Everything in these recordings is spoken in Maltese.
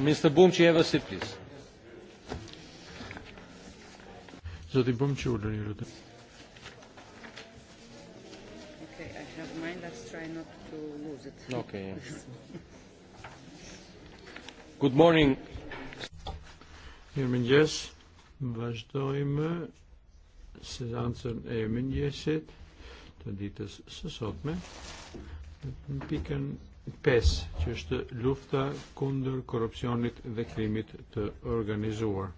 Mr. Bumci, have a seat, please. Zoti Bumci, order you to. Okay, I have mine. Let's try not to lose it. Okay. Good morning. Mirëmëngjes. Vazhdojmë seancën e mëngjesit të ditës së sotme. Në pikën PES, që është lufta kundër korrupsionit dhe krimit të organizuar.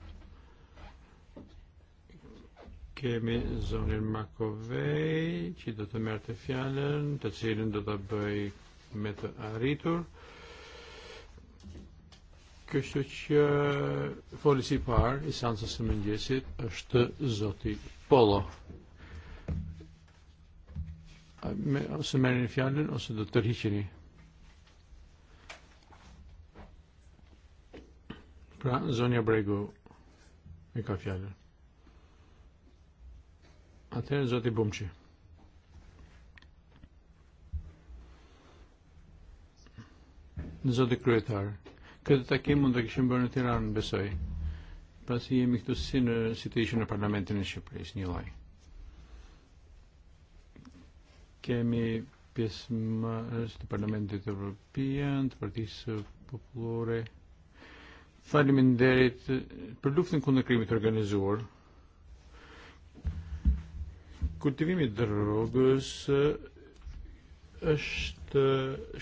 Kemi zonin Makovej, që do të merë të fjallën, të cilin do të bëj me të arritur. Kështu që folisi parë i sansës së mëngjesit është Zoti Polo. ose merë merin fjallën ose do të tërhiqeni? Pra, Zonja Bregu, mika fjallin. Għater zoti bumċi. Zoti kruetar. Kada ta' kim mundak bërnu tiran besoj. Pas Pasi jemik tu sin situation parlamentin e Shqipëris, një laj. Kemi pjesma parlamentit Europijan, t-partis popolore, faliminderit për luftën kundër krimit të organizuar. Kultivimi i drogës eh, është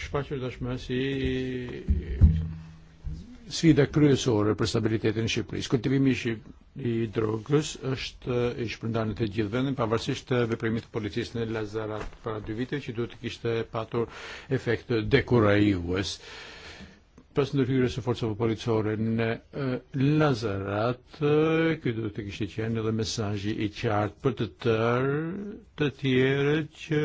shfaqur tashmë si sfida kryesore për stabilitetin e Shqipërisë. Kultivimi i drogës është eh, i shpërndarë në të gjithë vendin, pavarësisht të veprimit të policisë në Lazarat para dy vite që duhet të patur efekt dekurajues. Uh, Personur se forza popolizoren lazarat kidu të kishtë qenë edhe mesajji i qartë për të tër, të tjere që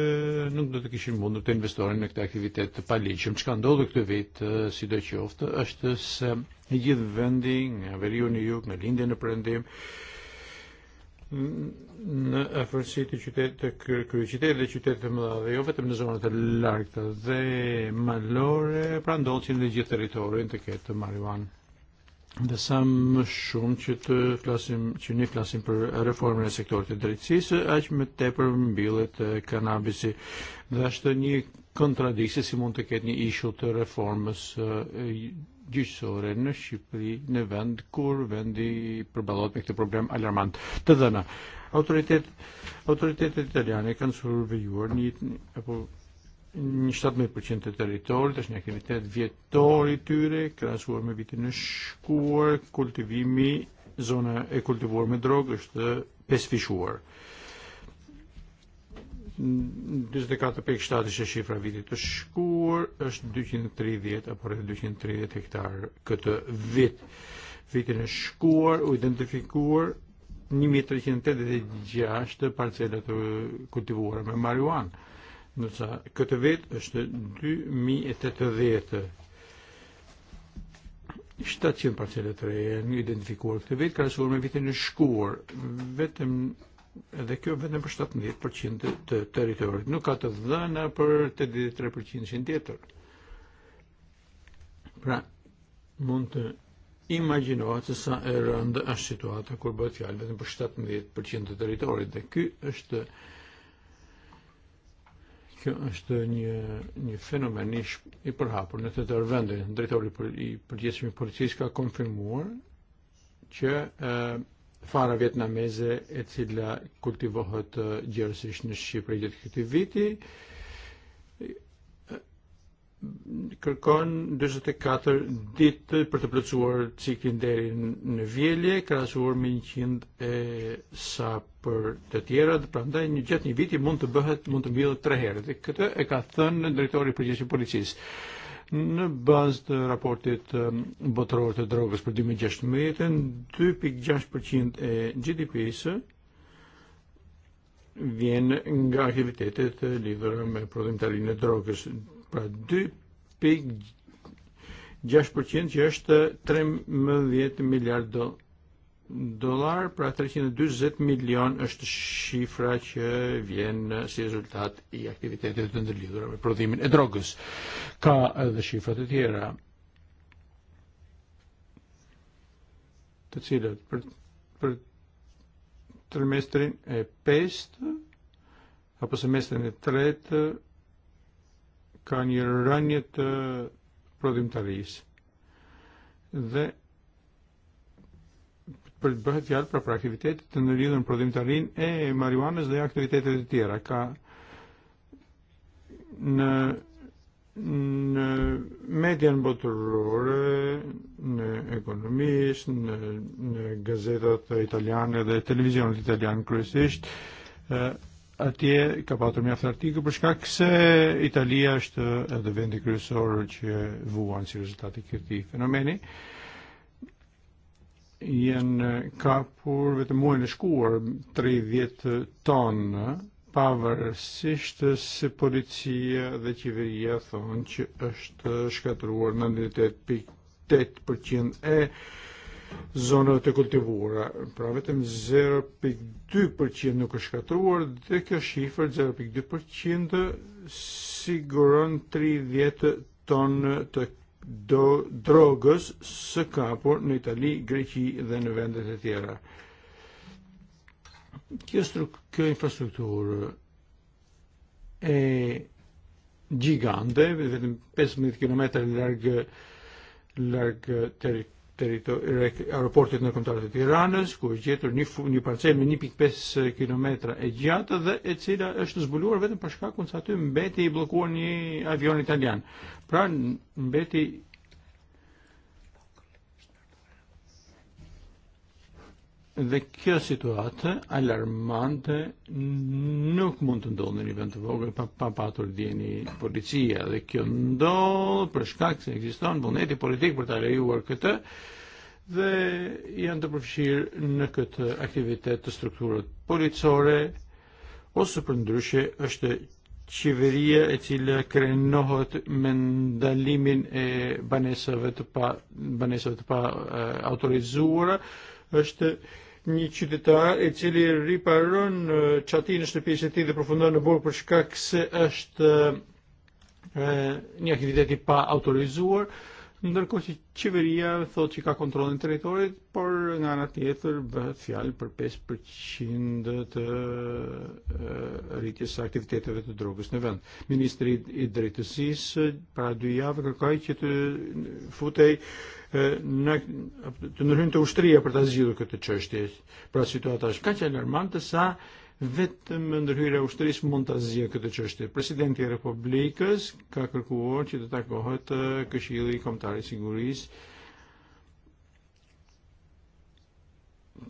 nuk do të kishin mundur të investorin në këtë aktivitet të paliqëm. Që ka ndodhë këtë vit, uh, si do qoftë, është se një gjithë vendi, nga veri unë juk, nga lindje në përëndim, në afërsi të qytet të kryeqytetit dhe qytetit të mëdha dhe jo vetëm në zonat e largta dhe malore pra ndoqin në gjithë territorin të ketë marijuan. Dhe sa më shumë që të flasim që ne flasim për reformën e sektorit të drejtësisë, aq më tepër mbillet e kanabisi dhe është një kontradiksje si mund të ketë një ishull të reformës e, gjyqësore n xipri në vend kur vendi probalot mekti problem għal-armant. Tadana, autoritet, autoritetet italiane kanë survejuar një n një 17% të e territorit është një aktivitet vjetor i tyre, krahasuar me vitin n-xkur, e kultivimi zona e kultivuar me drogë është pesfishuar. fixuar pek 41 shifra vidi të shkuar është 230 apo rreth 230 hektar këtë vit. Vitin e shkuar u identifikuar 1386 parcela të kultivuara me marihuan. Nësa këtë vit është 2080 700 parcela të reja identifikuar këtë vit ka rësuar me vitin e shkuar. Vetëm Dhe kjo vetëm për 17% të territorit. Nuk ka të dhëna për 83% tjetër. Pra, mund të immaġinohet sa e rëndë është situata kur bëhet fjalë vetëm për 17% të territorit dhe ky është kjo është një një fenomen i, i përhapur në të tërë vende. Drejtori i përgjithshëm i policisë ka konfirmuar që ë e, fara vietnamese et cila kultivohet e, gjerësish në Shqipëri gjatë e, kërkon 24 dit për të plëcuar ciklin deri në vjelje, krasuar me 100 e sa për të tjera, dhe prandaj një gjatë një viti mund të bëhet, mund të mbjellë tre herë. Dhe këtë e ka thënë në drejtori i përgjithshëm policisë në rapportit ehm, botror të drogës për 2016, 2.6% e gdp e s vjen nga aktivitetet e lidhura me prodhim të e drogës. Pra 2.6% që është 13 miljard do dollar pra 320 milion është shifra që vjen si rezultat i aktivitetit të ndërlidhura me prodhimin e drogës. Ka edhe shifra të tjera të cilët për, për trimestrin e 5 apo semestrin e 3 ka një rënje të prodhimtarisë dhe për të bëhet fjalë për aktivitetet të ndërlidhur me prodhimtarinë e, e marijuanës dhe aktivitetet e tjera. Ka në në median botërore, në ekonomisht, në, në gazetat italiane dhe televizionet italian kryesisht, e, atje ka patur mjaft artikë për shkak se Italia është edhe vendi kryesor që vuan si rezultati i këtij fenomeni. Uh, jen eh, kapur vetëm muajin e shkuar eh, ton eh, pavar sisht se policia dhe qeveria thonë që është shkatruar 98.8% e zonave të kultivuara. Pra vetëm 0.2% nuk është shkatruar dhe kjo shifër 0.2% siguron 30 ton të do drogos së kapur në Itali, Greqi dhe në vendet e tjera. Kjo, kjo infrastrukturë e gigante, vetëm 15 km larg larg ter aeroportit në kontrat të Tiranës, ku është gjetur një, një parcel me 1.5 km e gjatë dhe e cila është zbuluar vetëm për shkakun sa aty mbeti i blokuar një avion italian. Pra mbeti vekkja kjo situatë nuk mund të ndodhë në një vend të vogël pa, pa patur djeni policia dhe kjo ndodhë për shkak se ekziston vullneti politik për ta lejuar këtë dhe janë të përfshirë në këtë aktivitet të strukturët policore ose për ndryshe është qeveria e cila krenohet me ndalimin e banesave të pa, banesave të pa e, autorizuara është një qytetar i cili riparon e, qatin e shtëpisë së tij dhe përfundon në burg për shkak se është e, një aktivitet i pa autorizuar, ndërkohë që qeveria thot që kontrol in territori por nga ana tjetër bëhet fjalë për 5% të e, rritjes së aktiviteteve të drogës në vend. Ministri i drejtësis para dy javë kërkaj që të futej e, në të nërhyn të ushtria për të zgjidhur këtë qështje. Pra situata është kaq e alarmante sa vetëm ndërhyrja e ushtrisë mund ta zgjidhë këtë çështje. Presidenti i e Republikës ka kërkuar që të takohet e, Këshilli Kombëtar i Sigurisë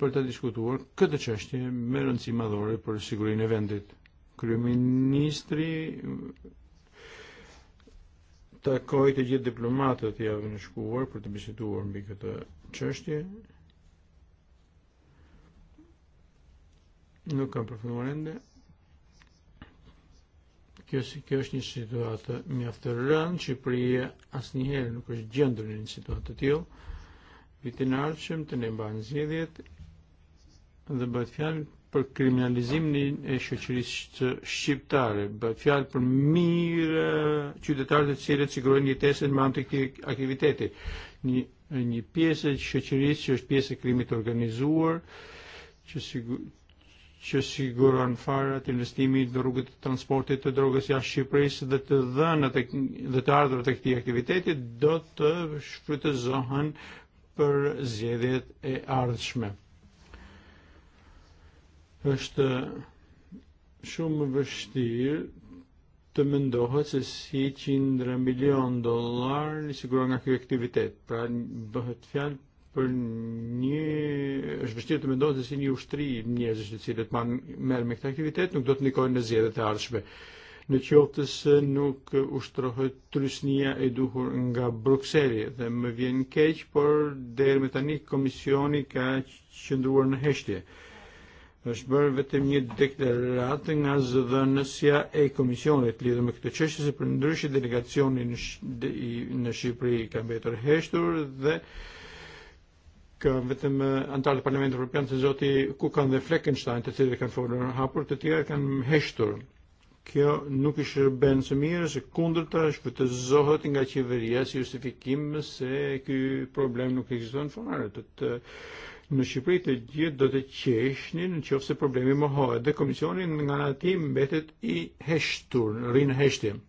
për të diskutuar këtë çështje me rëndësi madhore për sigurinë e vendit. Kryeministri takoj të gjithë diplomatët javën e shkuar për të bisituar mbi këtë çështje Nuk approfundirende. Kjo si kjo është një situatë mjaftë e rëndë, Shqipëria asnjëherë nuk është gjendur në një situatë të tillë. Vitin e ardhshëm të ne mban zgjedhjet dhe bëhet fjalë për kriminalizimin e shoqërisë shqiptare, bëhet fjalë për mirë qytetarët e cilët sigurojnë jetesën me anë të këtij aktiviteti. Një një pjesë e shoqërisë që është pjesë e krimit organizuar, që sigur që siguron fara të investimi i rrugët të transportit të drogës jashtë Shqipërisë dhe të dhënat e dhe të ardhurat e këtij aktiviteti do të shfrytëzohen për zgjedhjet e ardhshme. Është shumë vështirë të mendohet se si 100 milion dollar li siguron nga kjo aktivitet. Pra bëhet fjalë për një është vështirë të mendon se si një ushtri njerëzish të cilët ma merr me këtë aktivitet nuk do të nikojnë në zgjedhjet e ardhshme. Në qoftë se nuk ushtrohet trysnia e duhur nga Bruxelli, dhe më vjen keq, por deri me tani komisioni ka qëndruar në heshtje. Është bërë vetëm një deklarat nga zëdhënësja e komisionit lidhë me këtë qështë se për ndryshë delegacioni në Shqipëri ka mbetur heshtur dhe kanë uh, antal parlament të e Parlamentit Evropian të zoti Kukan dhe Fleckenstein, të cilët e kanë folur hapur, të tjerë kanë heshtur. Kjo nuk i ben së mirë, se kundërta shpëtëzohet nga qeveria si justifikim se ky problem nuk ekziston fare. Të të në Shqipëri të gjithë do të qeshnin se problemi më hojë, dhe komisioni nga në tim mbetet i heshtur, rinë heshtim.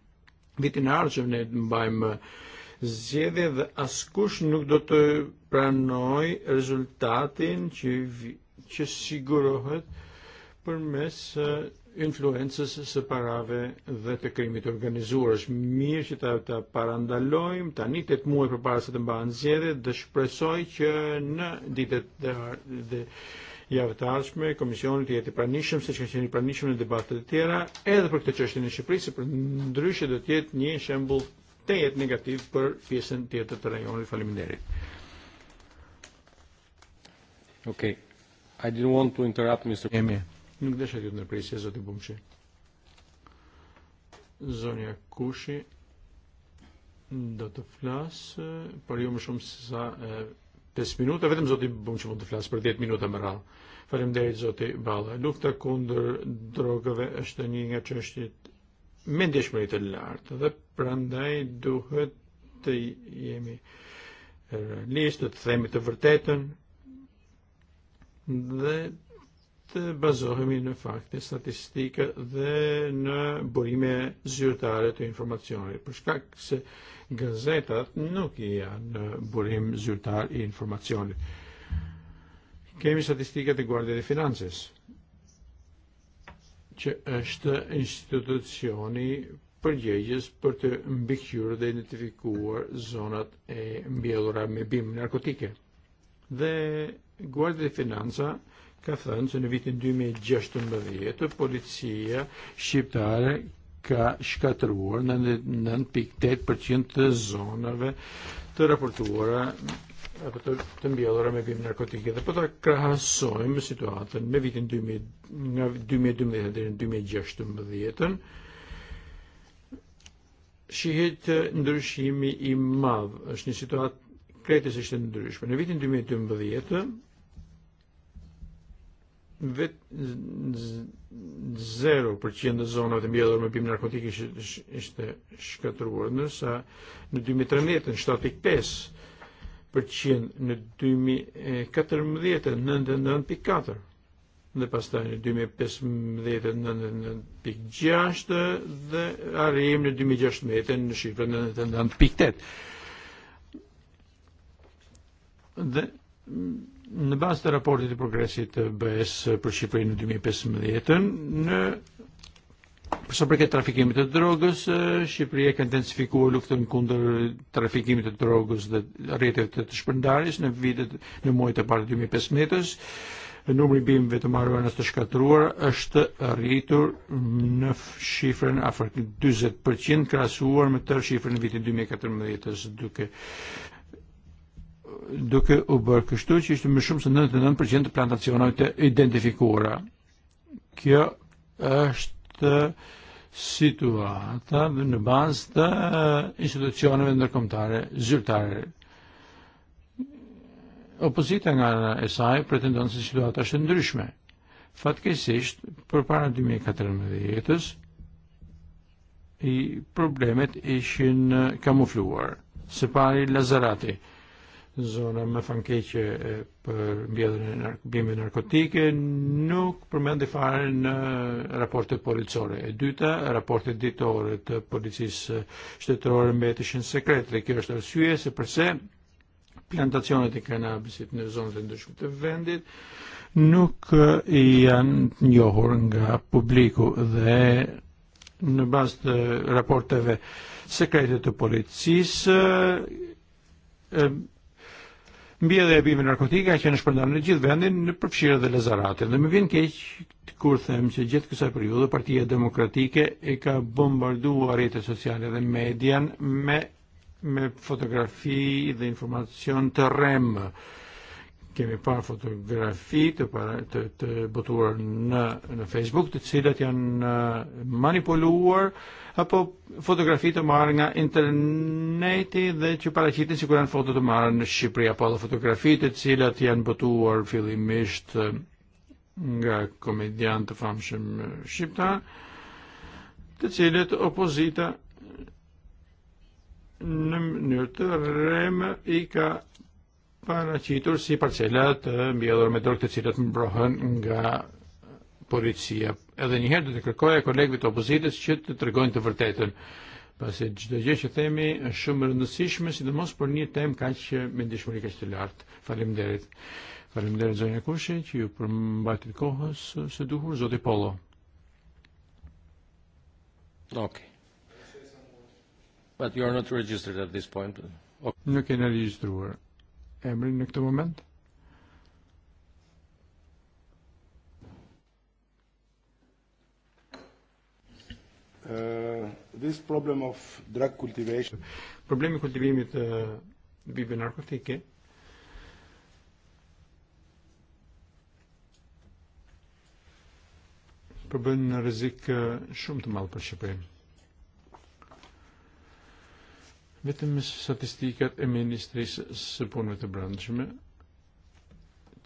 Vitin e ardhshëm ne mbajmë zgjedhje dhe askush do të pranoj rezultatin që, që sigurohet përmes eh, influencës së parave dhe të krimit organizuar. Është mirë që ta, ta parandalojmë, tani 8 muaj përpara se të mbahen zgjedhjet dhe shpresoj që në ditët dhe, dhe javë të e komisioni të jeti pranishëm se që kanë qeni pranishëm në debatët të e tjera, edhe për këtë qështë në Shqipëri, se për ndryshë dhe të jetë një shembul tejet negativ për pjesën tjetër të rajonit. Faleminderit. Okay. I didn't want to interrupt Mr. Emje, nuk desha këtë nërpresje, zoti Bumshi. Zonja Kushi do të flasë, ju jo më shumë sa 5 e, minuta, vetëm zoti Bumshi mund të flasë për 10 minuta më radhë. Falemderit zoti Bala. Lufta kundër drogëve është një nga çështjet m'għandix merit l-art, da prandaj duhet jemi eh, list të themi të vërtetën dhe të bazohemi në fakte statistike dhe në burime zyrtare të informacionit, për shkak se gazetat nuk janë burim zyrtare i informacionit. Kemi statistikat e Guardia e Finances, ċeqqaċta është institucioni përgjegjës për të da dhe identifikuar zonat e mbjellura me bimë narkotike. Dhe Gwardja di Finanza ka thënë se në vitin 2016 e policia shqiptare ka shkatruar në 9.8% të zonave të raportuara të mbjellura me pimë narkotike dhe pota ta krahasojmë situatën me vitin 2012 nga 2012 deri ndryshimi i xiħiet është një għax kretis ixten ndryshme. Në vitin 2012, vet 0% zona të mbjellur me pimë narkotike ishte shkatruar, nërsa në 2013 7.5 përqind n 2014 99.4 dhe pastaj në 2015 99.6 dhe arrim në 2016 në n 99.8 dhe në bazë të raportit të progresit të BS për Shqipërinë në 2015 në Për sa përket ta' drogus, drogës, e, Shqipëria intensifiku intensifikuar luftën kundër trafikimit ta' drogus da' rrieti ta' t shpërndarjes në vitet në muajt e parë 2015 e numri bim vetu marru marrëvënës të xkatruar është rritur në shifrën afër 20% krasuar me tër shifrën viti vitin 2014 e duke duke u bërë kështu që ishte më shumë se 99% të plantacioneve të identifikuara. Kjo është Eh, situata në bazë të eh, institucioneve ndërkombëtare komtare zultare. nga e saj pretendon si situata Fat është ndryshme. Fatkeqësisht, përpara 2014-s i problemet ishin kamufluar. Se pari Lazarati, zona ma fankeqe e, per e bimbi narkotike nuk përmendi fare në raportet polizore. E dyta, raportet ditore të policisë shtetërore mbeteshin le Kjo al arsye se përse plantacionet e kanabisit në zonët e ndryshme të vendit nuk i e, an njohur nga publiku dhe në bas të raporteve sekrete të policisë mbjedhja e bimit narkotika që në shpërndan në gjithë vendin në përfshirë dhe lezarate. Dhe më vjen keq kur them që gjithë kësaj periudhë partija Demokratike e ka bombarduar rrjetet sociale dhe median me me fotografi dhe informacion të remë kemi par fotografi t para, na Facebook t cilat jan uh, manipuluar għapo fotografi t marrë nga interneti dhe që paraqitin sikur janë foto t marrë në Shqipri għapo edhe fotografi të cilat janë botuar fillimisht uh, nga komedjan të famshëm uh, shqiptar të cilat opozita në mënyrë të rem i ka ċitur si parcelat mbjellur me drog të cilat mbroħan nga polizija. Edhe njëherë do të kërkoja kolegëve të opozitës që të tregojnë të vërtetën. Pasi çdo gjë që themi është shumë e rëndësishme, sidomos për një temë kaq me ndeshmëri kaq të lartë. derit. Faleminderit. derit, zonja Kushe, që ju për mbatit kohës së duhur zoti Polo. Ok. But you are not registered at this point. Okay. Nuk jeni regjistruar. Emrin në këtë moment? Uh, this problem of drug cultivation. Problemi kultivimit të uh, bibe narkotike përbën në rrezik uh, shumë të madh për Shqipërinë. Vetëm statistikat e Ministrisë së Punëve të Brendshme,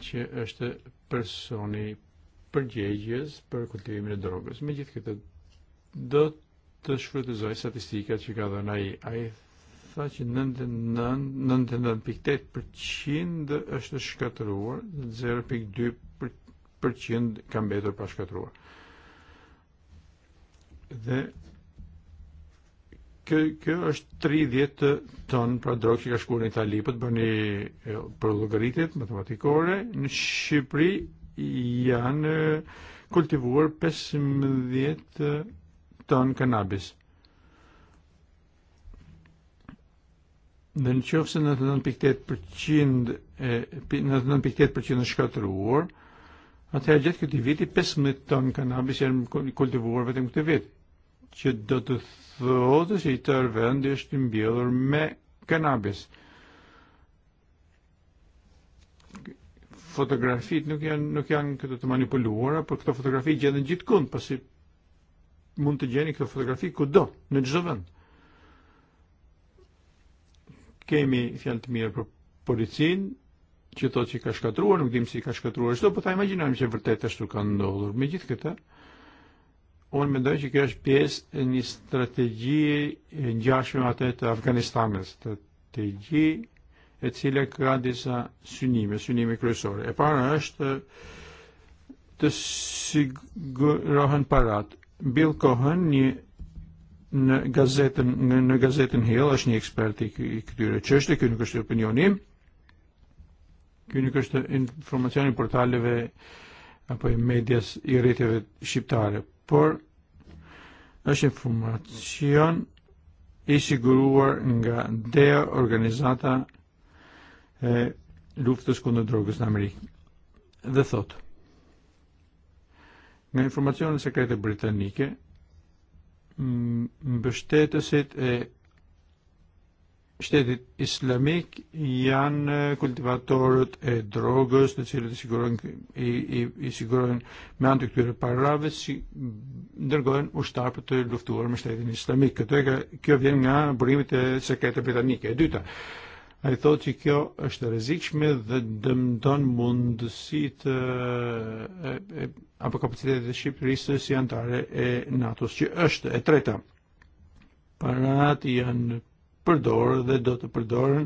që është personi përgjegjës për kultivimin e drogës. Me gjithë këtë do të shfrytëzoj statistikat që ka dhënë ai. Ai tha që 99.8% është shkatëruar, 0.2% ka mbetur pa shkatëruar. Dhe Kjo, është 30 ton pra drog që ka shku në Itali për të bërni e, për llogaritjet matematikore. Në Shqipëri janë e, kultivuar 15 e, ton kanabis. Dhe në qofë se 99.8% e 99.8% është shkatëruar, atëherë gjatë këtij viti 15 ton kanabis janë kultivuar vetëm këtë vit që do të thotë që i me kanabis. Fotografit nuk jan nuk t manipulu të pur por fotografijiet fotografi gjenden kun, pasi mund të gjeni këto fotografi kudo, në vend. Kemi fjalë të mira për policinë, që thotë nuk dim si ka shkatruar çdo, por ta imagjinojmë se vërtet ashtu ka ndodhur. Megjithkëtë, këtë, un minn dawn xie kiex pjes e një strategji e ngjashme atë të Afganistanit, strategji e cila ka disa synime, kryesore. E parra është të sigurohen parat. Bill Cohen, një në gazetën në gazetën Hill është një ekspert i këtyre çështje, ky nuk është opinioni im. Ky nuk është informacioni portaleve apo i medias i rritjeve shqiptare por għax informazzjon isiguruar nga dea organizzata eh, luftës kundu drogus na Amerik. Dhe thotë, nga informacioni sekrete britannike, mbështetësit e shtetit islamik janë kultivatorët e drogës, në cilët i sigurojnë, i, i, me antë këtyre parrave, si ndërgojnë ushtarë të luftuar me shtetin islamik. Këtë e ka, kjo vjen nga burimit e sekretë britanike. E dyta, a i thotë që kjo është rezikshme dhe dëmdon mundësit e, e, e, apo kapacitetet e Shqipërisë si antare e NATO-s, që është e treta. Parat janë përdorë dhe do të përdoren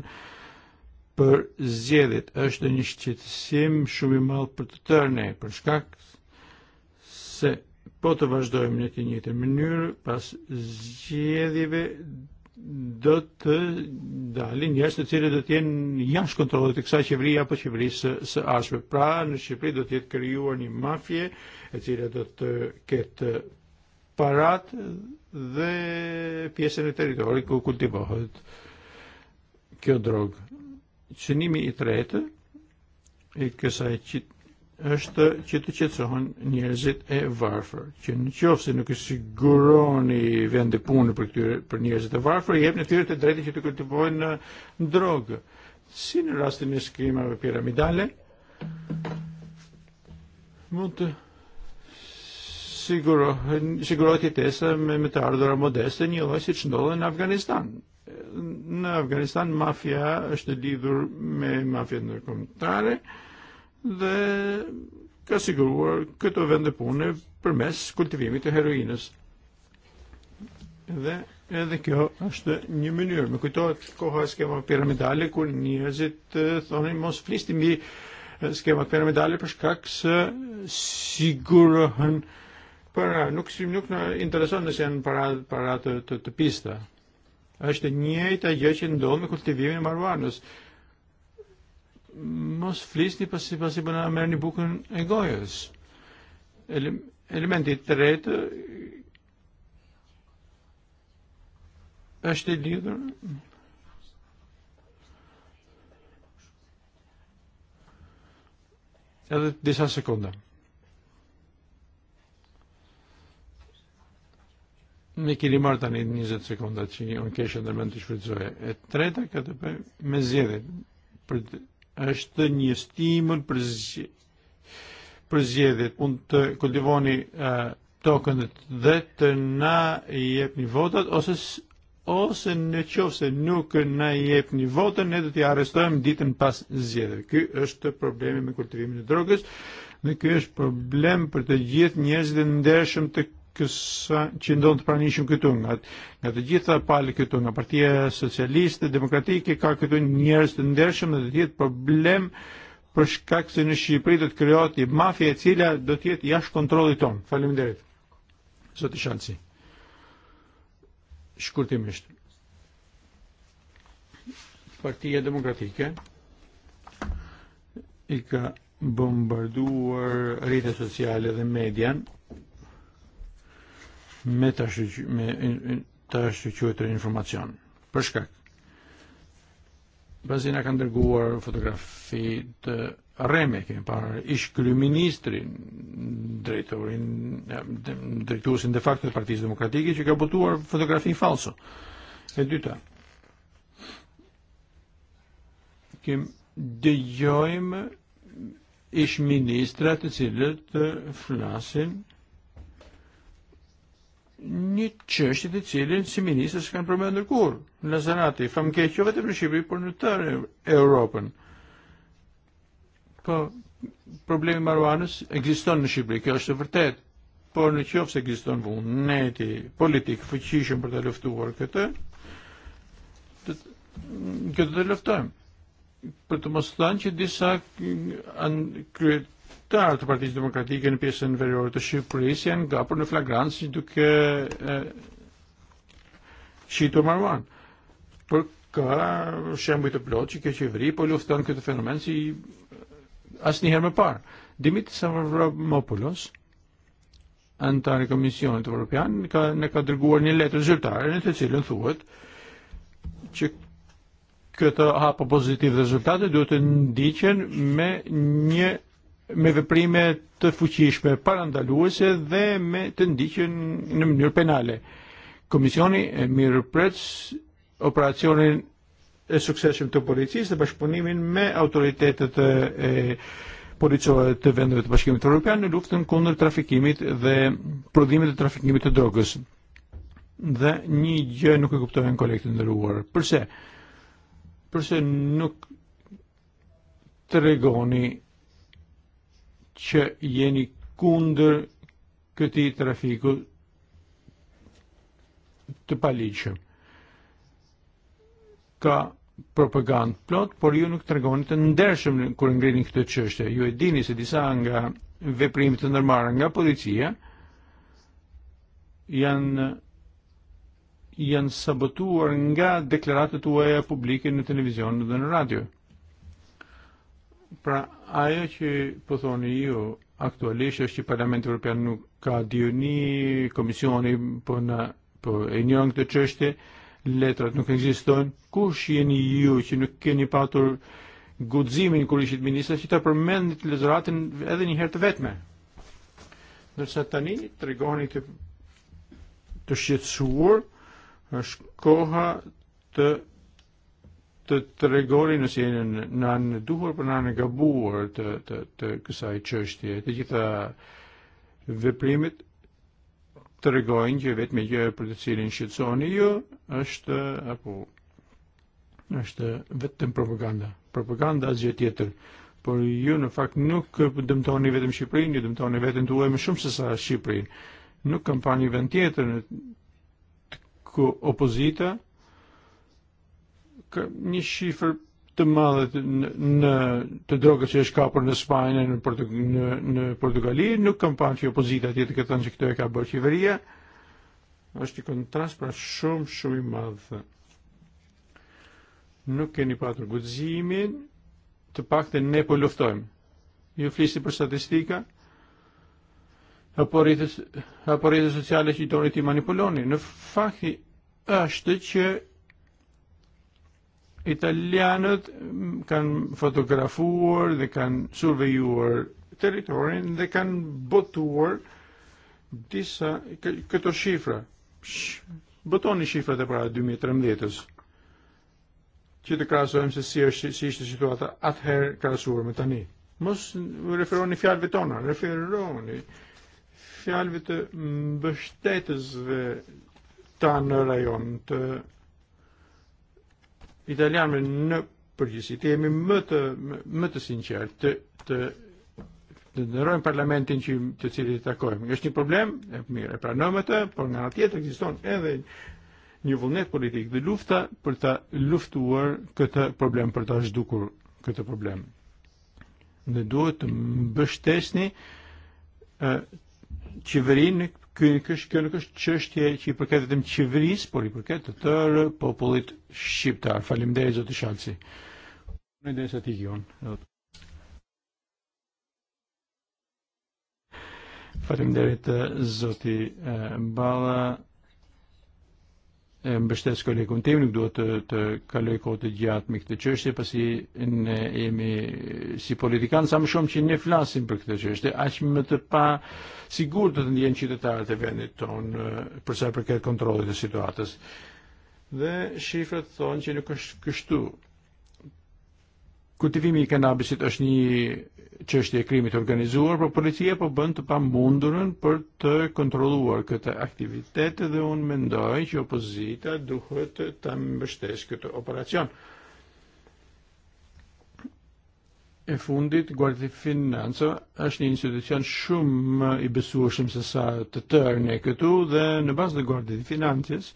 për zjedit. Është një shqetësim shumë i malë për të tërë ne, për shkak se po të vazhdojmë në të një të mënyrë pas zjedive do të dalin njerëz të cilët do të jenë jashtë kontrollit të kësaj qeverie apo qeverisë së ardhshme. Pra, në Shqipëri do të jetë krijuar një mafje e cila do të ketë parat dhe pjesën e territori ku kultivohet kjo drog. Qënimi i tretë i kësaj qit është që të qetësohen njerëzit e varfër, që në qofë se nuk e siguroni vendi punë për, këtyre, për njerëzit e varfër, jep në tyre të drejti që të kultivohen në drogë. Si në rastin e skrimave piramidale, mund të sigurotit isem mitardur modestin jiloj si qëndodhe in Afganistan. In Afganistan mafja është lidhur me mafja ndërkombëtare dhe ka siguruar këto vende pune mes kultivimit të heroinës. Dhe Edhe kjo është një mënyrë. Më kujtohet koha e skema piramidale kur njerëzit e, thonin mos flisni mbi e, skemat piramidale për shkak se sigurohen uh, para nuk nuk na interesan nëse janë para para të të, të pista. Është njëjta gjë që ndodh me kultivimin e marijuanës. Mos flisni pas si pas i bëna merrni bukën e gojës. Ele, elementi i tretë është i lidhur Edhe disa sekonda. Miki li marta ni 20 sekonda që on kesh element të shfrytëzoje. E treta këtë për me zgjedhje. një stimul për Un zgjedhjet. të kultivoni token tokenet dhe të na jepni votat ose ose në qofë se nuk na jepni votën, ne do t'i arrestojmë ditën pas zgjedhjeve. Ky është problemi me kultivimin e drogës dhe ky është problem për të gjithë njerëzit e ndershëm të kissa ċindont ndonë të pranishëm këtu nga, nga të gjitha palë këtu ka këtu njerës të ndershëm dhe të tjetë problem për shkak se në Shqipëri do të krijohet një mafje e cila do të jetë jashtë kontrollit ton. Faleminderit. Zoti Shanci. Shkurtimisht. Partia Demokratike i ka bombarduar rrjetet sociale dhe median me ta' xieċuet l-informazzjon. Perxkak. shkak. Bazina kanë dërguar fotografi të Reme, kien par ish ministri drejtorin, drejtuesin de facto të demokratiki, ċi që għar fotografi falso. E dyta. Kem dëgjojmë ish ministra t-sillet flasin një çështje të cilën si ministër s'kan përmendur kur. Në Lazarati, famkeqjo vetëm në Shqipëri, por në tërë Europën. problemi marwanës ekziston në Shqipëri, kjo është e Por në qoftë se ekziston vullneti politik fuqishëm për ta luftuar këtë, këtë të luftojmë. Për të mos që disa kryet ta' arë të demokratik Demokratike pjesen pjesën veriore të Shqipërisë janë gapur ni flagrancë duke e, eh, shitur eh, Marwan. Për xem bitu të kie që kjo qeveri po kitu fenomen si eh, asni më par. Dimit Savramopoulos, antar Komisionit Evropian, ka, ne ka dërguar një letër zyrtare në të cilën thuhet që këtë hapa pozitiv rezultate duhet të ndiqen me një me veprime të fuqishme parandaluese dhe me të ndiqen në mënyrë penale. Komisioni e mirë prec operacionin e sukseshëm të policisë dhe bashkëpunimin me autoritetet e, e policore të vendeve të bashkimit të Europian në luftën kundër trafikimit dhe prodhimit të trafikimit të drogës. Dhe një gjë nuk e kuptohen kolektin ndëruar. Përse? Përse nuk të regoni ċe jeni kundër këti trafiku të paliqë. Ka propagand plot, por ju nuk të tregoni të ndershëm kur ngrini këtë qështë. Ju e dini se disa nga veprimet të nërmarë nga policia janë janë sabotuar nga deklaratët uaja publike në televizion dhe në radio. Pra ajo që po thoni ju, aktualisht është që Parlamenti Evropian nuk ka diuni, komisioni po na po e njën këtë çështje, letrat nuk ekzistojnë. Kush jeni ju që nuk keni patur gudzimin kur ishit ministra që ta përmendit lezoratin edhe një herë të vetme? Nërsa tani të regoni të të shqetsuar, është koha të t tregori në nan në anë e duhur për në anë e gabuar të, të, të kësaj qështje. Të gjitha veprimet tregojnë që vetëm gjë ju është għapu, është vetëm propaganda. Propaganda asgjë tjetër. Por ju në fakt nuk dimtoni vetëm xiprin, ju dëmtoni veten tuaj më shumë se sa Shqipërinë. Nuk kam parë një vend tjetër ku opozita nixi shifër të madhe në të drogës që është kapur n Spanjë në, Portugali, nuk kam parë që opozita tjetër këtë thënë që këto e ka bërë qeveria. Është një kontrast pra shumë shumë i Nuk keni patru gudzimin, t të paktën ne po luftojmë. Ju flisti për statistika, apo rrjetet sociale që i doni ti manipuloni. Në fakti është që Italijanët kan fotografuar dhe kan survejuar territorin dhe kan botuar disa këto shifra. Botoni shifrat e para 2013-ës e që të krasojmë se si, është, si ishte situata atëherë krasuar me tani. Mos referoni fjalëve tona, referoni fjalëve të mbështetësve ta në rajon të italjanëve në përgjithësi. Të jemi më të më të sinqertë të të të ndërrojmë parlamentin që të cilit takojmë. Është një problem, e mirë, e pranojmë atë, por nga tjetër ekziston eh, edhe një vullnet politik dhe lufta për ta luftuar këtë problem, për ta zhdukur këtë problem. Në duhet të mbështesni eh, qeverin kynikësh, kjo nuk është çështje që i përket vetëm e qeverisë, por i përket të tërë popullit shqiptar. Faleminderit zoti Shalci. Në desa ti gjon. Faleminderit zoti eh, Balla biex kolegun tim, nuk duhet të, t-kallu jkot të gjatë mik t çështje, pasi ne jemi si politikan sa më shumë që ne flasim për këtë çështje, aq më t pa sigurt të ndjen qytetarët e vendit tonë eh, për sa përket kontrollit të situatës. Dhe shifrat thonë që nuk është kështu. Kultivimi i kanabisit është një çështje e krimit organizuar, por policia po bën të pamundurën për të kontrolluar këta aktivitet dhe unë mendoj që opozita duhet ta mbështesh këtë operacion. E fundit, Guardi Finanza është një institucion shumë i besueshëm se sa të tërë ne këtu dhe në bazë dhe Guardi Financës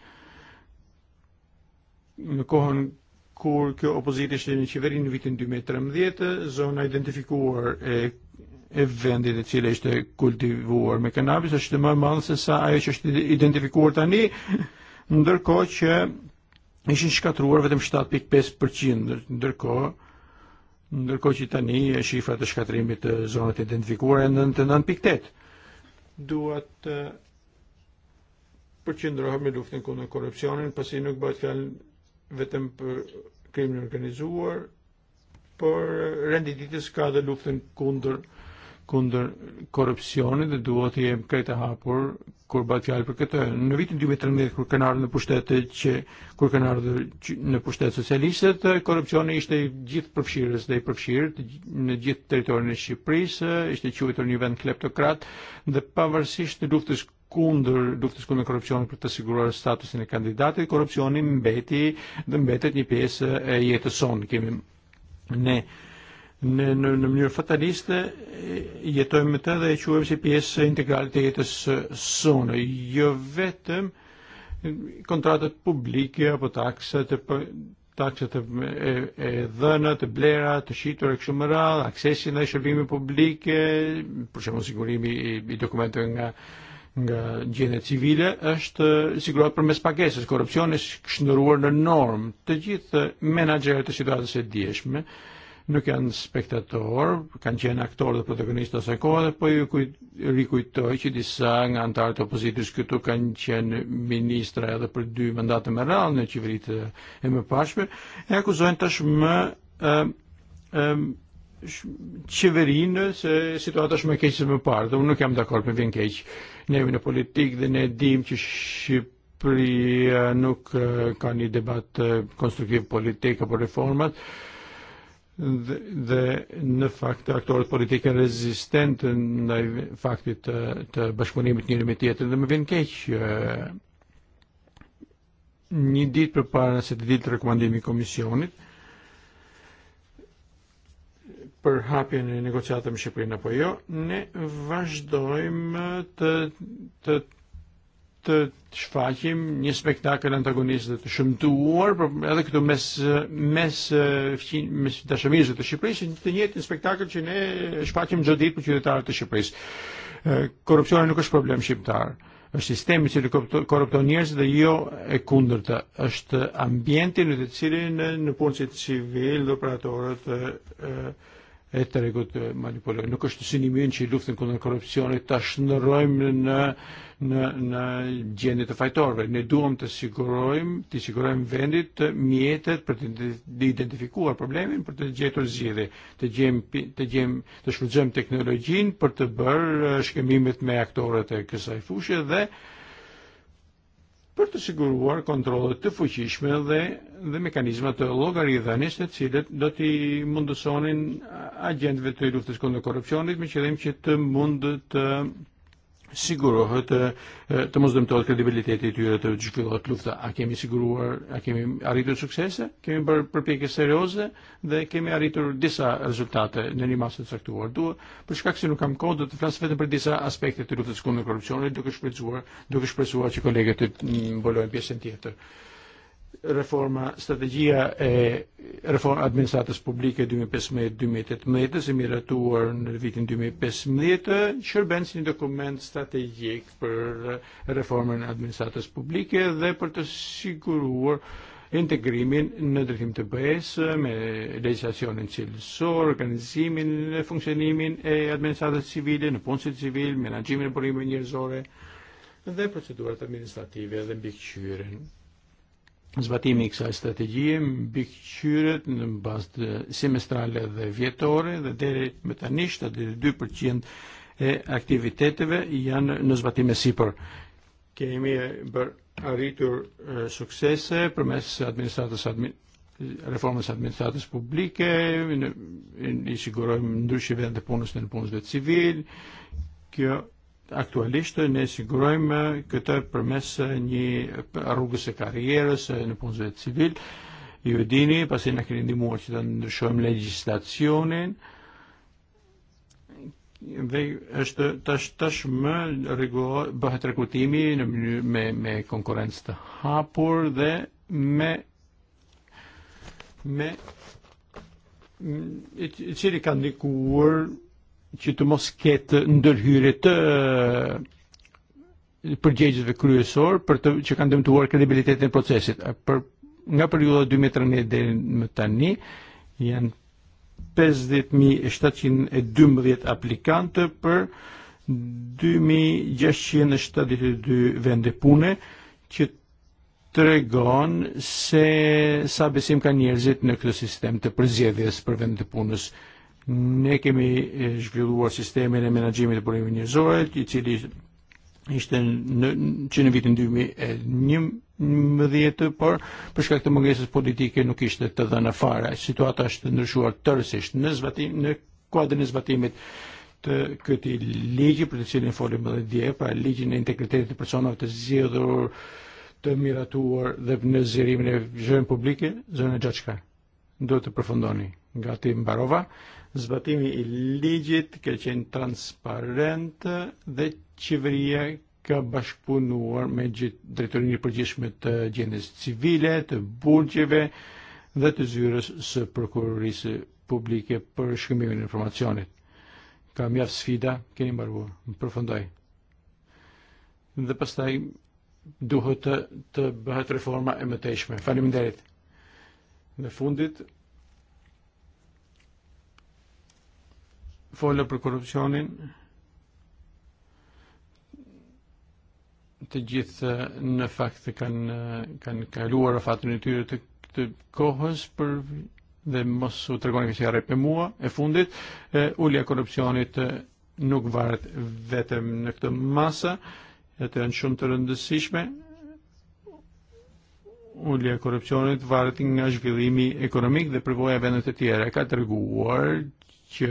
në kohën kur kjo opozit ishte në qeveri në vitin 2013, e zona identifikuar e, e vendit e cile ishte kultivuar me kanabis është më e madhe se sa ajo që është identifikuar tani, ndërkohë që ishin shkatruar vetëm 7.5%, ndërko, ndërko që tani e shifra të e shkatrimit të zonat identifikuara janë 99.8. Duat përqendrohem me luftën kundën korupcionin, pasi nuk bëjt fjalë vetem për krimin organizuar, por rendititës ka dhe luftën kundër kundër korrupsionit dhe duhet të jem krejt e hapur kur bëhet fjalë për këtë. Në vitin 2013 e kur kanë ardhur në pushtet që kur kanë ardhur në pushtet socialistët, korrupsioni ishte i gjithë përfshirës dhe i përfshirë në gjithë territorin e Shqipërisë, ishte quajtur një vend kleptokrat dhe pavarësisht të luftës kundër luftës kundër korrupsionit për të siguruar statusin e kandidatit, korrupsioni mbeti dhe mbetet një pjesë e jetës sonë. Kemi ne në në mënyrë fataliste e, jetojmë të dhe e quajmë si pjesë integrale të jetës sonë, jo vetëm kontratat publike apo taksat e taksat e, e, e dhëna, të blera, të shitur e kështu më radhë, aksesin e shërbimi publike, për shembull sigurimi i, i dokumenteve nga nga gjendja civile është sigurohet përmes pagesës korrupsioni shndërruar në norm. Të gjithë menaxherët e situatës së e dieshme nuk janë spektator, kanë qenë aktor dhe protagonist asaj kohe, po ju rikujtoj që disa nga antarët e opozitës këtu kanë qenë ministra edhe për dy mandate me radhë në qeveritë e mëparshme, e akuzojnë tashmë ëm e, um, e, ċiverin se situata xma keċ se mpar, da unnu kem da korpi vin keċ dnevne politik, dhe ne dim që Shqipëri eh, nuk eh, ka një debat eh, konstruktiv politik apo reformat, dhe në fakt të aktorët politikë rezistent në faktit të, të bashkëpunimit njëri me tjetrin dhe më vjen keq një ditë përpara se të ditë rekomandimi komisionit për hapjen e negociatave me Shqipërinë apo jo, ne vazhdojmë të të të shfaqim një spektakël antagonist dhe të shëmtuar, edhe këtu mes mes mes dashamirëve të Shqipërisë, të njëjtin spektakël që ne shfaqim çdo ditë për qytetarët e Shqipërisë. Korrupsioni nuk është problem shqiptar është sistemi që korrupton njerëz dhe jo e kundërta. Është ambienti në të cilin në punë civil dhe operatorët e, e, it-taregut eh, manipolo. Nuk është të sinimin që i luftën kundër korupcionit tash nërojmë në, në, në gjenit të e fajtorve. Ne duham të sigurojmë, të sigurojmë vendit të mjetet për të identifikuar problemin, për të gjetur zgjidhje, të gjejmë të gjejmë të shfrytëzojmë teknologjinë për të bërë eh, me aktorët e kësaj fushë dhe për të siguruar kontrollet të fuqishme dhe dhe mekanizma të llogaridhënies të cilët do t'i mundësonin agjentëve të luftës kundër korrupsionit me qëllim që të mund të siguro eh, eh, ta' mużdem ta' kredibilitet li jura ta' ġifilu għat a' kemi siguru a' għakemi għaritur suksesse, kemi bar propieke serjose, dhe kemi għaritur disa rezultate nini masa t-saktu għardu, per xkak sinu kam kodu t-flas fedem per disa aspekti t-tjura ta' skundu korruzzjoni, duke xprezuar, duke xprezuar ċi kollega t-bolojn pjesen tjetër reforma strategija е реформа администрацията публика 2015-2018 се мира туар në vitin 2015 shërben si një dokument strategjik per reforma e administratës publike dhe per të siguruar integrimin në drejtim të BE-s me legislacionin cilësor, organizimin, funksionimin e administratës civile, në punësit civil, menaxhimin e burimeve njerëzore dhe procedurat administrative dhe mbikëqyrjen zbatimi kësaj strategjie mbi këqyret në bazë semestrale dhe vjetore dhe deri me tani 2% e aktiviteteve janë në zbatime sipër. Kemi bër arritur e, suksese përmes administratës admin reformës administratës publike, i sigurojmë ndryshime dhe punës në punës dhe civil, kjo aktualisht ne sigurojmë këtë përmes një rrugës së e karrierës e në punëzve civil. Ju e dini, pasi na keni ndihmuar që të ndryshojmë legjislacionin dhe është tash tash më tashmë bëhet rekrutimi në me me konkurrencë të hapur dhe me me i cili kanë ndikuar ċittumos ket ndërhyrit përgjegjësve kryesor për të që kanë dëmtuar kredibilitetin e procesit. Për, nga periudha 2013 deri më tani janë 50.712 aplikantë për 2672 vende pune që tregon se sa besim ka njerëzit në sistem të përzjedhjes për vende punës nekimi eh, zhvilluar sistemin e menaxhimit për rimin e Zorit, i cili ishte në, njim në vitin e por për shkak të mëngesis politike nuk ishte të dhënë fara, Situata është ndryshuar tërësisht në zbatim në kuadrin e zbatimit të këti ligji për të cilin folim dhe dje, pra ligji në e integritetit të personave të zjedhur, të miratuar dhe në zjerimin e zhërën publike, zhërën e gjatë shka. Do të përfundoni. nga ti mbarova zbatimi il-liġit kħeċen transparent dhe ċivrija ka bashkëpunuar me gjithë drejtorinë e proġiex me të ġenis civile, të burġive dhe të zyrës së prokurris publike për shkëmbimin e informacionit. Ka mjaft sfida, keni mbaruar, më përfundoj. Dhe pastaj duhet të, të bëhet reforma e më të mëtejshme. Faleminderit. Në fundit, folla per korruzzjoni tiġiet n-fakt kan kalua rafat n-tiru e t-kohos per d-mossu tregoni kisi għarri mua e fundit e, u li korruzzjoni e, nuk varet vetem nektum massa jatren xum t-rëndësishme u li korruzzjoni t-varet nga zhvillimi ekonomik dhe përvoja vendet e tjera ka treguar që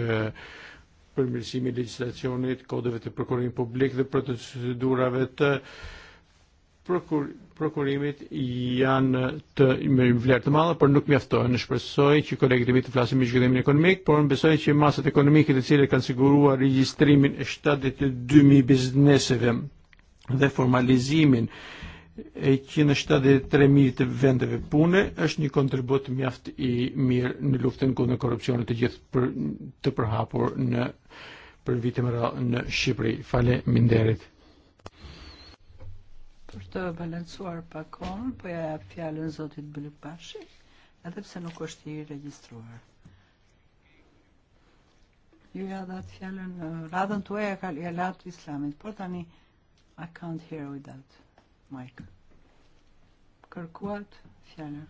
përmirësimi legislacionit, kodeve të prokurimit publik dhe procedurave të prokur prokurimit janë të me vlerë të madhe, por nuk mjaftohen mjaftojnë. Shpresoj që kolegët e mi të flasin me zhvillimin ekonomik, por besoj që masat ekonomike të cilat kanë siguruar regjistrimin e 72.000 bizneseve dhe formalizimin që në 3.000 të vendeve pune është një kontribut mjaft i mir në luftën kundër korrupsionit të gjithë për, të përhapur në për vite më radhë në Shqipëri. Fale minderit. Për të balancuar pakon, po ja fjallën Zotit Bëllik Pashi, edhe pse nuk është i registruar. Ju ja dat fjallën, radhën tuaj e ka Islamit, por tani I can't hear without. Mike. Kirkwood, fjana.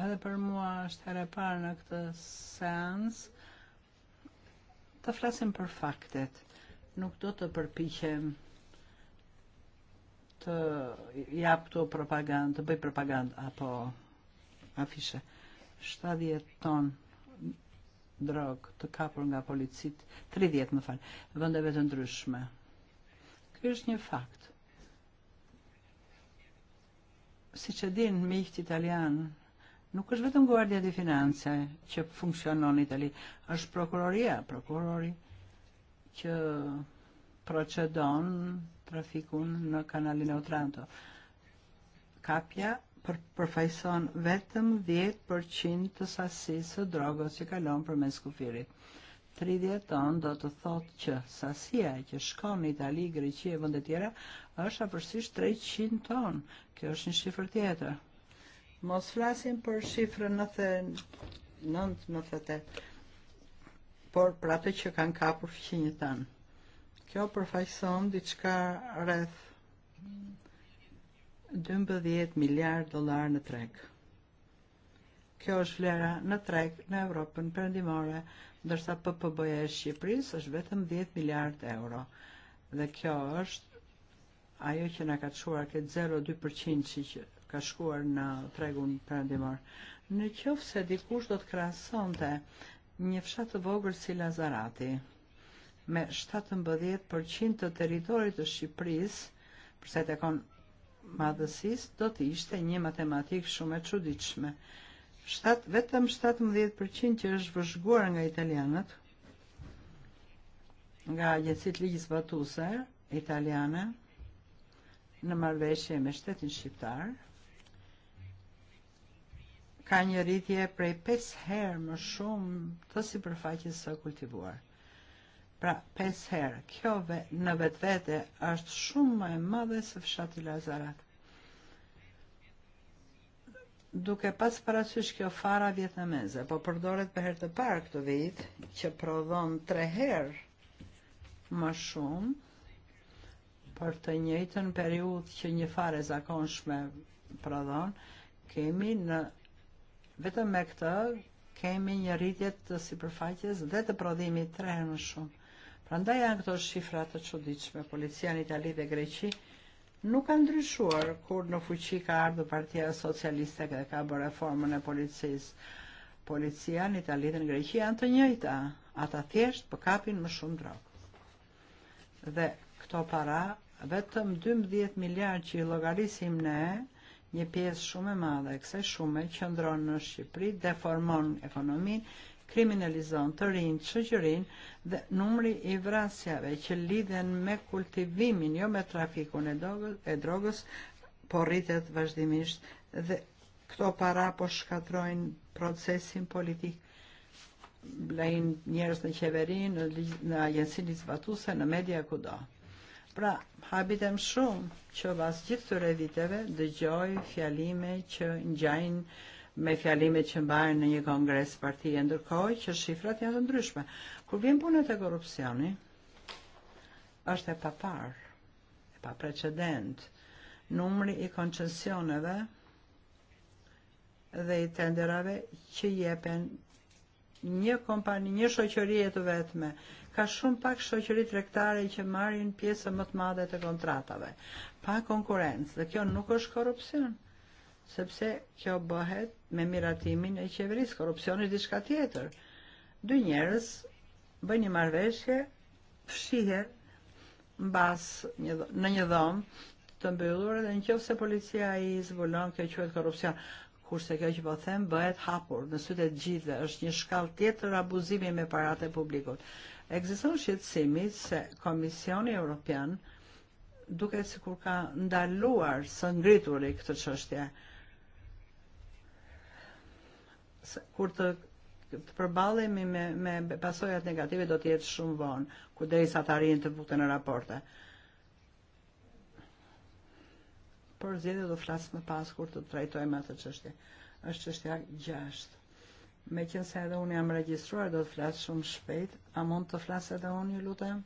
Għada per mua xtħar e par këtë seans, të flasim për faktet. Nuk do të përpiqem të jap të propagandë, të bëj propagandë apo afishe. 70 ton drog to kapur nga policit, 30 më falë, vëndeve të ndryshme. Ky është një fakt. Si që e din miqt italian, nuk është vetëm Guardia di Finanza që funksionon në Itali, është prokuroria, prokurori që procedon trafikun në kanalin Otranto. Kapja përfajson vetëm 10% të sasisë së drogës që kalon përmes kufirit. 30 ton do të thotë që sasia që shkon në Itali, Greqi e vende tjera është afërsisht 300 ton. Kjo është një shifër tjetër. Mos flasim për shifrën 99-98, por për atë që kanë kapur fqinjë tanë. Kjo përfaqëson diçka rreth 12 miljard dollar në trek. Kjo është vlera në treg në Europën perëndimore, dërsa për ja e, e Shqipëris është vetëm 10 miljard euro. Dhe kjo është ajo që na ka të shuar këtë 0.2% që ka shkuar në tregun perëndimor. Në qëfë se dikush do të të një fshatë vogër si Lazarati me 17% të teritorit të Shqipëris, përse të konë madhësis do të ishte një matematik shumë e çuditshme. vetëm 17% që është vëzhguar nga italianët nga agjencit ligjës batuse italiane në marveshje me shtetin shqiptar ka një rritje prej 5 herë më shumë të si përfaqës së kultivuar pra 5 herë. Kjo në vetë vete është shumë më e madhe se fshati Lazarat. Duke pas parasysh kjo fara vjetnameze, po përdoret për herë të parë këtë vit, që prodhon tre herë më shumë, për të njëjtën periud që një fare zakonshme prodhon, kemi në vetëm me këtë kemi një rritjet të si përfaqjes dhe të prodhimi tre herë më shumë. Prandaj janë këto shifra të çuditshme. Policia në Itali dhe Greqi nuk ka ndryshuar kur në fuqi ka ardhur Partia Socialiste dhe ka bërë reformën e policisë. Policia në Itali dhe në Greqi janë të njëjta, ata thjesht më shumë drog. Dhe këto para vetëm 12 miljard që i logarisim ne, një pjesë shumë e madhe kse shumë e qëndronë në Shqipëri, deformon ekonominë kriminalizon torin rinj dhe numri i vrasjave që lidhen me kultivimin jo me trafikun e, dogës, e drogës po rritet vazhdimisht dhe këto para po shkatrojnë procesin politik blejn njerës në qeverin, në agjensinë zbatuse, në media kudo. Pra, habitem shumë që vas gjithë të reviteve dëgjoj fjalime që njajnë me fjalimet që mbajnë në një kongres partije ndërkohë që shifrat janë të ndryshme. Kur vjen punët e korupcioni, është e papar, e pa precedent, numri i koncesioneve dhe i tenderave që jepen një kompani, një shoqëri e të vetme, ka shumë pak shoqëri tregtare që marrin pjesë më të madhe të kontratave, pa konkurrencë, dhe kjo nuk është korrupsion sepse kjo bëhet me miratimin e qeverisë, korrupsioni diçka tjetër. Dy njerës bëjnë një marveshje, fshihet mbas një, në një dhomë të mbyllur dhe në se policia i zbulon kjo qëhet korupcion, Kurse kjo që po them bëhet hapur në sytë të e gjithëve, është një shkall tjetër abuzimi me parate e publikut. Ekziston shqetësimi se Komisioni Europian duke si kur ka ndaluar së ngrituri këtë qështje, kur të të përballemi me, me pasojat negative do të jetë shumë vonë, ku derisa të arrijnë të vuten në raporte. Por zgjedhje do flas më pas kur të trajtojmë atë çështje. Është çështja 6. se edhe unë jam registruar, do të flasë shumë shpejt, a mund të flasë edhe unë ju lutem?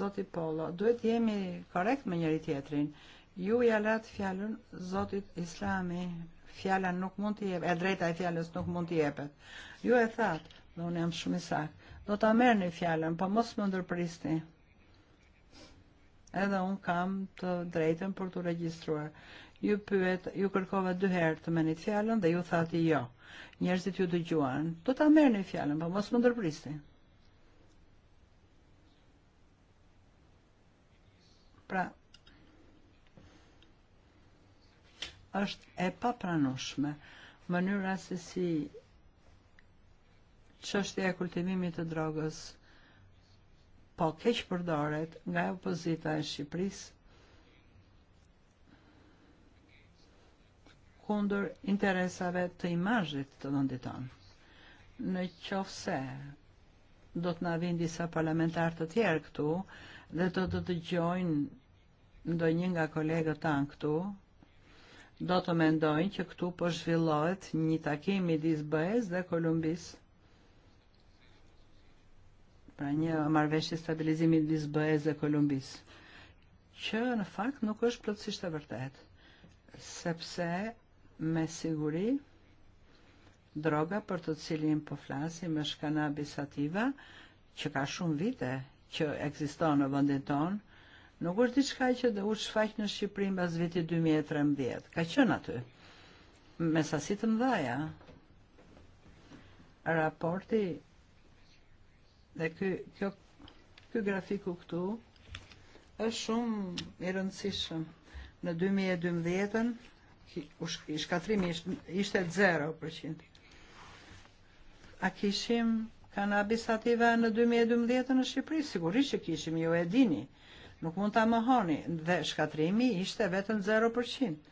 Zoti Polo, duhet jemi korekt me njëri tjetrin. Ju ja latë fjallën, Zotit Islami fjala nuk mund të jepet, e drejta e fjales nuk mund të jepet. Ju e thatë, dhe unë jam shumë i sakë, do ta merë një fjalën, pa mos më ndërpristi. Edhe unë kam të drejten për të registruar. Ju pyet, ju kërkova dy herë të menit fjallën dhe ju thati jo. Njerëzit ju dëgjuan. Do ta merë një fjallën, pa mos më ndërpristi. Pra, është e papranueshme mënyra se si çështja e kultivimit të drogës po keq përdoret nga e opozita e Shqipëris kundur interesave të imajit të nënditon. Në qoftë se do të navin disa parlamentar të tjerë këtu dhe do të të gjojnë ndo një nga kolegët tanë këtu, Data mendojnë që këtu po zhvillohet një takim midis be dhe Kolumbisë. Pra një marrëveshje stabilizimi midis be dhe Kolumbisë, që në fakt nuk është plotësisht e vërtetë, sepse me siguri droga për të cilin po flasim është kanabisativa, që ka shumë vite që ekziston në tonë, No është diçka që do u shfaq në Shqipëri mbas 2013. E Ka qenë aty me sasi të dhe kjo grafiku këtu është shumë i rëndësishëm. Në 2012 e shkatrimi ishte 0%. A kishim kanabisativa në 2012 e në Shqipëri? Sigurisht që kishim, ju e dini. Nuk mund ta' maħoni dhe shkatrimi ishte vetëm 0%.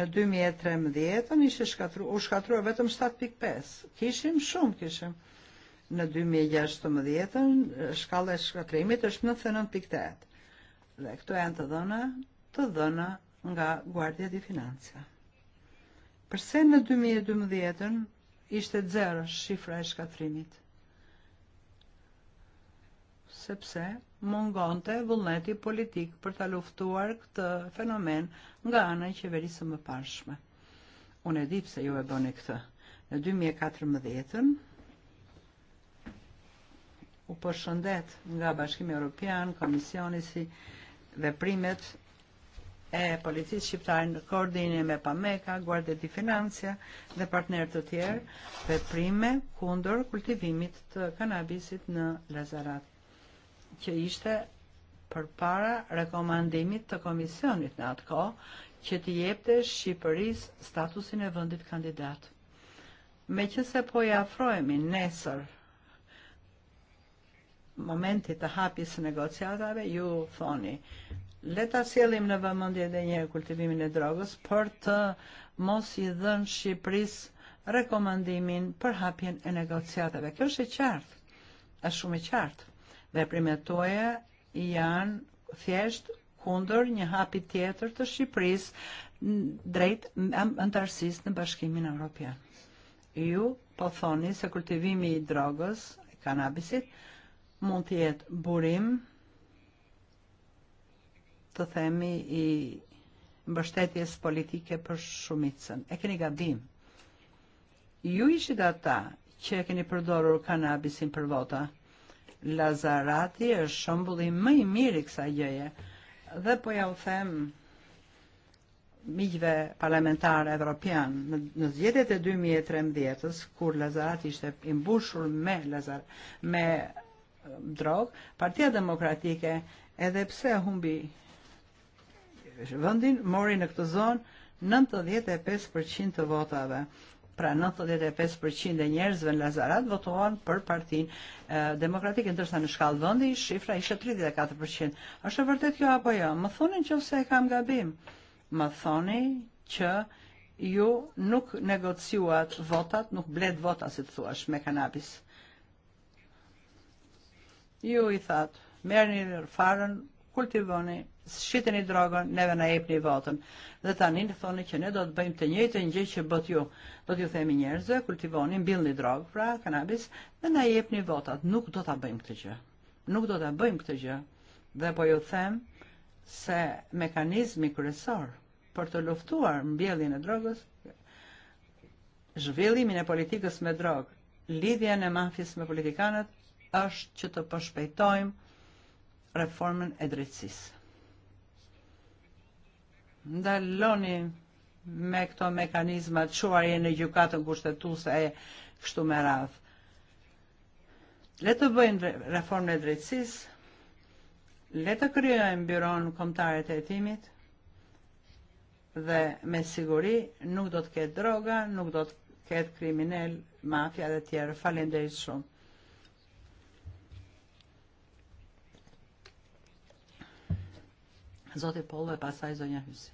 Në 2013 ishte shkatru, u shkatru vetëm 7.5. Kishim shumë, kishim. Në 2016 shkalla e shkatrimit është 99.8. Dhe këto janë të dhëna, të dhëna nga Guardia di Financia. Përse në 2012 ishte 0 shifra e shkatrimit? sepse mungonte vullneti politik për ta luftuar këtë fenomen nga ana e qeverisë më parshme. Unë e di pse ju e bëni këtë. Në 2014-ën e u përshëndet nga Bashkimi Evropian, Komisioni si veprimet e policisë shqiptare në koordinim me PAMEKA, Gwardet di Financia dhe partnerë të tjerë veprime kundër kultivimit të kanabisit në Lazarat që ishte para rekomandimit të komisionit në atë kohë që të jepte Shqipërisë statusin e vëndit kandidat. Me se po i afrohemi nesër momenti të hapjes negociatave, ju thoni le ta sjellim në vëmëndje dhe një kultivimin e drogës për të mos i dhënë Shqipëris rekomandimin për hapjen e negociatave. Kjo është e qartë. Është shumë e qartë. Veprimetoja janë thjesht kundër një hapi tjetër të Shqipëris drejt antarësisë në Bashkimin Europian. Ju po thoni se kultivimi i drogës, i kanabisit, mund të jetë burim të themi i mbështetjes politike për shumicën. E keni gabim. Ju ishit ata që e keni përdorur kanabisin për vota. Lazarati është shembulli më i mirë i kësaj gjëje. Dhe po ja them miqve parlamentar evropian në zgjedhjet e 2013-s e kur Lazarati ishte imbushur me Lazar me um, drog, Partia Demokratike edhe pse humbi vendin mori në këtë zonë 95% e të votave. Pra 95% e njerëzve në Lazarat votohan për partin e, demokratik, ndërsa në shkallë vëndi shifra ishe 34%. Ashtë e, e vërtet kjo apo jo? Më thonin që se e kam gabim. Më thoni që ju nuk negociuat votat, nuk bled votat, si të thuash, me kanabis. Ju i thatë, merë një farën, kultivoni, shitën i drogën, neve na jepni votën. Dhe n në thoni që ne do të bëjmë të njëjtë gjë që bët ju. Do t'ju themi njerëzve, kultivoni, mbillni drogë, pra kanabis, dhe na jepni votat. Nuk do ta bëjmë këtë gjë. Nuk do ta bëjmë këtë gjë. Dhe po ju them se mekanizmi kërësor për të luftuar mbjelljen e drogës, zhvillimin e politikës me drogë, lidhjen e mafis me politikanët, është që të përshpejtojmë reformën e drejtsisë ndaloni me këto mekanizmat quarje në gjukatën kushtetuse e kështu me radhë. Le të bëjnë reformën e drejtsis, le të kryojnë biron komtare të etimit, dhe me siguri nuk do të ketë droga, nuk do të ketë kriminel, mafja dhe tjerë. Falenderit shumë. Zoti Polo e pasaj zonja Hysi.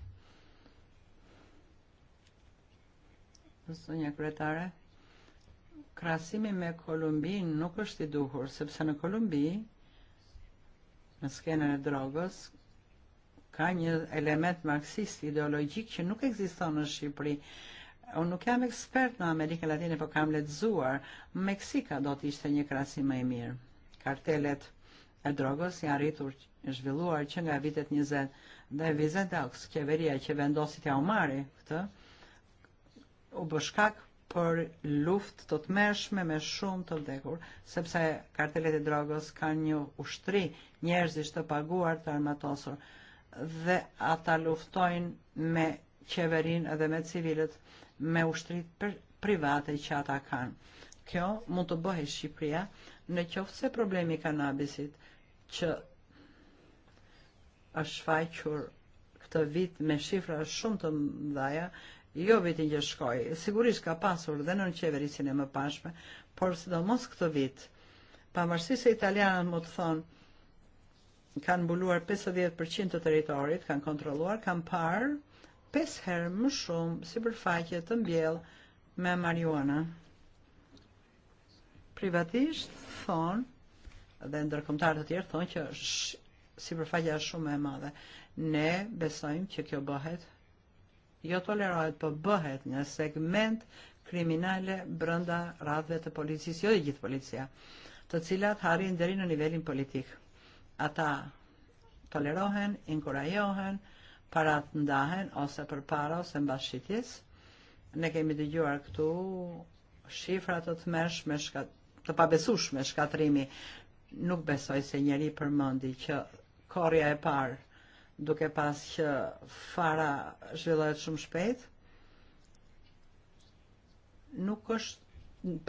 Zonja Kretare, krasimi me Kolumbi nuk është i duhur, sepse në Kolumbi, në skenën e drogës, ka një element marxist ideologjik që nuk ekziston në Shqipëri. Unë nuk jam ekspert në Amerikën Latine, po kam lexuar. Meksika do të ishte një krahasim më i mirë. Kartelet e drogës janë rritur zhvilluar që nga vitet 20 da vizet aks qeveria që vendosi t'ja u mari kta, u bëshkak për luft të të mershme me shumë të vdekur, sepse kartelet e drogës kanë një ushtri njerëzisht të paguar të armatosur dhe ata luftojnë me qeverin edhe me civilet me ushtrit private që ata kanë. Kjo mund të bëhe Shqipria në qoftë se problemi kanabisit që është faqur këtë vit me shifra shumë të mdhaja, jo vitin që shkoj. Sigurisht ka pasur dhe në qeverisin e më pashme, por së do mos këtë vit, pa mërsi se italianën më të thonë, kanë buluar 50% të teritorit, kanë kontroluar, kanë parë 5 herë më shumë si sipërfaqe të mbjellë me marijuana. Privatisht thonë, dhe ndërkomtarët të e tjerë thonë që sipërfaqja shumë e madhe. Ne besojmë që kjo bëhet, jo tolerohet, po bëhet një segment kriminale brënda radhve të policisë, jo e gjithë policia, të cilat harin deri në nivelin politik. Ata tolerohen, inkurajohen, parat ndahen ose për para, ose mbas shitjes. Ne kemi të gjuar këtu xifra të të me shkat të pabesush me shkatrimi nuk besoj se njeri përmëndi që korja e par duke pas që fara zhvillohet shumë shpejt, nuk është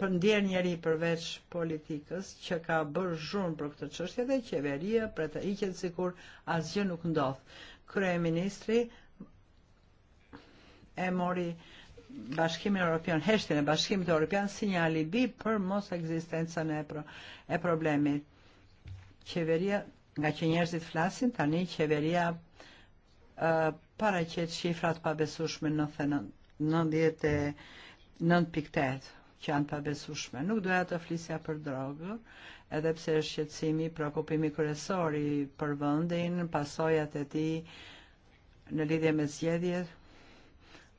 për ndjerë njeri përveç politikës që ka bërë zhurnë për këtë qështje dhe qeveria për të iqet sikur asgjë nuk ndodhë. Krye Ministri e mori bashkimi Europian, heshtin e bashkimit Europian si një alibi për mos ekzistenca e, pro, e problemit. Qeveria nga që njerëzit flasin, tani qeveria uh, paraqet xifrat pa besushme 99.8 që janë pa besushme. Nuk doja të flisja për drogë, edhe pse shqetësimi, prokupimi kryesori për vëndin, pasojat e ti në lidhje me zjedjet.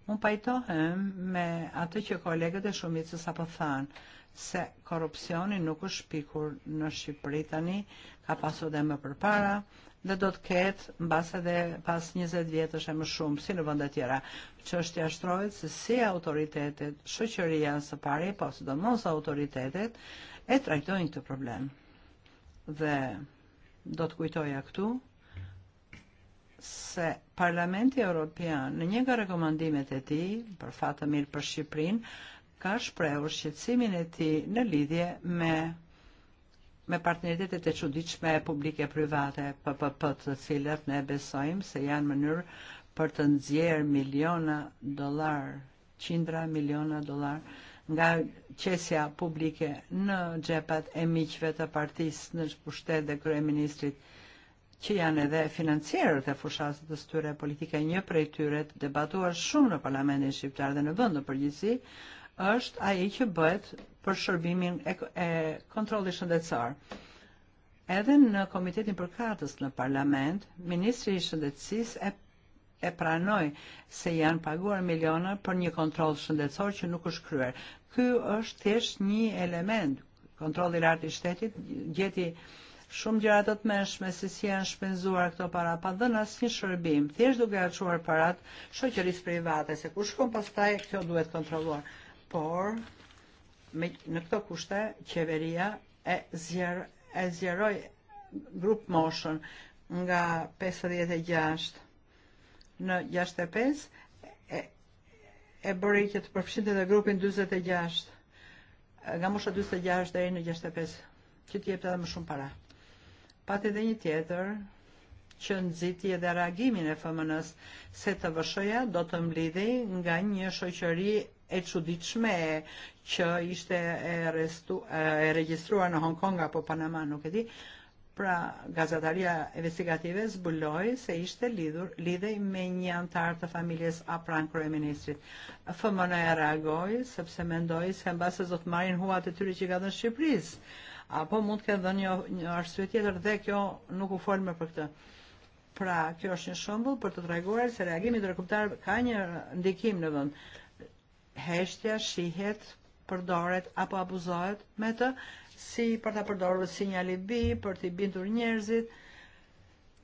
Unë pajtohem me atë që kolegët e shumicës apo thanë se korruzzjoni nuk është pikur në Shqipëri tani, ka pasu dhe më përpara, dhe do të ketë në base dhe pas 20 vjetë është e më shumë si në vëndet tjera. që Çështja shtrohet se si autoritetet, shëqëria së pari, po së do mos autoritetet e trajtojnë këtë problem. Dhe do të kujtoja këtu se Parlamenti Europian në një nga rekomandimet e ti për fatë mirë për Shqipërinë kax shprehur shqetësimin e tij në me me partneritetet e me publike private PPP të cilat ne besojmë se janë mënyrë për të nxjerr miliona dolar, qindra miliona dolar nga qesja publike në gjepat e miqve të partis në pushtet dhe kërë ministrit që janë edhe financierët e fushasët të styre politike një prej tyret debatuar shumë në parlamentin shqiptar dhe në vëndë në përgjithësi është ai që bëhet për shërbimin e, e kontrollit shëndetësor. Edhe në Komitetin për Kartës në Parlament, Ministri i Shëndetësisë e, e pranoi se janë paguar miliona për një kontroll shëndetësor që nuk është kryer. Ky është thjesht një element kontrolli i lartë i shtetit, gjeti shumë gjëra të mëshme se si janë shpenzuar këto para pa dhënë asnjë shërbim, thjesht duke harxuar parat shoqërisë private se kush shkon pastaj kjo duhet kontrolluar por me, në këto kushte qeveria e, zjer, e zjeroj grup moshën nga 56 e në 65 e, e bëri që të përfshinte edhe grupin 46 e nga mosha 46 e deri në 65 që të jepte edhe më shumë para. Pati edhe një tjetër që nxiti edhe reagimin e FMN-s se të vëshoja do të mblidhej nga një shoqëri e çuditshme që ishte e, eh, restu, e eh, regjistruar në Hong Kong apo Panama, no e di. Pra, gazetaria investigative zbuloi se ishte lidhur, lidhej me një antar të familjes Apran Kryeministrit. FMN e reagoi, sepse mendoi se basa zot marin hua të tyri që ka dhënë Shqipërisë. Apo mund ke kenë një, një arsye tjetër dhe kjo nuk u fol më për këtë. Pra, kjo është një shembull për të treguar se reagimi ndërkombëtar ka një ndikim në vend heshtja shihet përdoret apo abuzohet me të si për ta përdorur sinjali B, për t'i bindur njerëzit,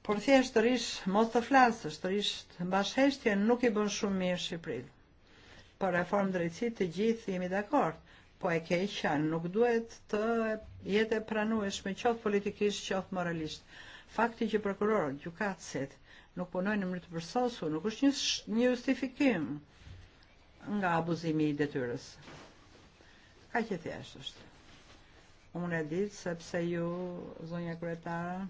por thjesht të rish mos të flasësh, të rish heshtje, nuk i bën shumë mirë Shqipërinë. Për reform drejtësi të gjithë jemi dakord, po e keqja nuk duhet të jetë e me qoftë politikisht qoftë moralisht. Fakti që prokurorët, gjykatësit nuk punojnë në mënyrë të përsosur nuk është një, një justifikim nga abuzimi i detyrës. Ka që thjesht është. Unë e ditë sepse ju, zonja kretarë,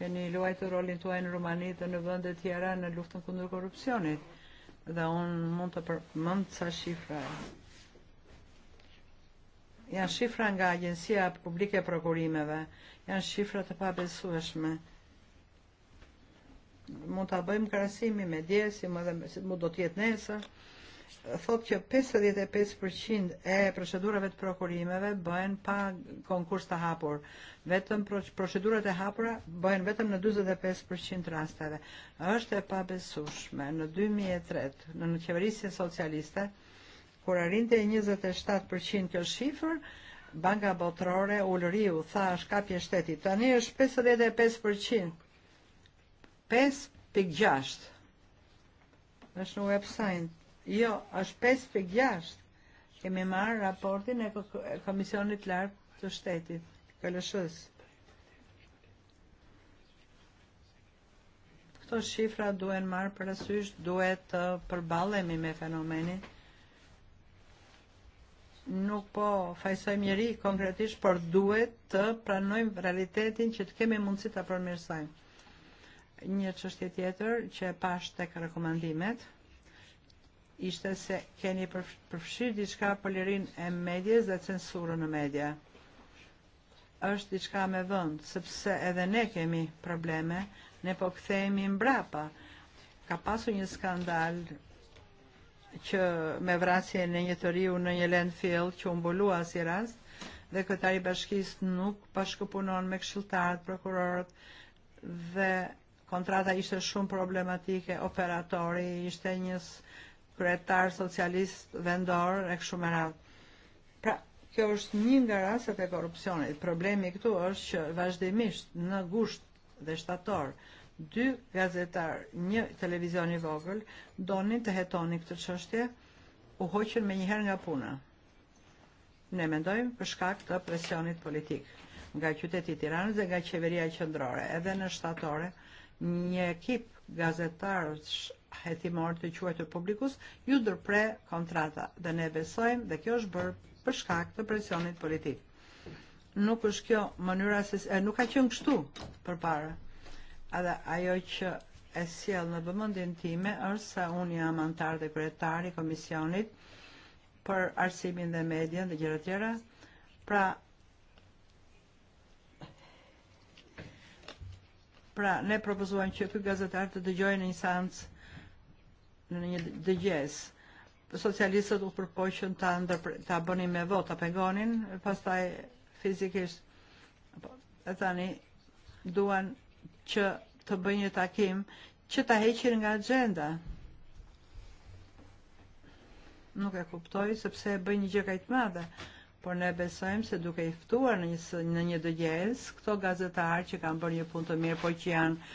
keni luajtu rolin tuaj në Rumani dhe në vëndet tjera në luftën kundur korrupsionit. Dhe unë mund të të sa shifra. E. Janë shifra nga agjensia Publike Prokurimeve, janë shifra të pabesueshme. Mund ta bëjmë krasimi me dje si më, dhe, si më do të jetë nesër thot që 55% e, e procedurave të prokurimeve bëhen pa konkurs të hapur. Vetëm procedurat e hapura bëhen vetëm në 25% e rasteve. Është e pabesueshme. Në 2003, e në, në qeverisje socialiste, kur arrinte 27% kjo shifër, Banka Botrore Ulriu tha është kapje shteti. Tani është 55%. 5.6 është në website Jo, është pesë pikë jashtë. Kemi marrë raportin e Komisionit Lartë të Shtetit, Këllëshës. Këto shifra duen marrë përësysh, duhet të përbalemi me fenomenin. Nuk po fajsojmë njëri konkretisht, por duhet të pranojmë realitetin që të kemi mundësi të përmirësajmë. Një qështje tjetër që pashtë të tek rekomandimet – ishte se keni përfshirë diçka për lirin e medjes dhe censurën në e media. Êshtë diçka me vend, sepse edhe ne kemi probleme, ne po kthehemi mbrapa. Ka pasu një skandal që me vrasje në një të riu në një landfill që umbulua si rast dhe këtari bashkis nuk pashkëpunon me këshiltarët, prokurorët dhe kontrata ishte shumë problematike, operatori ishte njës kryetar socialist vendor e kështu me radhë. Pra, kjo është një nga rastet e korrupsionit. Problemi këtu është që vazhdimisht në gusht dhe shtator dy gazetar, një televizion i vogël donin të hetoni këtë çështje, u hoqën me njëherë nga puna. Ne mendojmë për shkak të presionit politik nga qyteti i Tiranës dhe nga qeveria qendrore. Edhe në shtatore, një ekip gazetarësh hetimor të quajtur publikus, ju pre kontrata dhe ne besojmë dhe kjo është bërë për shkak të presionit politik. Nuk është kjo mënyra se eh, nuk ka qenë kështu përpara. Edhe ajo që e sjell në vëmendjen time është se unë jam antar dhe kryetari i komisionit për arsimin dhe median dhe gjëra tjera. Pra Pra, ne propozuan që këtë gazetar të dëgjojnë një seancë në një dëgjes. Socialistët u përpoqën ta, ta me vota pegonin, pastaj fizikisht e tani duan që të bëjnë ta' kim, që ta heqin nga agenda. Nuk e kuptoj sepse e bëjnë një gjë kajt madhe, por ne besojmë se duke i ftuar në një, në dëgjes, këto gazetarë që kanë bërë një punë të mirë, por që janë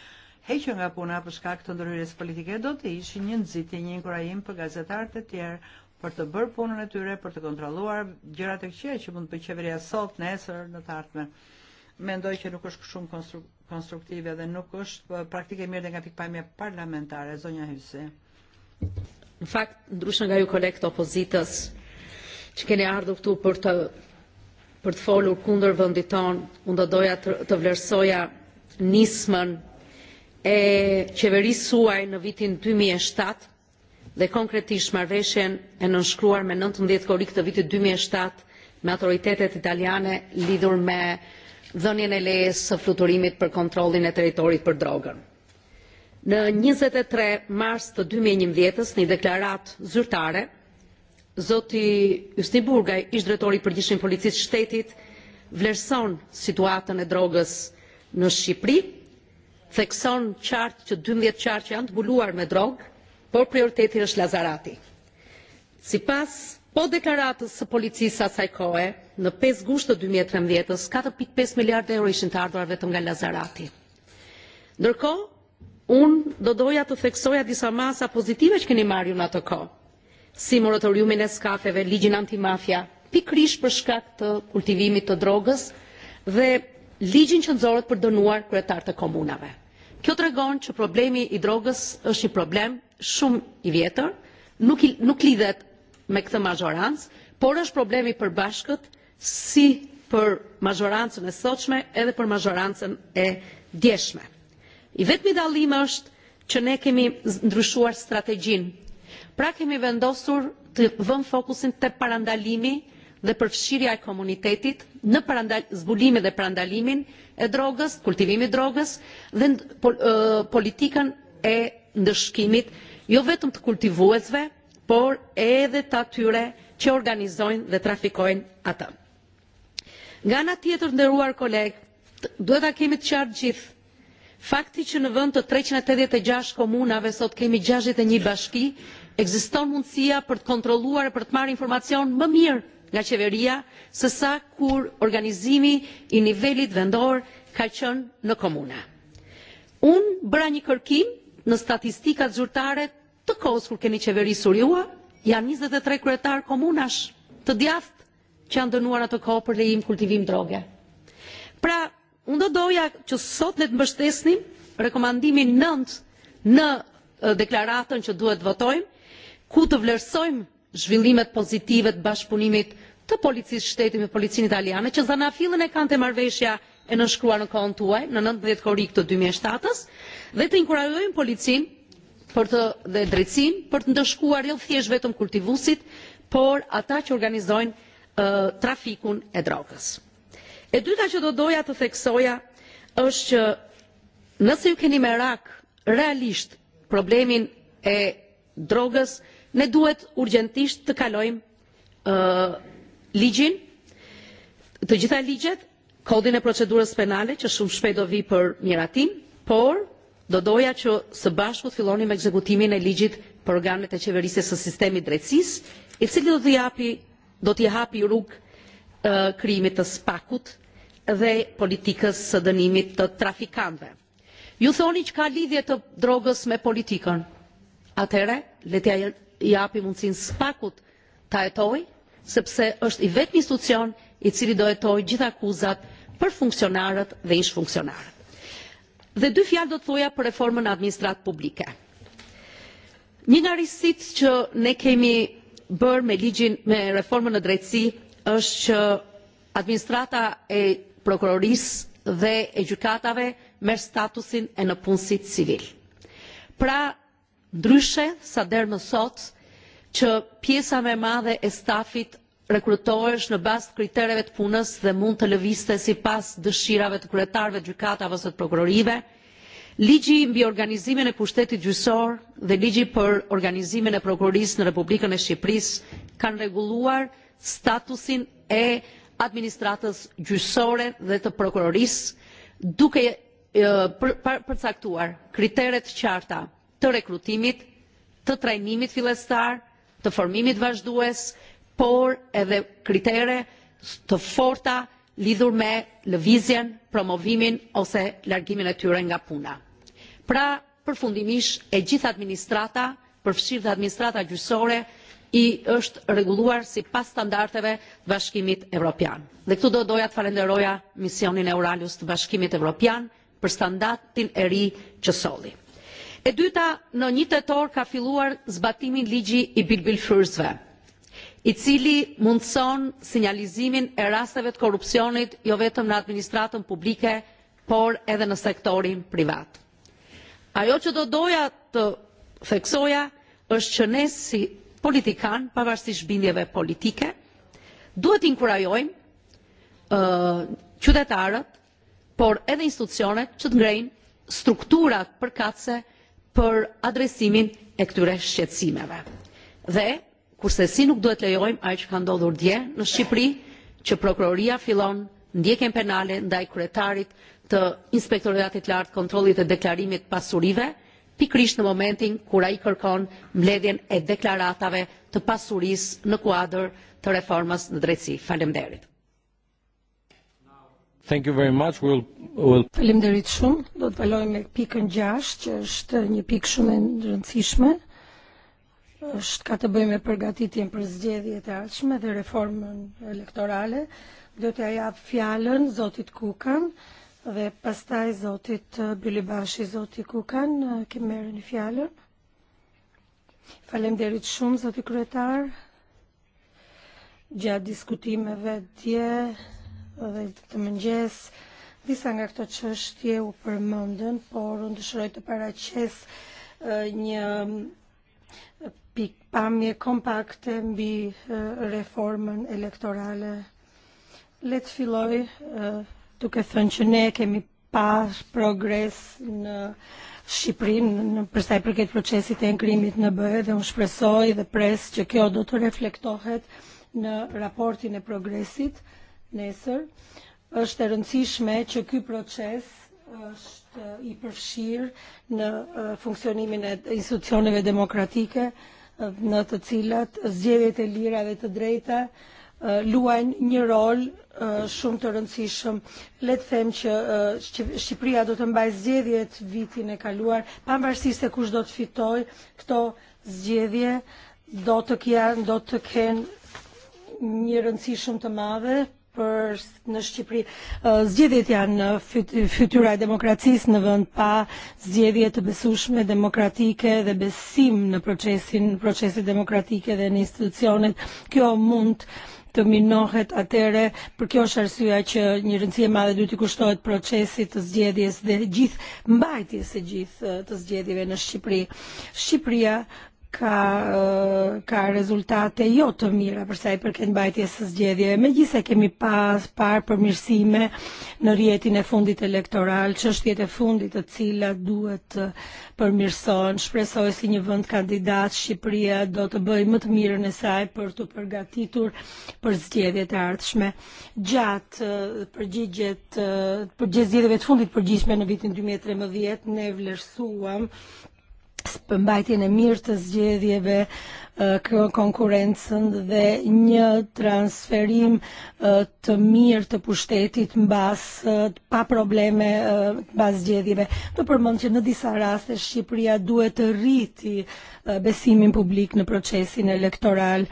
heqja nga puna për shkak të ndërhyrjes politike do të ishin një nxitje, një inkurajim për gazetarët e tjerë për të bërë punën e tyre, për të kontrolluar gjërat e këqija që mund të bëjë qeveria sot, nesër, në të ardhmen. Mendoj që nuk është shumë konstruktive dhe nuk është praktike mirë nga pikpamja parlamentare, zonja Hyse. Në fakt, ndryshën nga ju kolekt opozitës, që keni ardhur këtu për të për të folur kundër vendit ton, unë do doja të, të vlerësoja nismën e qeverisuar në vitin 2007 e dhe konkretisht marveshen e nënshkruar me 19 korik të vitit 2007 e me autoritetet italiane lidhur me dhënjën e lejes së fluturimit për kontrollin e territorit për drogën. Në 23 e mars të 2011 një deklarat zyrtare, Zoti Justi Burgaj, ish drejtori i përgjithshëm policisë shtetit, vlerëson situatën e drogës në Shqipëri thekson qartë që 12 qartë që janë buluar me drog, por prioriteti është Lazarati. Sipas po deklaratës së policisë asaj kohe, në 5 gusht të 2013-s, 4.5 miliard euro ishin të ardhur vetëm nga Lazarati. Ndërkohë, unë do doja të theksoja disa masa pozitive që keni marrë në atë ko, si moratoriumin e skafeve, ligjin antimafia, pikrish për shkak të kultivimit të drogës dhe ligjin që nëzorët për dënuar kryetar të komunave. Kjo të regon që problemi i drogës është një problem shumë i vjetër, nuk, nuk lidhet me këtë mazhorancë, por është problemi për bashkët si për mazhorancën e soqme edhe për mazhorancën e djeshme. I vetmi dallim është që ne kemi ndryshuar strategjin. Pra kemi vendosur të vëmë fokusin të parandalimi dhe përfshirja e komunitetit në zbulimin dhe prandalimin e drogës, kultivimi drogës dhe e, politikën e ndëshkimit jo vetëm të kultivuesve, por edhe të atyre që organizojnë dhe trafikojnë ata. Nga nga tjetër ndëruar kolegë, duhet a kemi të qartë gjithë Fakti që në vënd të 386 e e komunave sot kemi 61 bashki, egziston mundësia për të kontroluar e për të marrë informacion më mirë nga s-sa kur organizimi nivelli d vendor ka qënë komuna. Un brani korkim kërkim në statistikat zyrtare të kohës kur keni qeverisur surjua, janë 23 e kryetar komunash të djaft që janë dënuar atë kohë për lejim kultivim droge. Pra, unë do doja që sot në të mbështesnim rekomandimin 9 në e, deklaratën që duhet votojmë, ku të vlerësojmë zhvillimet pozitive të bashkëpunimit të policisë shteti me policinë italiane, që zanafillin e kanë të marveshja e nënshkruar në kohën tuaj, në 19 korik të 2007-ës, dhe të inkurajojmë policinë për të dhe drejtsin për të ndëshkuar jo thjesht vetëm kultivusit, por ata që organizojnë uh, trafikun e drogës. E dyta që do doja të theksoja është që nëse ju keni merak realisht problemin e drogës, Ne duhet urgjentisht të kalojmë uh, ligjin, të gjitha ligjet, kodin e procedurës penale që shumë shpejt do vi për miratim, por do doja që së bashku të fillonim me ekzekutimin e ligjit për organet e qeverisjes së sistemit drejtësisë, i cili do t'i japi do t'i hapi rrug uh, krijimit të spakut dhe politikës së dënimit të trafikantëve. Ju thoni që ka lidhje të drogës me politikën. Atëherë, le t'ja i japi mundësin spakut ta hetoj, sepse është i vetmi institucion i cili do hetoj gjitha akuzat për funksionarët dhe ish funksionarët. Dhe dy fjalë do të thoja për reformën administrat publike. Një nga risit që ne kemi bërë me ligjin me reformën në drejtësi është që administrata e prokuroris dhe e gjykatave merë statusin e në punësit civil. Pra Ndryshe, sa derë sot, që pjesa me madhe e stafit rekrutohesh në bazë të kritereve të punës dhe mund të lëvizte sipas dëshirave të kryetarëve, gjykatave ose të prokurorive. Ligji mbi organizimin e pushtetit gjyqësor dhe ligji për organizimin e prokurorisë në Republikën e Shqipërisë kanë rregulluar statusin e administratës gjyqësore dhe të prokurorisë duke e, përcaktuar kriteret qarta të rekrutimit, të trajnimit fillestar, të formimit vazhdues, por edhe kritere të forta lidhur me lëvizjen, promovimin ose largimin e tyre nga puna. Pra, përfundimisht, e gjithë administrata, përfshirë dhe administrata gjysore, i është si pas standarteve të Bashkimit Evropian. Dhe këtu do doja të falenderoja misionin Euralius të Bashkimit Evropian për standardin e ri që soli. E dyta, në një tetor ka filluar zbatimin ligji i bilbilfryrzve, i cili mundson sinjalizimin e rasteve të korupcionit jo vetëm në administratën publike, por edhe në sektorin privat. Ajo që do doja të theksoja është që ne si politikan, pavarësisht bindjeve politike, duhet inkurajojmë uh, qytetarët, por edhe institucionet që të ngrejnë strukturat përkatëse për adresimin e këtyre shqetsimeve. Dhe kurse si nuk duhet lejojmë ajë që ka ndodhur dje në Shqipëri, që prokuroria filon ndjekjen penale ndaj kryetarit të Inspektoratit lartë Kontrollit të Deklarimit Pasurive, pikrish në momentin kur ai kërkon mbledhjen e deklaratave të pasurisë në kuadër të reformës në drejtësi. Faleminderit. Thank you very much. We'll, we'll... Falemderit shumë. Do të valojmë me pikën 6, që është një pikë shumë e rëndësishme. Është ka të bëjë me përgatitjen për zgjedhjet e ardhshme dhe reformën elektorale. Do t'ja jap fjalën zotit Kukan dhe pastaj zotit eh, Bylibashi, zoti Kukan, eh, ke merrën fjalën. Falemderit shumë zoti kryetar. Gjatë diskutimeve dje dhe të mëngjes. Disa nga këto çështje u përmendën, por unë dëshiroj të paraqes e, një e, pamje kompakte mbi e, reformën elektorale. Le të filloj duke thënë që ne kemi pas progres në Shqiprin në përsa i përket procesit e nkrimit në bëhe dhe unë shpresoj dhe pres që kjo do të reflektohet në raportin e progresit nesër. Është e rëndësishme që ky proces është i përfshirë në e, funksionimin e institucioneve demokratike e, në të cilat zgjedhjet e lira dhe të drejta e, luajnë një rol shumë të rëndësishëm. Le të them që Shqipëria do të mbajë zgjedhjet vitin e kaluar, pavarësisht se kush do të fitojë këto zgjedhje do të kenë do të kenë një rëndësi shumë të madhe për në Shqipëri. Uh, zgjedhjet janë në uh, fytyra e demokracisë në vend pa zgjedhje të besueshme demokratike dhe besim në procesin procesin demokratike dhe në institucionet. Kjo mund të minohet atëre, për kjo është arsyeja që një rëndësi e madhe duhet të kushtohet procesit të zgjedhjes dhe gjithë mbajtjes së e gjithë uh, të zgjedhjeve në Shqipëri. Shqipëria ka, ka eh, rezultate jo të mira përsa i përket mbajtjes së zgjedhje. Megjithëse kemi pas parë përmirësime në rjetin e fundit elektoral, çështjet e fundit të cila duhet të përmirësohen. Shpresoj si një vend kandidat Shqipëria do të bëj më të mirën e saj për të përgatitur për zgjedhjet e ardhshme. Gjatë eh, përgjigjet eh, përgjigjet zgjedhjeve të fundit përgjithshme në vitin 2013 e ne vlerësuam mbajtjen e mirë të zgjedhjeve, e, konkurencën dhe një transferim e, të mirë të pushtetit mbas e, pa probleme mbas zgjedhjeve. Të përmend që në disa raste Shqipëria duhet të rriti besimin publik në procesin elektoral.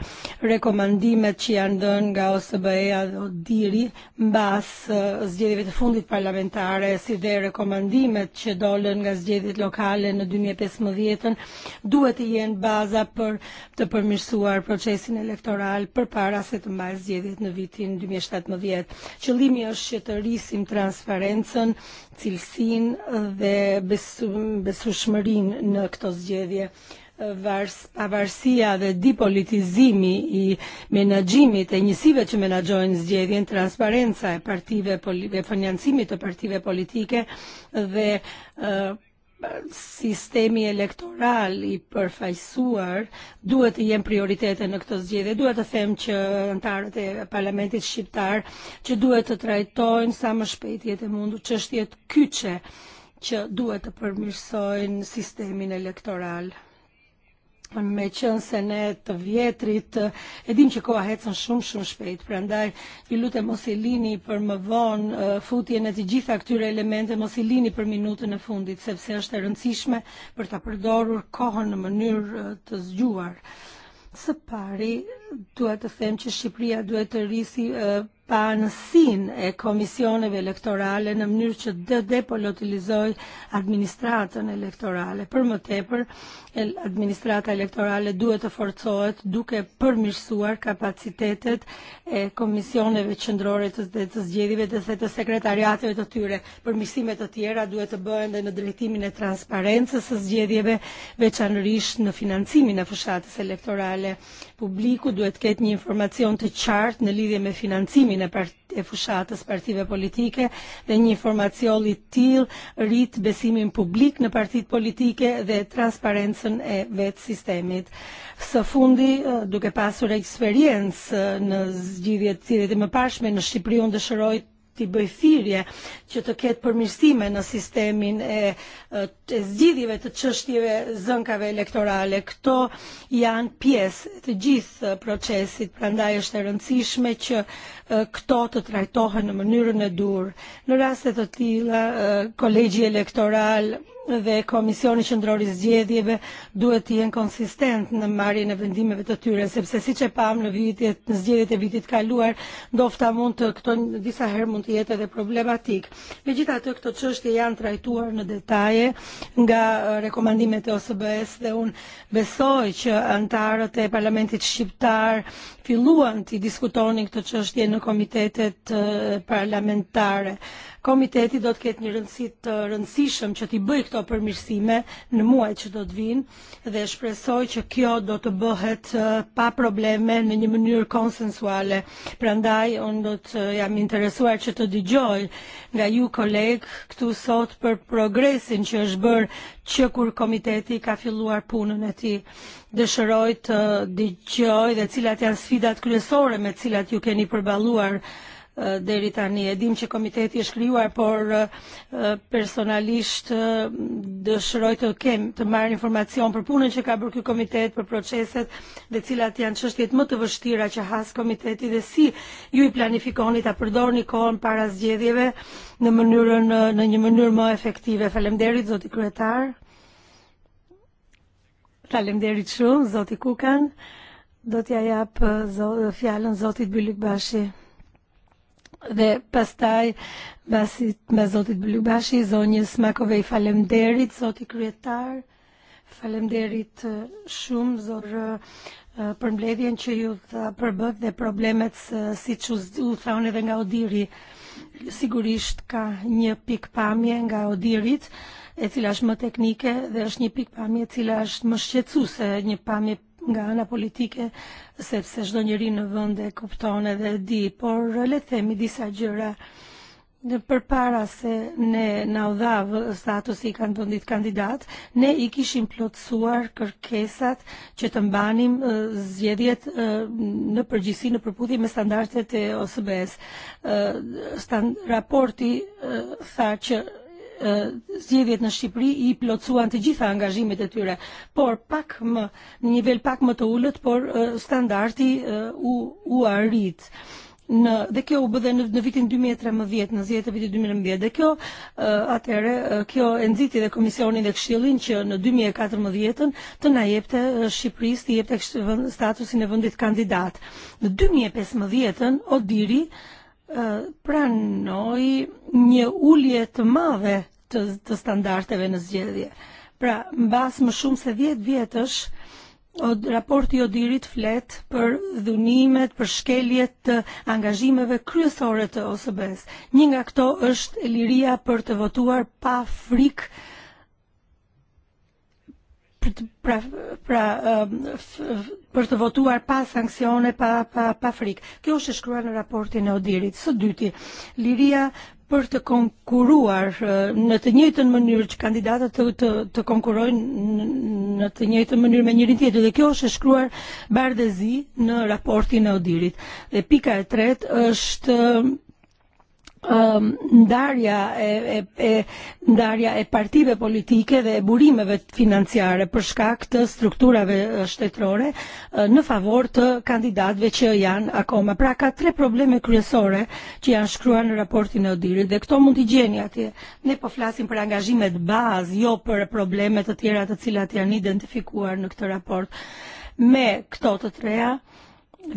Rekomandimet që janë dhënë nga OSBE-a dhe Diri mbas zgjedhjeve të fundit parlamentare, si dhe rekomandimet që dolën nga zgjedhjet lokale në 2015 vjetën duhet të jenë baza për të përmirësuar procesin elektoral për para se të mbajë zgjedhjet në vitin 2017. E Qëllimi është që të rrisim transparencën, cilësinë dhe besu, besueshmërinë në këto zgjedhje pavarësia dhe dipolitizimi i menagjimit e njësive që menagjojnë zgjedhjen, transparenca e partive e financimit të partive politike dhe uh, sistemi elektorali i përfajsuar duhet të jem prioritete në këtë zgjedhje. Duhet të them që antarët e parlamentit shqiptar që duhet të trajtojnë sa më shpejt jetë e mundu qështjet kyçe që duhet të përmirësojnë sistemin elektoral me qenë vjetrit edin dim që koha hecën shumë shumë shpejt prandaj ju lutem mos për më vonë e, futjen e të gjitha këtyre elemente mos për minutën e fundit sepse është e rëndësishme për të përdorur kohën në mënyrë e, të zgjuar së pari duhet të them që Shqipëria duhet të rrisi uh, e, pa panësin e komisioneve elektorale në mënyrë që dhe të depolatilizoj administratën elektorale. Për më tepër, el administrata elektorale duhet të forcohet duke përmirësuar kapacitetet e komisioneve qëndrore të, të zgjedhjeve dhe të sekretariateve të tyre. Përmirësimet të tjera duhet të bëhen dhe në drejtimin e transparentës të zgjedhjeve, veçanërish në financimin e fushatës elektorale. Publiku duhet ketë një informacion të qartë në lidhje me finanzimi e, part e partive politike dhe një informazzjon li t-til rrit besimin publik në partit politike dhe transparencën e vetë sistemit. Së fundi, e, duke pasur eksperiencë e, në zgjidhjet të e më pashme në Shqipëri, unë dëshërojt ti këtij bëjfirje që të ketë përmirësime në sistemin e, e zgjidhjeve të çështjeve zënkave elektorale. Këto janë pjesë të gjithë procesit, prandaj është e rëndësishme që e, këto të trajtohen në mënyrën e dur. Në raste të tilla, e, kolegji elektoral dhe Komisioni Qendror i Zgjedhjeve duhet të jenë konsistent në marrjen e vendimeve të tyre, sepse siç e pam në vitet në zgjedhjet e vitit kaluar, ndofta mund të këto disa herë mund të jetë edhe problematik. Megjithatë këto çështje janë trajtuar në detaje nga uh, rekomandimet e OSBE-s dhe un besoj që antarët e Parlamentit Shqiptar filluan të diskutonin këtë çështje në komitetet uh, parlamentare. Uh, Komiteti do të ketë një rëndësit të rëndësishëm që t'i bëj këto përmirësime në muaj që do të vinë dhe shpresoj që kjo do të bëhet e, pa probleme në një mënyrë konsensuale. Prandaj unë do të e, jam interesuar që të digjoj nga ju kolegë këtu sot për progresin që është bërë që kur komiteti ka filluar punën e ti dëshëroj të digjoj dhe cilat janë sfidat kryesore me cilat ju keni përbaluar deri tani. E që komiteti është krijuar, por eh, personalisht eh, dëshiroj të kem të marr informacion për punën që ka bërë ky komitet, për proceset dhe cilat janë çështjet më të vështira që has komiteti dhe si ju i planifikoni ta përdorni kohën para zgjedhjeve në mënyrën eh, në një mënyrë më efektive. Faleminderit zoti kryetar. Faleminderit shumë zoti Kukan. Do t'ja jap fjalën zotit Bylik Bashi dhe pastaj me Zotit Blubashi, zonjës Makovej, falemderit, Zoti Kryetar, falemderit e, shumë, zorë e, e, për mbledhjen që ju të përbët dhe problemet së si që u thaun edhe nga odiri. Sigurisht ka një pik pamje nga odirit, e cila është më teknike dhe është një pik pamje cila është më shqecu se një pamje nga ana politike, sepse çdo njeri në vend e kupton edhe di, por le të themi disa gjëra përpara se ne na u dha statusi i kanë kandidat, ne i kishim plotsuar kërkesat që të mbanim e, zgjedhjet e, në përgjithësi në përputhje me standardet e OSBE-s. E, raporti tha që zgjedhjet në Shqipëri i plotësuan të gjitha angazhimet e tyre, por pak më në nivel pak më të ulët, por e, standardi e, u u arrit në dhe kjo u bë dhe në, në vitin 2013, e në 10 të vitit 2011 dhe kjo uh, atëherë kjo e nxiti dhe komisionin dhe këshillin që në 2014-ën të na jepte uh, Shqipërisë të jepte statusin e vendit kandidat. Në 2015-ën Odiri uh, pranoi një ulje të madhe të, të standarteve në zgjedhje. Pra, në basë më shumë se 10 vjetës, od, raporti dirit flet për dhunimet, për shkeljet të angazhimeve kryesore të OSB-s. Një nga këto është liria për të votuar pa frikë pra, pra, um, për të votuar pa sanksione, pa, pa, pa frik. Kjo është e shkruar në raportin e Odirit. Së dyti, liria për të konkuruar uh, në të njëjtën mënyrë që kandidata të, të, të konkurojnë në të njëjtën mënyrë me njërin tjetër dhe kjo është e shkruar bardhëzi në raportin e Odirit. Dhe pika e tretë është Ehm, ndarja e, e, e, ndarja e partive politike dhe e burimeve financiare për shkak të strukturave e, shtetërore në favor të kandidatëve që janë akoma. Pra ka tre probleme kryesore që janë shkruar në raportin e Odirit dhe këto mund t'i gjeni atje. Ne po flasim për angazhimet bazë, jo për probleme të tjera të cilat janë identifikuar në këtë raport. Me këto të treja,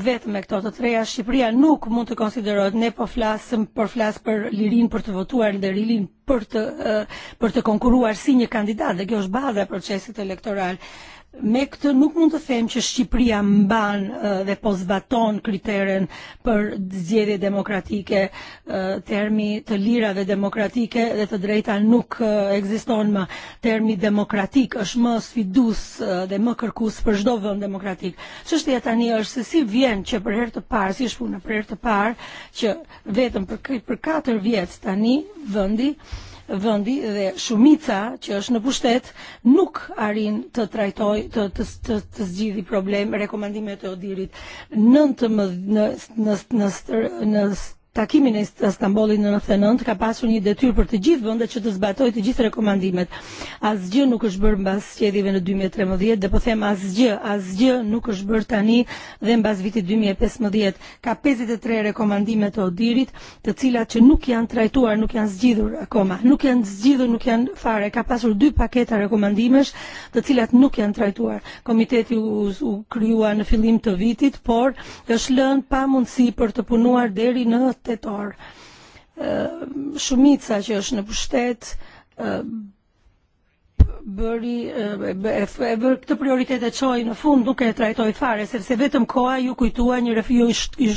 vetëm me këto të treja, Shqipëria nuk mund të konsiderohet ne po flasim për flas për lirin për të votuar dhe lirin për të, eh, për të konkurruar si një kandidat dhe kjo është baza e procesit elektoral me këtë nuk mund të them që Shqipëria mban e, dhe po zbaton kriteren për zgjedhje demokratike, e, termi të lirave demokratike dhe të drejta nuk e, ekziston më. Termi demokratik është më sfidus dhe më kërkus për çdo vend demokratik. Çështja tani është se si vjen që për herë të parë, si shpuna për herë të parë që vetëm për për 4 vjet tani vendi vëndi dhe shumica që është në pushtet nuk arin të trajtoj të të, të, të zgjidhi problem rekomendimet e Odirit në në, në, në në në, në, në takimin e Stambollit në Fenënd ka pasur një detyrë për të gjithë vendet që të zbatojë të gjithë rekomandimet. Asgjë nuk është bërë mbas zgjedhjeve në 2013 e dhe po them asgjë, asgjë nuk është bërë tani dhe mbas viti 2015 e ka 53 e rekomandimet të Odirit, të cilat që nuk janë trajtuar, nuk janë zgjidhur akoma, nuk janë zgjidhur, nuk janë fare. Ka pasur dy paketa rekomandimesh, të cilat nuk janë trajtuar. Komiteti u, u kryua në fillim të vitit, por është lënë pa mundësi për të punuar deri në vërtet orë. Shumica eh, që është në pushtet eh, bëri e eh, bërë këtë prioritet e çoi në fund nuk e trajtoj fare sepse er vetëm koha ju kujtua një ju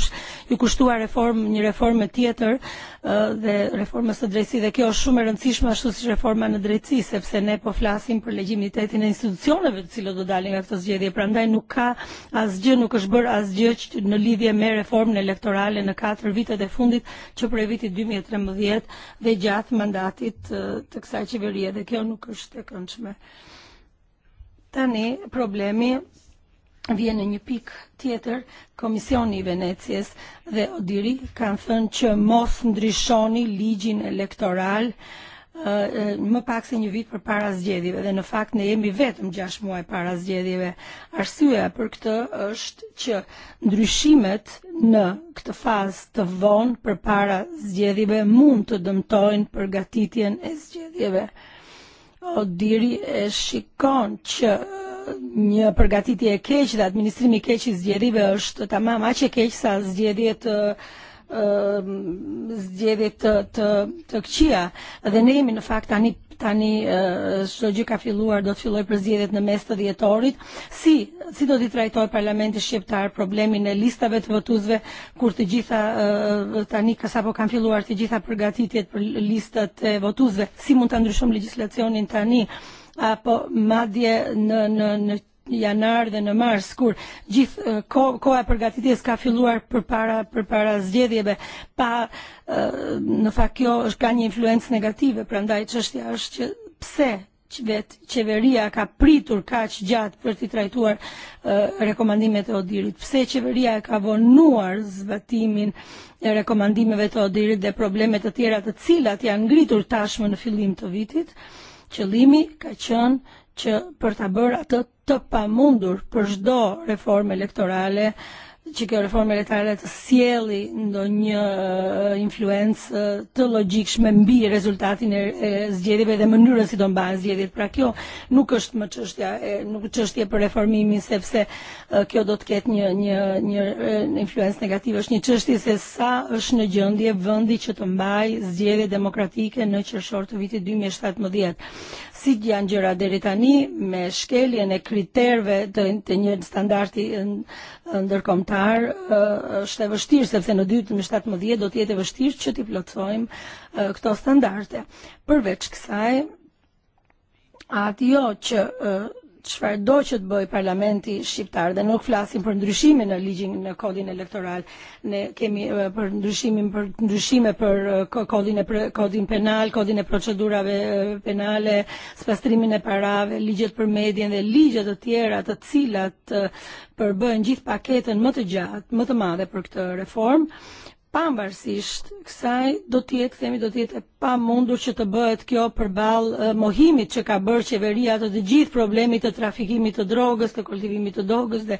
ju kushtua reform një reformë e tjetër uh, dhe reformës së drejtësisë dhe kjo është shumë e rëndësishme ashtu si reforma në drejtësi sepse ne po flasim për legjimitetin e institucioneve të cilët do dalin nga këtë zgjedhje. Prandaj nuk ka asgjë, nuk është bërë asgjë në lidhje me reformën elektorale në 4 vitet e fundit që për vitin 2013 dhe gjatë mandatit e, të kësaj qeverie dhe kjo nuk është e këndshme. Tani problemi vjen në një pikë tjetër, Komisioni i dhe Odiri kanë thënë që mos ndryshoni ligjin elektoral uh, uh, më pak se një vit për para zgjedhjeve dhe në fakt ne jemi vetëm 6 muaj para zgjedhjeve. Arsyeja për këtë është që ndryshimet në këtë fazë të vonë për para zgjedhjeve mund të dëmtojnë përgatitjen e zgjedhjeve. Odiri e shikon që një përgatitje e keq dhe administrimi keq i zgjedhjeve është tamam aq e keq sa zgjedhjet e, e, zgjedhjet të të, të këqija dhe ne jemi në fakt tani tani e, çdo gjë ka filluar do të filloj për zgjedhjet në mes të dhjetorit si si do të trajtojë parlamenti shqiptar problemin e listave të votuesve kur të gjitha tani ka sapo kanë filluar të gjitha përgatitjet për listat e votuesve si mund ta ndryshojmë legjislacionin tani apo madje në, në, në janar dhe në mars kur gjithë eh, ko, koha për gatitjes ka filluar përpara përpara zgjedhjeve pa eh, në fakt kjo është ka një influencë negative prandaj çështja është që pse vet qeveria ka pritur kaq gjatë për të trajtuar uh, rekomandimet e Odirit. Pse qeveria ka vonuar zbatimin e rekomandimeve të Odirit dhe problemet të tjera të cilat janë ngritur tashmë në fillim të vitit? Qëllimi ka qenë që për ta bërë atë të pamundur për çdo reformë elektorale që kjo reformë eletare të sjeli ndonjë uh, influencë uh, të logjikshme mbi rezultatin e, e zgjedhjeve dhe mënyrën si don mbahen zġedi Pra kjo nuk është më çështja, e, nuk çështje për reformi reformimin sepse uh, kjo do të ket një influenz negativ është një çështje se sa është në gjëndje vëndi që të mbaj zgjedhje demokratike në qershor të viti 2017 si janë deritani me xkel jene kriter ve të një standardi ndërkombëtar është e vështirë sepse në 2017 do të jetë e vështirë që t'i plotsojmë këto standarde. Përveç kësaj, atë jo që ċfar doċet boj parlamenti xibtar, dan nuk flasim për ndryshimin në e liġin në kodin elektoral ne kemi e, për ndryshimin për ndryshime për e, kodin e kodin penal kodin e procedurave penale spastrimin e parave ligjet për medien dhe ligje të tjera të cilat përbën gjithë paketën më të gjatë më të madhe për këtë reformë pavarësisht kësaj do të jetë themi do të jetë e pamundur që të bëhet kjo përballë e, mohimit që ka bërë qeveria të të gjithë problemit të trafikimit të drogës, të kultivimit të drogës dhe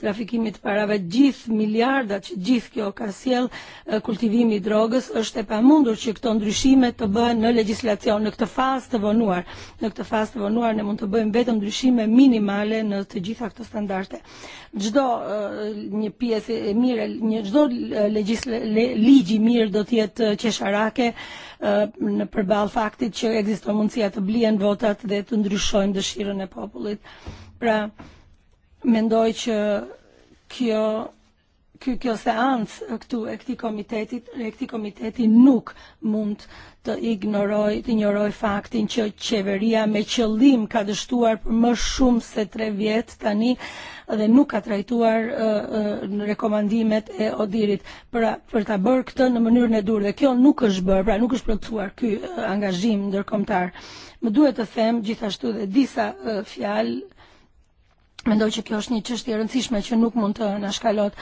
trafikimit të parave, gjithë miliardat që gjithë kjo ka sjell e, kultivimi i drogës është e pamundur që këto ndryshime të bëhen në legjislacion në këtë fazë të vonuar. Në këtë fazë të vonuar ne mund të bëjmë vetëm ndryshime minimale në të gjitha këto standarde. Çdo e, një pjesë e mirë, një çdo legjislacion ligji mirë do të jetë qesharake eh, në eh, përball faktit që ekziston mundësia të blihen votat dhe të ndryshojmë dëshirën e popullit. Pra mendoj që kjo kjo, kjo seancë këtu e këti komitetit, e këti komiteti nuk mund të ignoroj të ignoroj faktin që qeveria me qëllim ka dështuar për më shumë se tre vjetë tani uh, dhe nuk ka trajtuar në e, e, rekomandimet e Odirit pra, për ta bërë këtë në mënyrën e dur dhe kjo nuk është bërë, pra nuk është plotësuar ky e, angazhim ndërkombëtar. Më duhet të them gjithashtu dhe disa fjalë Mendoj që kjo është një çështje e rëndësishme që nuk mund të na shkalot.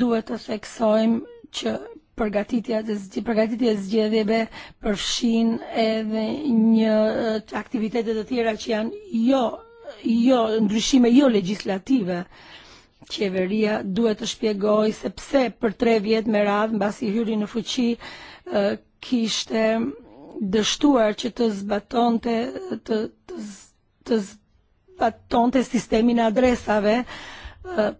Duhet të theksojmë që përgatitja e përgatitja e zgjedhjeve përfshin edhe një aktivitete të tjera që janë jo jo, ndryshime jo legislative. Qeveria duhet të shpjegoj se pse për tre vjet me radhë mbasi hyri në fuqi e, kishte dështuar që të zbatonte të, të, të zbatonte sistemin e adresave e,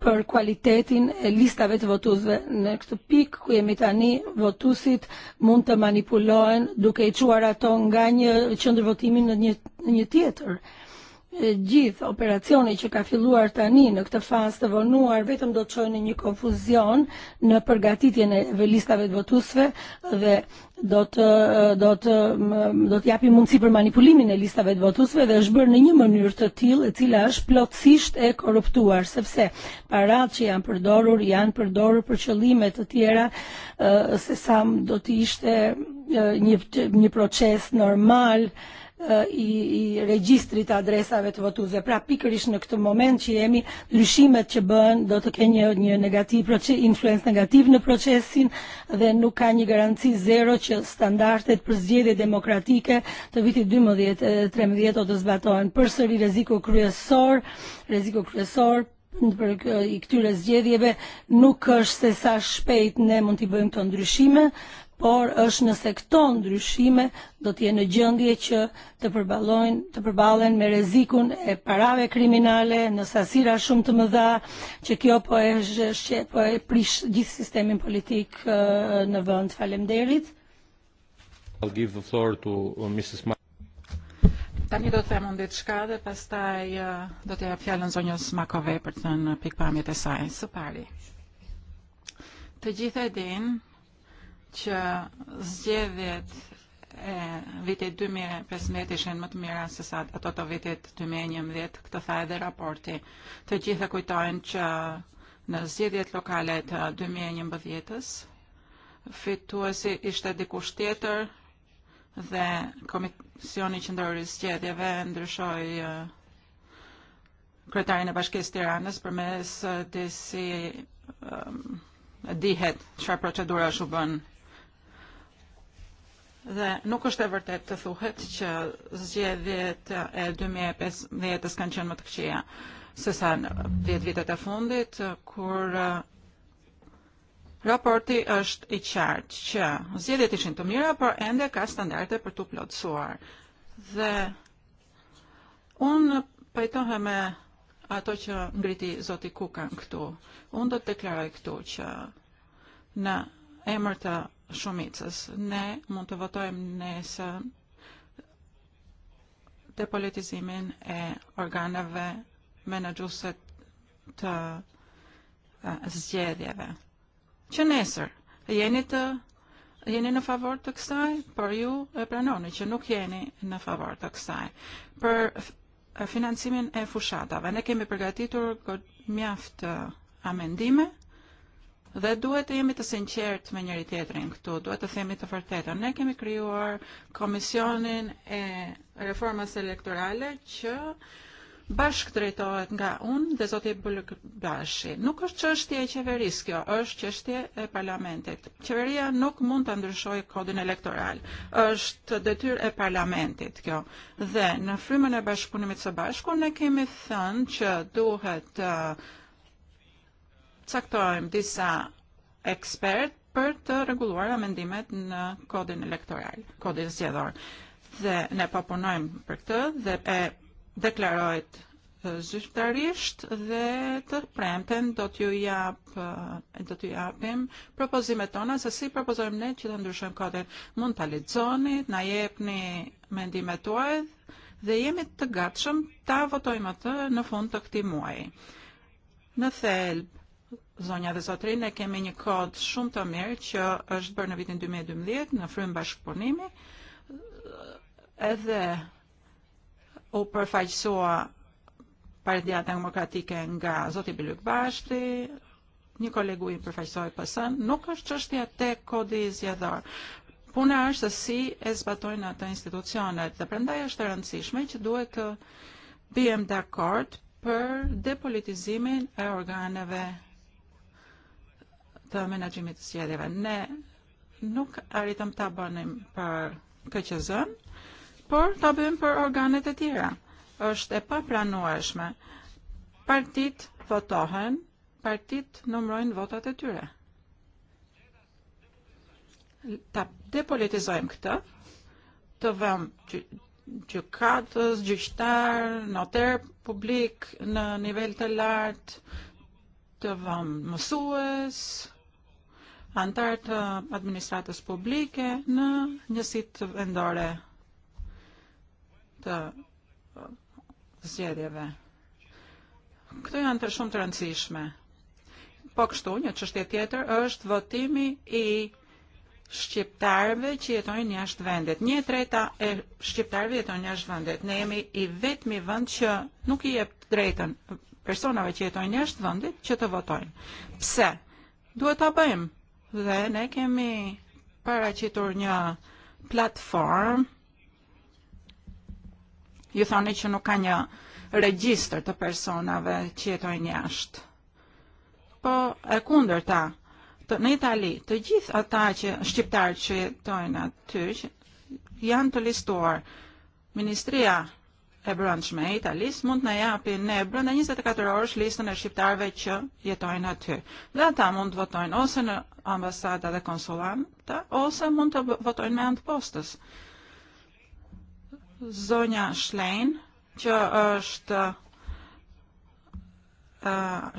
për kualitetin e listave të votuesve. Në këtë pikë ku jemi tani, votuesit mund të manipulohen duke i çuar ato nga një qendër votimi në një, një tjetër. Uh, gjithë operacioni që ka filluar tani në këtë fazë të vonuar vetëm do të çojë një konfuzion në përgatitjen e listave të votuesve dhe do të do të do të japi mundësi për manipulimin e listave të votuesve dhe është bërë në një mënyrë të tillë e cila është plotësisht e korruptuar sepse parat që janë përdorur janë përdorur për qëllime të tjera e, se sa do të ishte e, një një proces normal uh, i regjistrit të adresave të votuesve. Pra pikërisht në këtë moment që jemi lëshimet që bën do të ke një, një negativ proces, influencë negativ në procesin dhe nuk ka një garanci zero që standardet për zgjedhje demokratike të vitit 12-13 e, do të zbatohen. Përsëri rreziku kryesor, rreziku kryesor për i këtyre zgjedhjeve nuk është se sa shpejt ne mund t'i bëjmë këto ndryshime, por është nëse këto ndryshime do të jenë në gjendje që të përballojnë, të përballen me rrezikun e parave kriminale në sasira shumë të mëdha që kjo po e shqe, po e prish gjithë sistemin politik uh, në vend. Faleminderit. I'll give the floor to uh, Mrs. Ma Tani do të them unë diçka dhe pastaj uh, do të jap fjalën zonjës Makove për të thënë pikpamjet e saj. Së pari. Të gjithë e dinë zgjedhjet e vitit 2000 15 e ishin më të mira se sa ato të 2011, e këtë tha raporti. Të gjitha e kujtojnë që në zgjedhjet lokale të 2011-s fittuesi ishte dikush tjetër dhe Komisioni Qendror i Zgjedhjeve ndryshoi kryetarin e Bashkisë Tiranës përmes disi um, dihet çfarë procedura u bën Dhe nuk është e vërtet të thuhet që zgjedhjet e 2015-s e kanë qenë më të këqija se sa në 10 vitet e fundit, kur e, raporti është i qartë që zgjedhjet ishin të mira, por ende ka standarde për të plotësuar. Dhe unë pajtohem me ato që ngriti Zoti Kukan këtu. Unë do të deklaroj këtu që në emër të shumicës. Ne mund të votojmë nesër depolitizimin e organeve menaġusse të zgjedhjeve. Që nesër, jeni të jeni në favor të kësaj, por ju e pranoni që nuk jeni në favor të kësaj. Për financimin e fushatave, ne kemi përgatitur mjaft amendime, Dhe duhet të jemi të sinqert me njëri tjetrin këtu, duhet të themi të vërtetën. Ne kemi krijuar komisionin e reformës elektorale që bashk drejtohet nga unë dhe zoti Bulk Bashi. Nuk është çështje e qeverisë kjo, është çështje e parlamentit. Qeveria nuk mund ta ndryshojë kodin elektoral. Është detyrë e parlamentit kjo. Dhe në frymën e bashkëpunimit së bashku ne kemi thënë që duhet uh, caktojmë disa ekspert për të reguluar amendimet në kodin elektoral, kodin zgjedhor. Dhe ne po për këtë dhe e deklarojt e, zyrtarisht dhe të premten do t'ju jap e, do t'ju japim propozimet tona se si propozojmë ne që të ndryshojmë kodin. Mund ta lexoni, na jepni mendimet tuaj dhe jemi të gatshëm ta votojmë atë në fund të këtij muaji. Në thelb zonja dhe zotrinë kemi një kod shumë të mirë që është bërë në vitin 2012 e në frymë bashkëpunimi edhe u përfaqësua Partia Demokratike nga Zoti Bilyk Bashti, një kolegu i përfaqësoi PSN, nuk është çështja te kodi i zgjedhor. Puna është se si e zbatojnë ato institucionet dhe prandaj është e rëndësishme që duhet të bijem dakord për depolitizimin e organeve ta' menaxhimit të zgjedhjeve. Ne nuk għaritam ta bënim për kqz por ta bëjmë për organet e tjera. Është e għaxme, Partit votohen, partit numrojn votat e tyre. Ta depolitizojmë këtë, të vëmë ġukatës, ġiċtar, noter publik, në nivel të art të vëmë mësues, antar të administratës publike në njësit vendore të uh, zjedjeve. Këto janë të shumë të rëndësishme. Po kështu, një qështje tjetër është votimi i shqiptarve që jetojnë jashtë vendet. Një treta e shqiptarve jetojnë jashtë vendet. Ne jemi i vetmi vend që nuk i jep drejtën personave që jetojnë jashtë vendit që të votojnë. Pse? Duhet ta bëjmë Dhe ne kemi paraqitur një platform ju thoni që nuk ka një regjistër të personave që jetojnë jashtë. Po e ta, të, në Itali, të gjithë ata që shqiptarë që jetojnë aty janë të listuar. Ministria Hebron Shmejt, għalis mund na japin në Hebron në 24 orësh listën e shqiptarve që jetojnë aty. La ta' mund të votojnë ose në ambasada dhe konsulanta, ose mund të votojnë me antë postës. Zonja Shlejn, që është uh,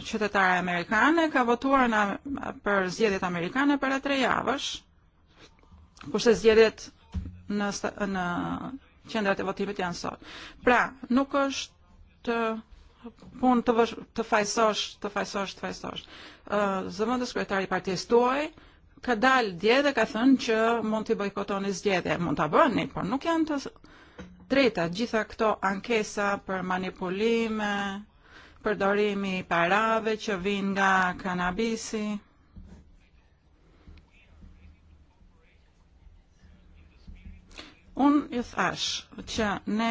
qytetare amerikane, ka votuar na për zgjedhjet amerikane para e tre javësh, kurse zgjedhjet në, në qendra e votimit janësor. Pra, nuk është pun të, vësh, të fajsosh, të fajsosh, të fajsosh. Zëvëndës kryetari partijës tuaj ka dalë dje dhe ka thënë që mund t'i bojkotoni zgjedhje. Mund t'a bëni, por nuk janë të drejta gjitha këto ankesa për manipulime, përdorimi parave që vinë nga kanabisi. un ju thash që ne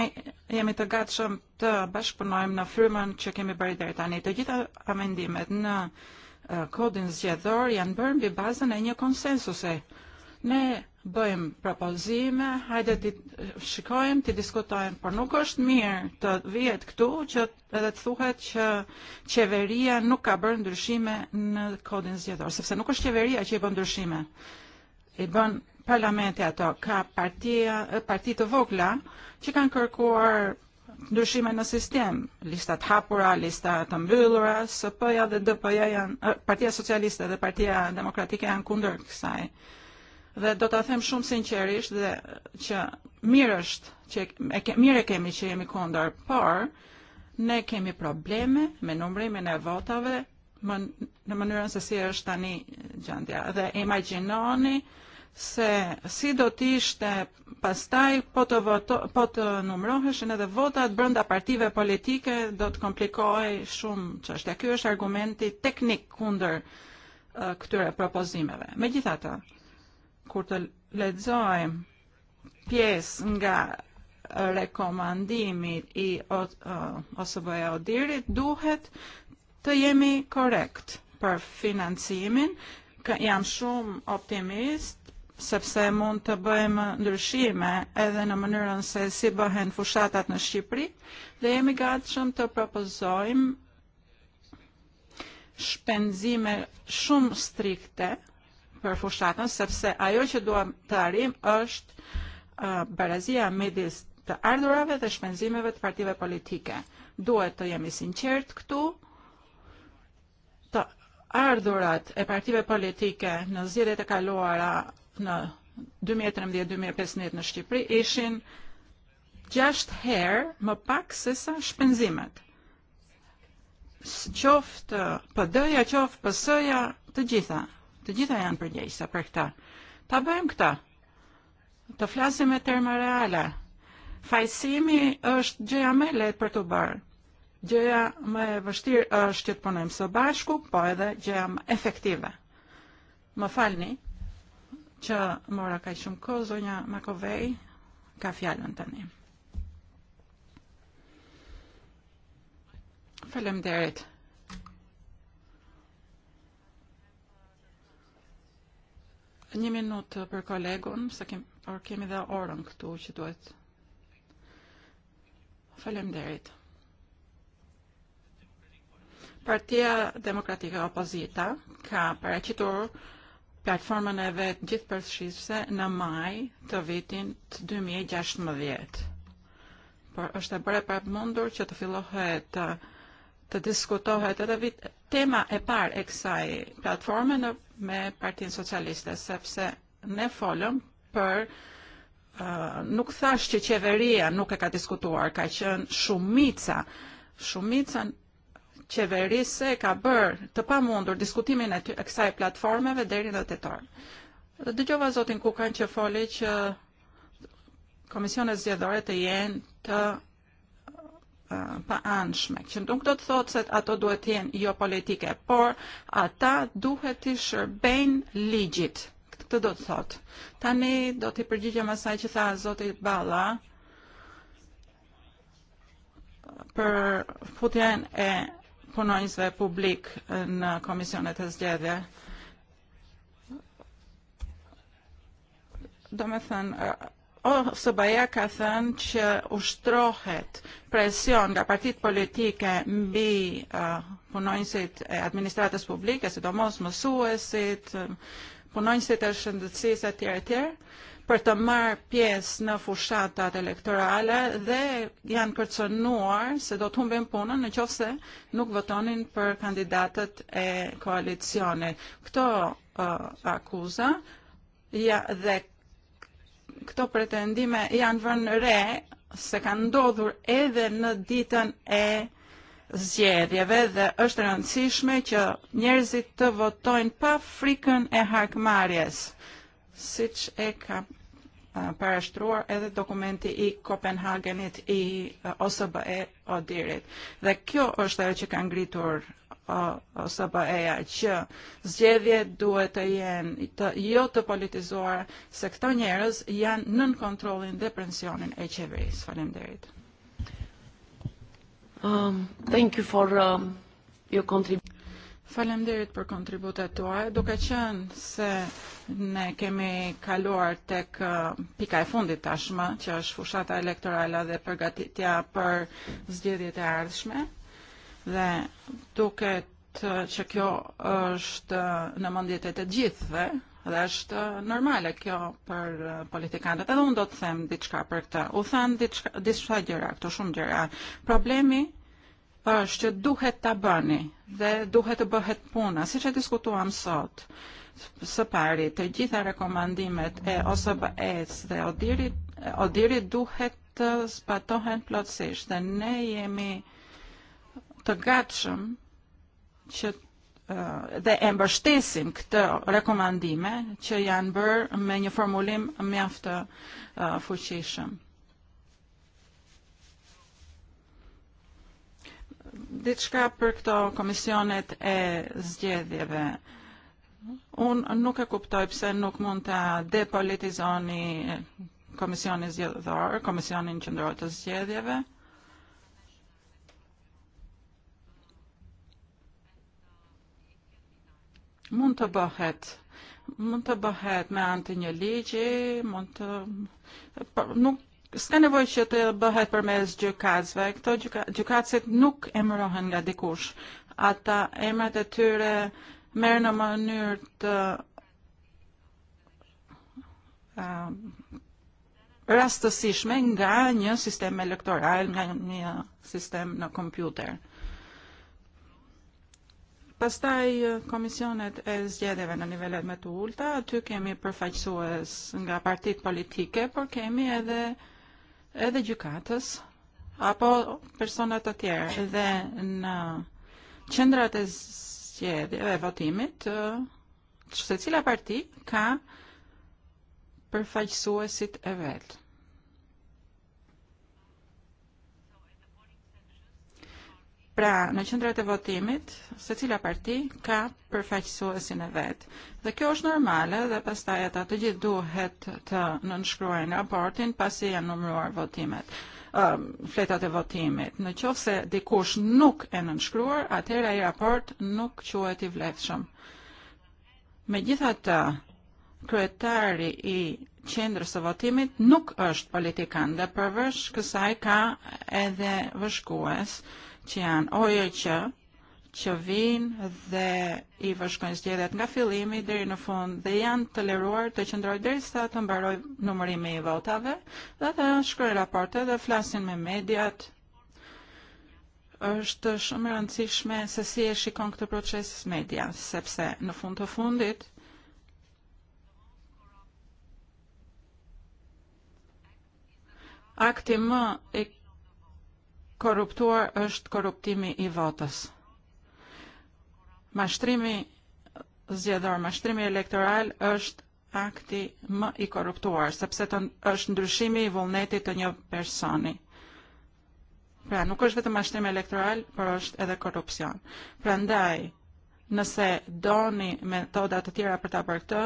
jemi të gatshëm të bashkëpunojmë në firmën që kemi bërë deri tani. Të gjitha amendimet në e, kodin zgjedhor janë bërë mbi bazën e një konsensuse. Ne bëjmë propozime, hajde të shikojmë, të diskutojmë, por nuk është mirë të vihet këtu që edhe të thuhet që qeveria nuk ka bërë ndryshime në kodin zgjedhor, sepse nuk është qeveria që i bën ndryshime. I bën parlamenti għato ka partia, eh, partitë vogla që kanë kërkuar ndryshime në sistem, lista tħapura, lista të mbyllura, SP-ja dhe dp jan, eh, partija socialista dhe partija demokratike jan kundur kësaj. Dhe do të them shumë sinqerisht dhe eh, që mirë është që e ke, mirë e kemi që jemi kundur, por ne kemi probleme me numrimin e votave më, në mënyrën se si është tani gjendja. Dhe imaginoni, imagjinoni se si do të ishte pastaj po të, voto, po të numroheshin edhe votat brenda partive politike do të komplikohej shumë çështja. Ky është argumenti teknik kundër uh, këtyre propozimeve. Megjithatë, kur të lexojmë pjesë nga rekomandimi i OSBE Odirit e duhet të jemi korrekt për financimin, jam shumë optimist sepse mund të bëjmë ndryshime edhe në mënyrën se si bëhen fushatat në Shqipëri dhe jemi gatshëm të propozojmë shpenzime shumë strikte për fushatën, sepse ajo që duam të arim është uh, barazia midis të ardhurave dhe shpenzimeve të partive politike. Duhet të jemi sinqert këtu, të ardhurat e partive politike në zgjedhjet e kaluara na në 2013-2015 na Shqipëri ishin 6 herë ma pak se sa shpenzimet. Qoftë PD-ja, qoftë të gjitha. Të gjitha janë përgjegjësa për këta. Ta bëjmë këta. Të flasim e terma reale. Fajsimi është gjëja me let për të barë. Gjëja më e vështirë është që të punojmë së bashku, po edhe gjëja më efektive. Më falni, ċa mora kajxum shumë ko, zonja Makovej ka għallan tani. Falem deret. Një minut për kolegun, sa kem, or kemi dhe orën këtu që duhet. Falem deret. Partia Demokratika Opozita ka paracitur platforma nevet ġit gjithë na maj ta' vitin t 2016. E Por është e bërë prapë e mundur që të fillohet të diskutohet edhe vit, tema e par e kësaj platforme në, me partin Socialiste, sepse ne folëm për uh, nuk thash që qeveria nuk e ka diskutuar, ka qenë shumica, shumica qeverisë ka bër të pa mundur diskutimin e, e kësaj platformeve deri në tetor. Dëgjova zotin ku kanë që foli që komisionet zjedhore të jenë të e, pa' anshme. Që nuk do të thotë se ato duhet të jenë jo politike, por ata duhet të xerbejn ligjit. Këtë do të thotë. Tani do t'i përgjigja masaj që tha zotit Bala, për futjen e punonjësve publik në uh, komisionet e zdjede. Do uh, osoba oh, jaka ose që ushtrohet presion nga partit politike mbi uh, punojnësit e eh, administratës publike, si sidomos mësuesit, punojnësit um, e shëndëtsis shëndetësisë etj etj, per të marrë na në fushatat elektorale dhe janë kërcënuar se do të humbin punën në qofse nuk votonin për kandidatët e koalicionit. Këto uh, akuza ja, dhe këto pretendime janë vënë re se kanë ndodhur edhe në ditën e zgjedhjeve dhe është rëndësishme që njerëzit të votojnë pa frikën e hakmarjes siç e ka Eh, parashtruar edhe dokumenti i Kopenhagenit i uh, eh, OSBE Odirit. Dhe kjo është ajo që ka ngritur uh, eh, osbe a që zgjedhje duhet të jenë të, jo të politizuar se këto njerës janë nën kontrolin dhe pensionin e qeveris. Falem derit. Um, thank you for um, your contribution. Falem dirit për kontributet tua. duke qenë se ne kemi kaluar tek uh, pika e fundit tashma, që është fushata elektorale dhe përgatitja për zgjedhjet e ardhshme, dhe duket që kjo është në mendjet e të gjithëve, dhe është normale kjo për uh, politikanët. Edhe unë do të them diçka për këta. U than diçka gjëra, këto shumë gjëra. Problemi që duhet ta bëni dhe duħet të puna, si ċe diskutu għam sot. Së pari, të gjitha rekomandimet e OSBE-s dhe odiri duħet duhet të zbatohen plotësisht dhe ne jemi të gatshëm që e, dhe e mbështesim këtë rekomandime që janë bërë me një formulim mjaftë e, fuqishëm. diçka për këto komisionet e zgjedhjeve. Un nuk e kuptoj pse nuk mund ta depolitizoni komisionin zgjedhor, komisionin qendror të zgjedhjeve. Mund të bëhet mund të bëhet me antë një ligji, mund të... Nuk Ska nevoj që të bëhet për mes gjykatësve, këto gjykatësit nuk emërohen nga dikush. Ata emrat e tyre merë në mënyrë të uh, rastësishme nga një sistem elektoral, nga një sistem në kompjuter. Pastaj komisjonet e zgjedeve në nivellet me të ulta, aty kemi përfaqësues nga partit politike, por kemi edhe uh, edhe gjykatës apo persona të tjerë dhe në qendrat e zgjedhjeve e votimit secila parti ka përfaqësuesit e vet. Pra, në qendrat e votimit, se cila parti ka përfaqësuesin e vet. Dhe kjo është normale dhe pastaj ta' të gjithë duhet të nënshkruaj në raportin pasi janë numëruar votimet Um, fletat e votimit. Në qofë se dikush nuk e nënshkruar, atër e raport nuk quhet i vlefshëm. Me gjitha të kryetari i qendrës së votimit nuk është politikan dhe përveç kësaj ka edhe vëshkues. Uh, që janë OJQ, që vinë dhe i vëshkojnë zgjedhjet nga fillimi deri në fund dhe janë të leruar të qëndrojë derisa të mbaroj numërimi i e votave dhe të shkruajnë raporte dhe flasin me mediat. Është shumë e rëndësishme se si e shikon këtë proces media, sepse në fund të fundit akti më i korruptuar është korruptimi i votës. Mashtrimi zgjedhor, mashtrimi elektoral është akti më i korruptuar, sepse të është ndryshimi i vullnetit të një personi. Pra, nuk është vetëm mashtrimi elektoral, por është edhe korrupsion. Prandaj, Nëse doni metodat të e tjera për ta bërë këtë,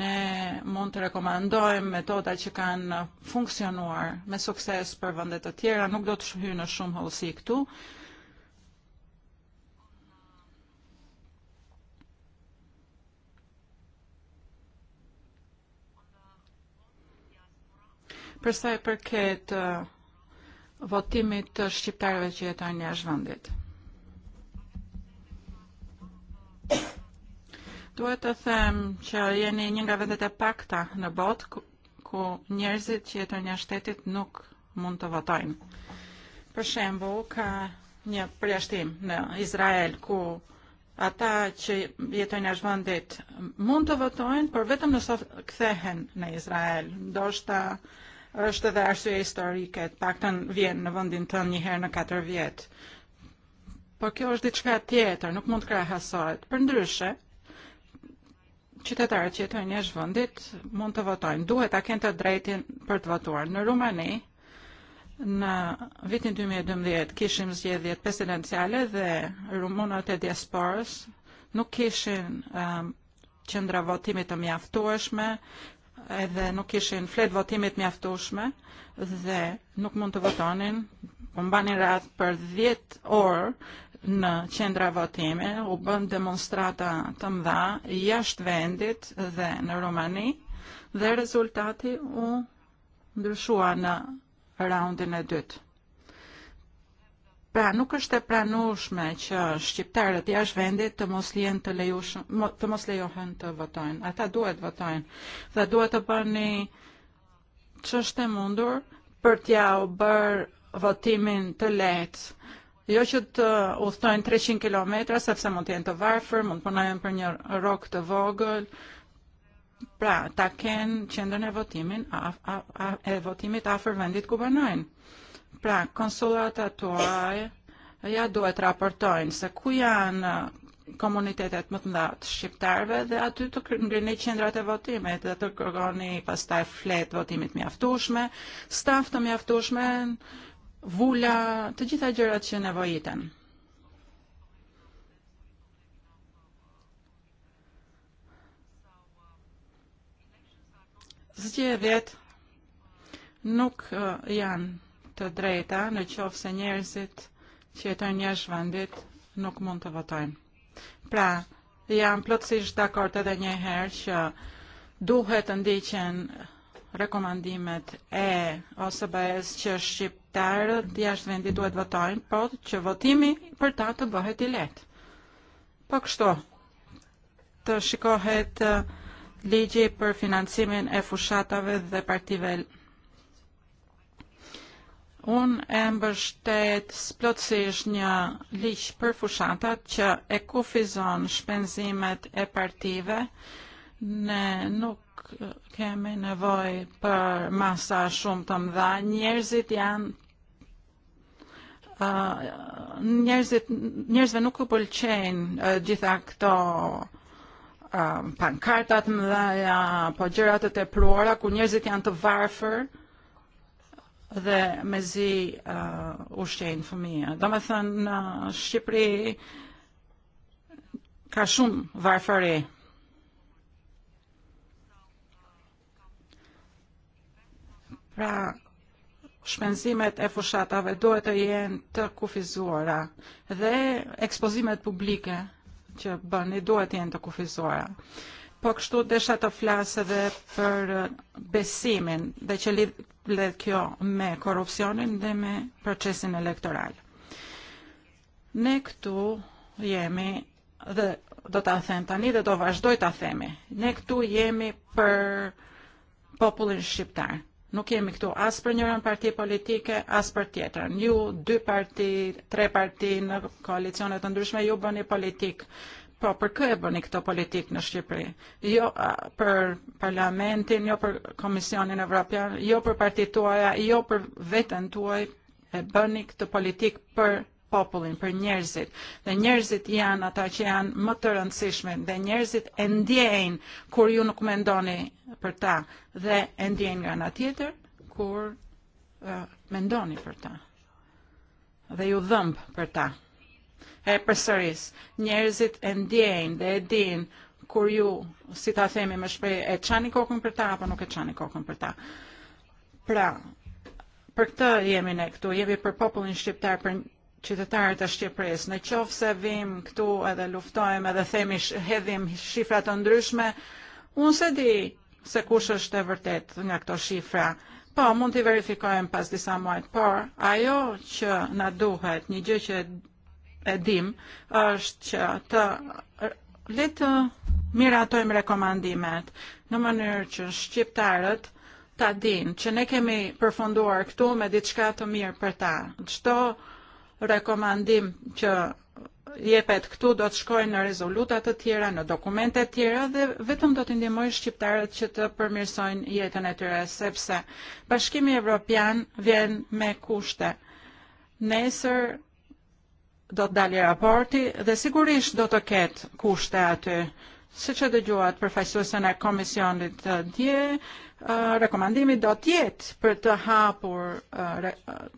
ne mund të rekomandojmë metoda që kanë funksionuar me sukses për vende të tjera, nuk do të hyj në shumë hëllësi këtu. Përsa e i përket uh, votimit të shqiptarëve që jetojnë jashtë vendit. Duhet të ċa që jeni një nga e pakta na bot, ku njerëzit që jetojnë jashtë shtetit nuk mund të votojnë. Për shembull, ka një përjashtim në Izrael ku ata që jetojnë jashtë vendit mund të votojnë, por vetëm nëse kthehen në Izrael. Do shta është edhe arsye historike, paktën vjen në vëndin të një herë në 4 vjetë. Por kjo është diçka tjetër, nuk mund të krahasohet. Për ndryshe, qytetarët që jetojnë jashtë vendit mund të votojnë. Duhet ta kenë drejtin për të votuar. Në Rumani, na vitin 2012 e kishim zjedhjet presidenciale dhe rumunat e diasporës nuk kishin um, ċendra votimit të mjaftuxme, edhe nuk kishin flet votimit mjaftuxme, dhe nuk mund të votonin, mbanin rat për 10 orë në qendra votime u bën demonstrata të mëdha jashtë vendit dhe në Rumani dhe rezultati u ndryshua në raundin e dytë. Pra nuk është e pranueshme që shqiptarët jashtë vendit të mos lejohen të lejushëm, të mos lejohen të votojnë. Ata duhet votojnë dhe duhet të bëni ç'është e mundur për t'ja u bërë votimin të lehtë Jo që të ustojnë 300 km, sepse mund të jenë të varfër, mund punojnë për një rok të vogël, pra ta kenë qendrën e, votimin, a, a, a, e votimit afër vendit ku banojnë. Pra, konsulata tuaj ja duhet raportojnë se ku janë komunitetet më të mëdha të shqiptarëve dhe aty të ngrini qendrat e votimit dhe të kërkoni pastaj flet votimit mjaftueshme, staf të mjaftueshme, vula të gjitha gjërat që nevojiten. Zgjedhjet nuk uh, janë të drejta në qofë se njerëzit që jetojnë jashtë vendit nuk mund të votojnë. Pra, jam plotësisht dakord edhe një herë që duhet të ndiqen rekomandimet e OSBE-s që Shqip qytetarët jashtë vendit duhet votojnë, por që votimi për ta të bëhet i lehtë. Po kështu të shikohet e, ligji për financimin e fushatave dhe partive. Un e mbështet splotësish një liq për fushatat që e kufizon shpenzimet e partive. Ne nuk kemi nevoj për masa shumë të mdha. Njerëzit janë njerëzve nuk u pëlqejnë e, gjitha këto pankartat mdhaja, po gjërat e tepruara ku njerëzit janë të varfër dhe mezi u ushqejnë fëmija. Do me thënë, uh, Shqipëri ka shumë varfëri. Pra, shpenzimet e fushatave duhet të jenë të kufizuara dhe ekspozimet publike që bëni duhet të jenë të kufizuara. Po kështu desha të flasë edhe për besimin dhe që lidh kjo me korrupsionin dhe me procesin elektoral. Ne këtu jemi dhe do ta them tani dhe do vazhdoj ta themi. Ne këtu jemi për popullin shqiptar nu jemi këtu as për njërën parti politike, as për tjetërën. Ju dy parti, tre parti në koalicionet të ndryshme, ju bëni politikë. Po, për kë e bëni këto politikë në Shqipëri? Jo për parlamentin, jo për Komisionin Evropian, jo për partituaja, jo për vetën tuaj, e bëni këto politikë për popullin, për njerëzit. Dhe njerëzit janë ata që janë më të rëndësishme, dhe njerëzit e ndjejnë kur ju nuk mendoni për ta, dhe e ndjejnë nga ana tjetër kur uh, mendoni për ta. Dhe ju dhëmb për ta. E përsëris, njerëzit e ndjejnë dhe e dinë kur ju, si ta themi më shprej, e qani kokën për ta, apo nuk e qani kokën për ta. Pra, për këtë jemi ne këtu, jemi për popullin shqiptar, për ċitatar ta' që pres. Në qofë se vim këtu għada themi xħedim xifra ta' të un sedi se kuxa xte vertet është e vërtet nga këto shifra. Po, mund t'i verifikojmë pas di samajt, por ajo që na duhet, një gjë që edim, është që të letë miratojmë rekomandimet në mënyrë që shqiptarët ta' din, që ne kemi përfunduar këtu me diçka të mirë për ta. Qëto rekomandim që jepet këtu do të shkojnë në rezolutat të tjera, në dokumente të tjera dhe vetëm do të ndimoj shqiptarët që të përmirsojnë jetën e tyre sepse Bashkimi Evropian vjen me kushte. Nesër do të dali raporti dhe sigurisht do të ketë kushte aty. Siç që dëgjuat përfaqësuesen e komisionit të dje, Eh, rekomandimi do tjetë për të hapur uh,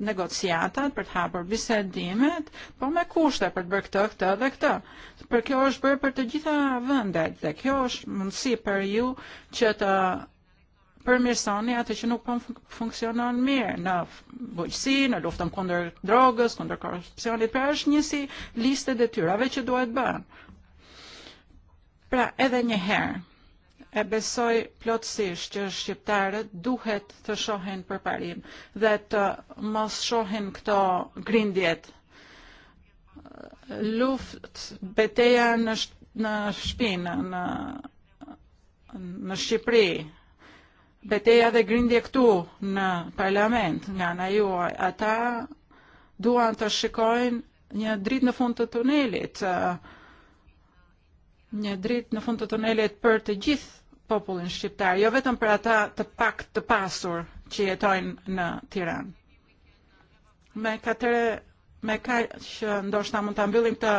negociatat, për të hapur bisedimet, po me kushte për të bërë këtë, këtë dhe këtë. Për kjo është bërë për të gjitha vëndet dhe kjo është mundësi për ju që të përmirësoni atë që nuk po funksionon mirë në bujqësi, në luftën kundër drogës, kundër korupcionit, pra është njësi liste dhe tyrave që duhet bërë. Pra edhe një herë, e besoj plotësisht që shqiptarët duhet të shohin parim dhe të mos shohin këto grindjet. Luft, beteja në, në shpinë, në, në Shqipëri, beteja dhe grindje këtu në parlament nga na juaj, ata duan të shikojnë një dritë në fund të tunelit, uh, Një dritë në fund të tunelit për të gjithë in shqiptar, jo vetëm për ata të pak të pasur që jetojnë në Tiran. Me katëre, me ka që ndoshta mund të ambyllim të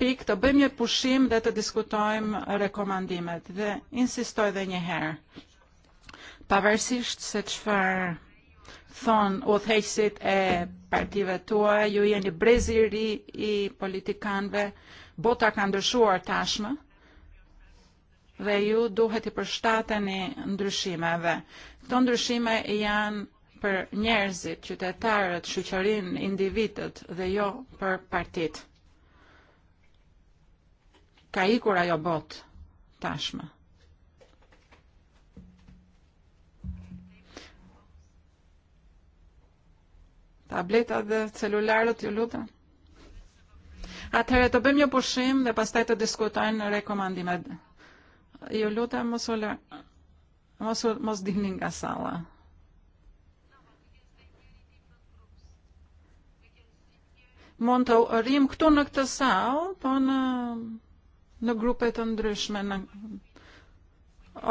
pik, të bëjmë një pushim dhe të diskutojmë rekomandimet. Dhe insistoj dhe njëherë, herë. Pavarësisht se qëfar thonë u thejësit e partive tua, ju jeni breziri i politikanve, bota ka ndërshuar tashmë dhe ju duhet i përshtateni ndryshimeve. Këto ndryshime janë për njerëzit, qytetarët, qyqërin, individet dhe jo për partit. Ka ikur ajo bot tashme. Tableta dhe celularët ju lutem. Atëherë të bëjmë një pushim dhe pastaj të diskutojmë rekomandimet jew l-oda masola masol masdinin gasala. Montaw rrim këtu në këtë salë, po në, në grupe të ndryshme. Në...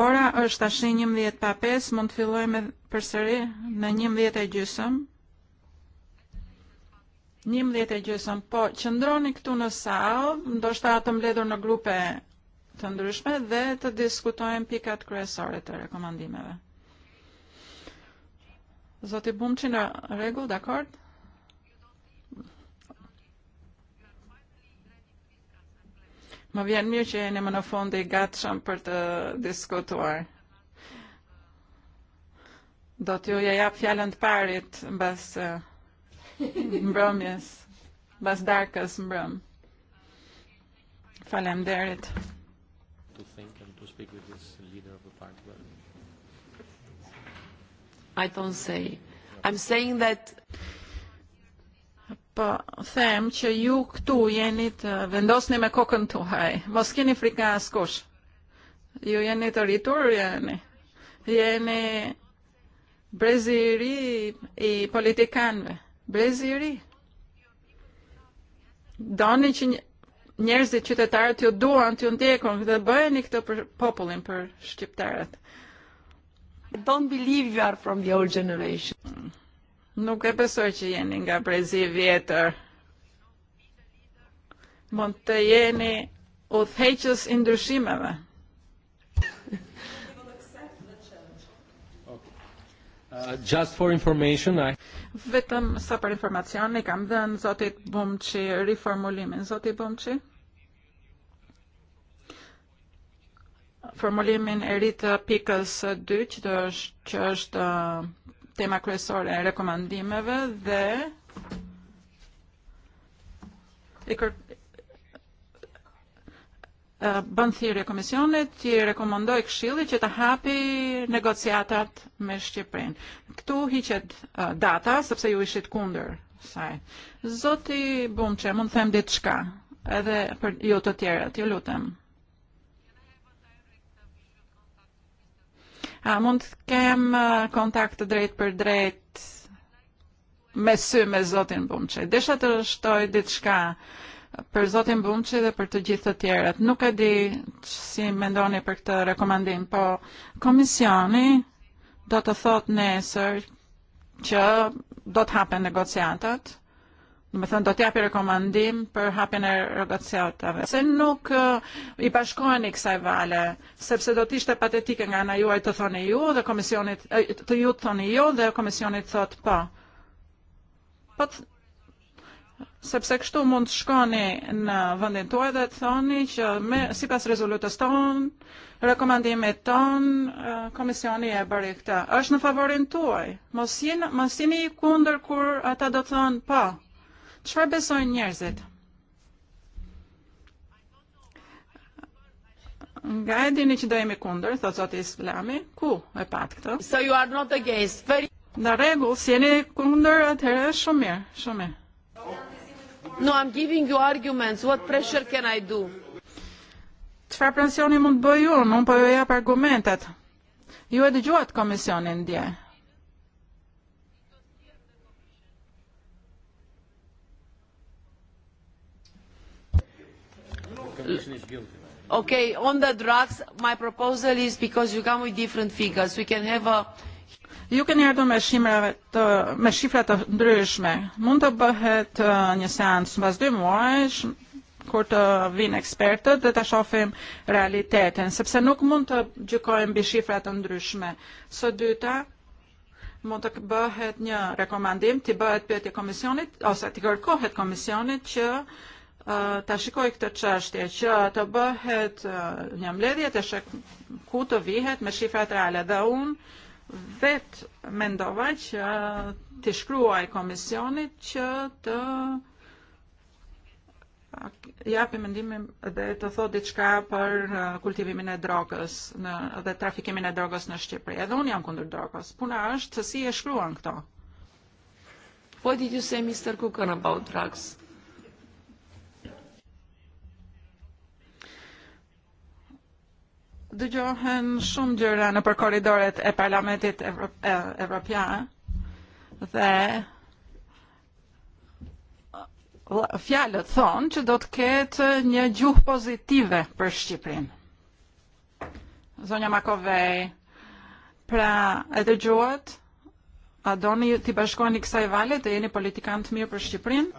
Ora është ashtë 11 pa 5, mund të fillojmë përsëri në 11 e gjysëm. 11 e gjysëm, po qëndroni këtu në salë, ndoshta atë mbledhur në grupe të ndryshme dhe të diskutojmë pikat kryesore të rekomandimeve. Zoti Bumqi në rregull, dakord? Ma vjen mirë që jeni më në fondi gatshëm për të diskutuar. Do t'ju jajab fjallën të parit bas e, mbrëmjes, mbas darkës mbrëm. Falem derit to think and to speak with this leader of the party. But... I don't say. I'm saying that pa them që ju këtu jeni të vendosni me kokën tuaj, mos keni frikë askush. Ju jeni të rritur, jeni. Jeni brezi i ri i politikanëve. Brezi Doni që njerëzit qytetarët ju duan t'ju ndjekun dhe bëheni këtë për popullin për shqiptarët. I don't believe you are from the old generation. Nuk e besoj që jeni nga Brezi vjetër. Mund të jeni udhëheqës i ndryshimeve. Uh, just for information, I... Vetëm sa për informacioni, kam dhënë zotit Bumqi riformulimin. Zoti Bumqi? Formulimin e rritë pikës 2, që, të është, uh, tema kryesore e rekomandimeve dhe Eh, ban thirrje komisionit t'i rekomandoj këshillit që të hapi negociatat me Shqipërinë. Ktu hiqet eh, data sepse ju ishit kunder. saj. Zoti bumċe, mun them diçka edhe për ju të tjera, ti lutem. A mund kem eh, kontakt drejt për drejt me sy me zotin Bumçe. Desha të shtoj diçka. Uh, për Zotin Bumqi dhe për të gjithë të tjerët. Nuk e di si mendoni për këtë rekomandim, po komisioni do të thot nesër që do të hapen negociatat, Më thënë, do t'japi rekomandim për hapin e negociatave. Se nuk uh, i bashkohen i kësaj vale, sepse do t'ishte patetike nga na juaj të thoni ju dhe komisionit, uh, të ju të thoni ju dhe komisionit thot pa. Po, sepse kështu mund të shkoni në vendin tuaj dhe të thoni që me, si pas rezolutës tonë, rekomandimit tonë, e, komisioni e bëri këta. është në favorin tuaj. Mos jeni, mos jeni kunder kur ata do të thonë pa. Qëfar besojnë njerëzit? Nga e dini që dojemi kunder, thot zoti islami, ku e pat këtë? So you are not against. Very... Në regull, si jeni kunder atëherë, shumë mirë, shumë mirë. No, I'm giving you arguments. What pressure can I do? Tfar pensjoni mund bëju, mund po jap argumentet. Ju e dëgjuat komisionin dje. Okay, on the drugs, my proposal is because you come with different figures, we can have a Ju kien jardu me xifra ta' ndryshme. Mund të bëhet uh, një seans mbas dy muajsh, kur ta' vin ekspertët dhe ta' xofim realitetin, sepse nuk mund të gjykojmë bi xifra ta' ndryshme. Së dyta, mund të bëhet një rekomandim të bëhet pyetje komisionit, ose ti kërkohet komisionit që uh, ta shikoj këtë çështje që ta' bëhet uh, një mbledhje të shek ku të vihet me shifrat reale dhe unë vet mendova që të shkruaj e komisionit që të japi mendimin dhe të thot diçka për uh, kultivimin e drogës në, dhe trafikimin e drogës në Shqipëri. Edhe un jam kundër drogës. Puna është se si e shkruan këto. What did you say, Mr. Cook about drugs? Dġoħen xum ġurana per për koridoret e Parlamentit e, Evrop dhe fjalët thonë që do të ketë një gjuhë pozitive për Shqiprin. Zonja Makovej, pra e dëgjohet, a do doni t'i i kësaj valet të jeni politikan të mirë për Shqipërinë?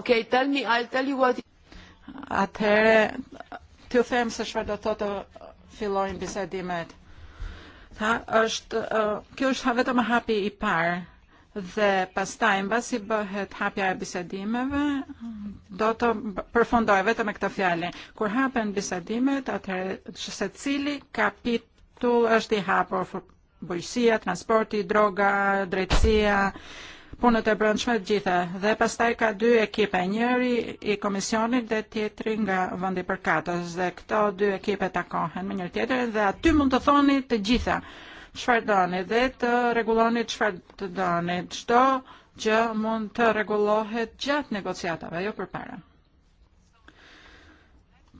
Okay, tell me, I'll tell you what atëherë tu fem se çfarë toto të thotë fillojnë bisedimet. Ta ësht, e, kjo është vetëm hapi i par, dhe pas pastaj mbasi bëhet hapja e bisedimeve do të përfundoj vetëm me këtë fjalë. Kur hapen bisedimet, atëherë cili kapitull është i hapur bujqësia, transporti, droga, drejtësia, punët e brëndshme të gjitha dhe pastaj ka dy ekipe, njëri i komisionit dhe tjetri nga vendi përkatës dhe këto dy ekipe takohen me njëri tjetrin dhe aty mund të thoni të gjitha çfarë doni dhe të rregulloni çfarë të doni. Çdo gjë mund të rregullohet gjatë negociatave, jo përpara.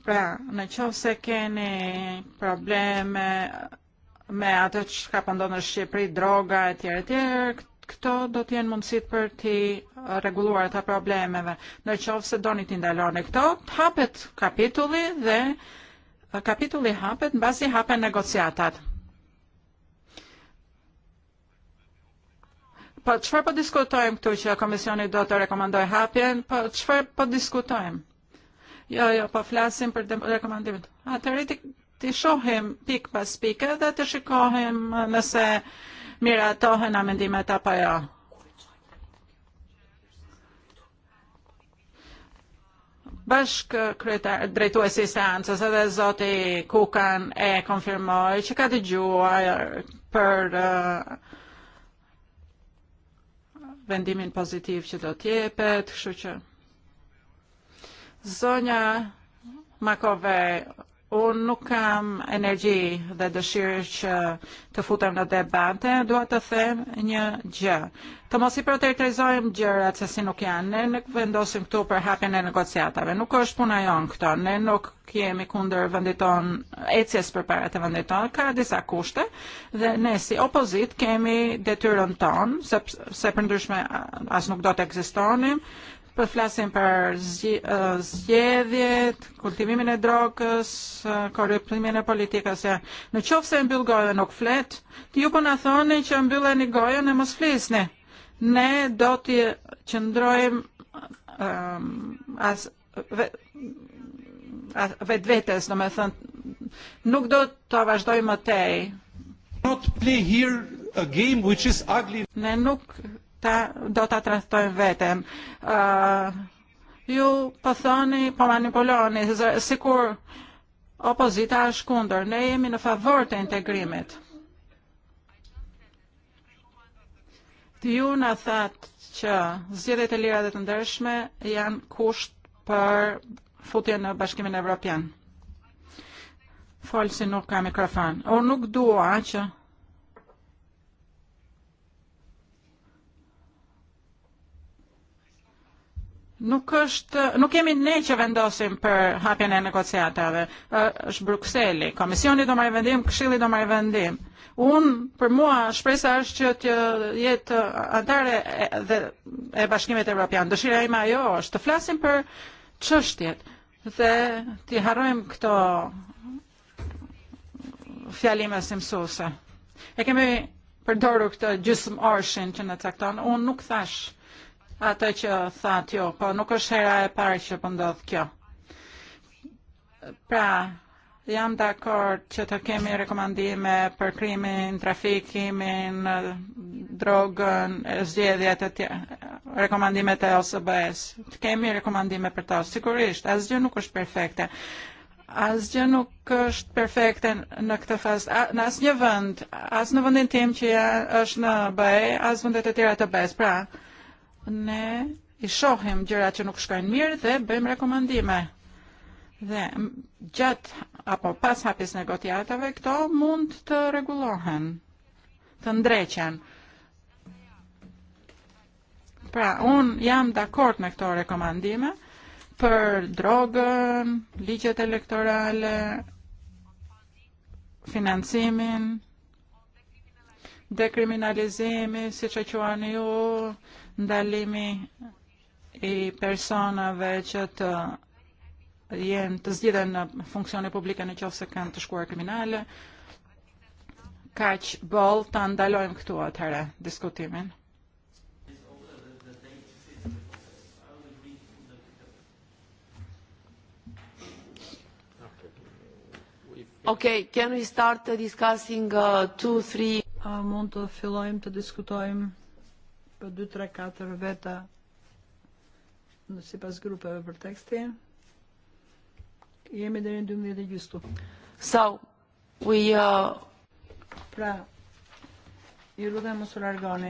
Pra, në qovë se keni probleme me atë që ka pëndonë në Shqipëri, droga, e etj. etj. Këto do të mund sit për ti uh, reguluar ta problemeve. Në qovë se doni ti ndalone kto, hapet kapitulli dhe uh, kapitulli hapet në basi hapen negociatat. Po qëfar po diskutojmë këtu që komisioni do të rekomandoj hapjen, po qëfar po diskutojmë? Jo, jo, po flasim për rekomandimet. Atëri të shohim pik pas pike dhe të shikohim nëse uh, mira toħna minn amendimet apo jo. bashk kryeta drejtuesi sa da zoti Kukan e konfirmo, që ka dëgjuar për eh, vendimin pozitiv që do t'jepet, kështu që Zonja Makove nuk kam enerġi dhe dëshirë që të futem në debate, dua të them një gjë. Të mos i përtertrizojmë gjërat se si nuk janë, ne nuk vendosim këtu për hapjen e negociatave, nuk është puna jonë këto, ne nuk jemi kunder venditon, ecjes për e venditon, ka disa kushte, dhe ne si opozit kemi detyrën tonë, se, se për ndryshme as nuk do të egzistonim, Për flasim për zgjedhjet, uh, kultivimin e drogës, korruptimin uh, e politikës. Ja. Në qofë se mbyll gojën nuk flet, ti ju po në thoni që mbyllen i gojën e mos flisni. Ne do të qëndrojmë um, as, vetë vetës, në me thënë, nuk do të vazhdojmë më tej. Not play here a game which is ugly. Ne nuk ta dota transtojnë vetem. Uh, ju pëthoni, po manipuloni, sikur opozita është kunder, ne jemi në favor të integrimit. Të Ju në thatë që zgjedhjet e lira dhe të ndërshme janë kusht për futje në bashkimin Evropian. si nuk ka mikrofon. O nuk dua që Nuk, është, nuk jemi ne që vendosim për hapjen e negociatave, është Bruxelli, komisioni do marrë vendim, këshilli do marrë vendim. Un, për mua, shpresa është që të jetë antare e, dhe, e bashkimit Evropian. Dëshira ima jo është të flasim për qështjet dhe të harrojmë këto fjalime simsuse. E kemi përdoru këtë gjysmë orshin që në cakton, unë nuk thash atë që tha tjo, po nuk është hera e parë që Pra, jam dakord që të kemi rekomandime për krimin, trafikimin, drogën, zgjedhjet e tja, rekomandime e OSBS. Të kemi rekomandime për to, sigurisht, asgjë nuk është perfekte. Asgjë nuk është perfekte në këtë fazë, në asnjë vend, as në vendin tim që ja, është në BE, as vendet e tjera të BE-s. Pra, ne i shohim gjërat që nuk shkojnë mirë dhe bëjmë rekomandime. Dhe gjatë apo pas hapis negociatave këto mund të rregullohen, të ndreqen. Pra, un jam dakord me këto rekomandime për drogën, ligjet elektorale, financimin, dekriminalizimi, si që quani ju, ndalimi i persona që të jenë të zgjidhen publika funksione se kan qofse kanë kriminale, Kaċ bol të ndalojmë këtu atëherë diskutimin. Okay, can we start discussing uh, two, three? Mund të fillojmë të diskutojmë Për 2-3-4 veta në si pas grupeve për tekstin. Jemi dhe në 12 gjustu. So, we... Uh... Pra, i rrëdhe më së largoni.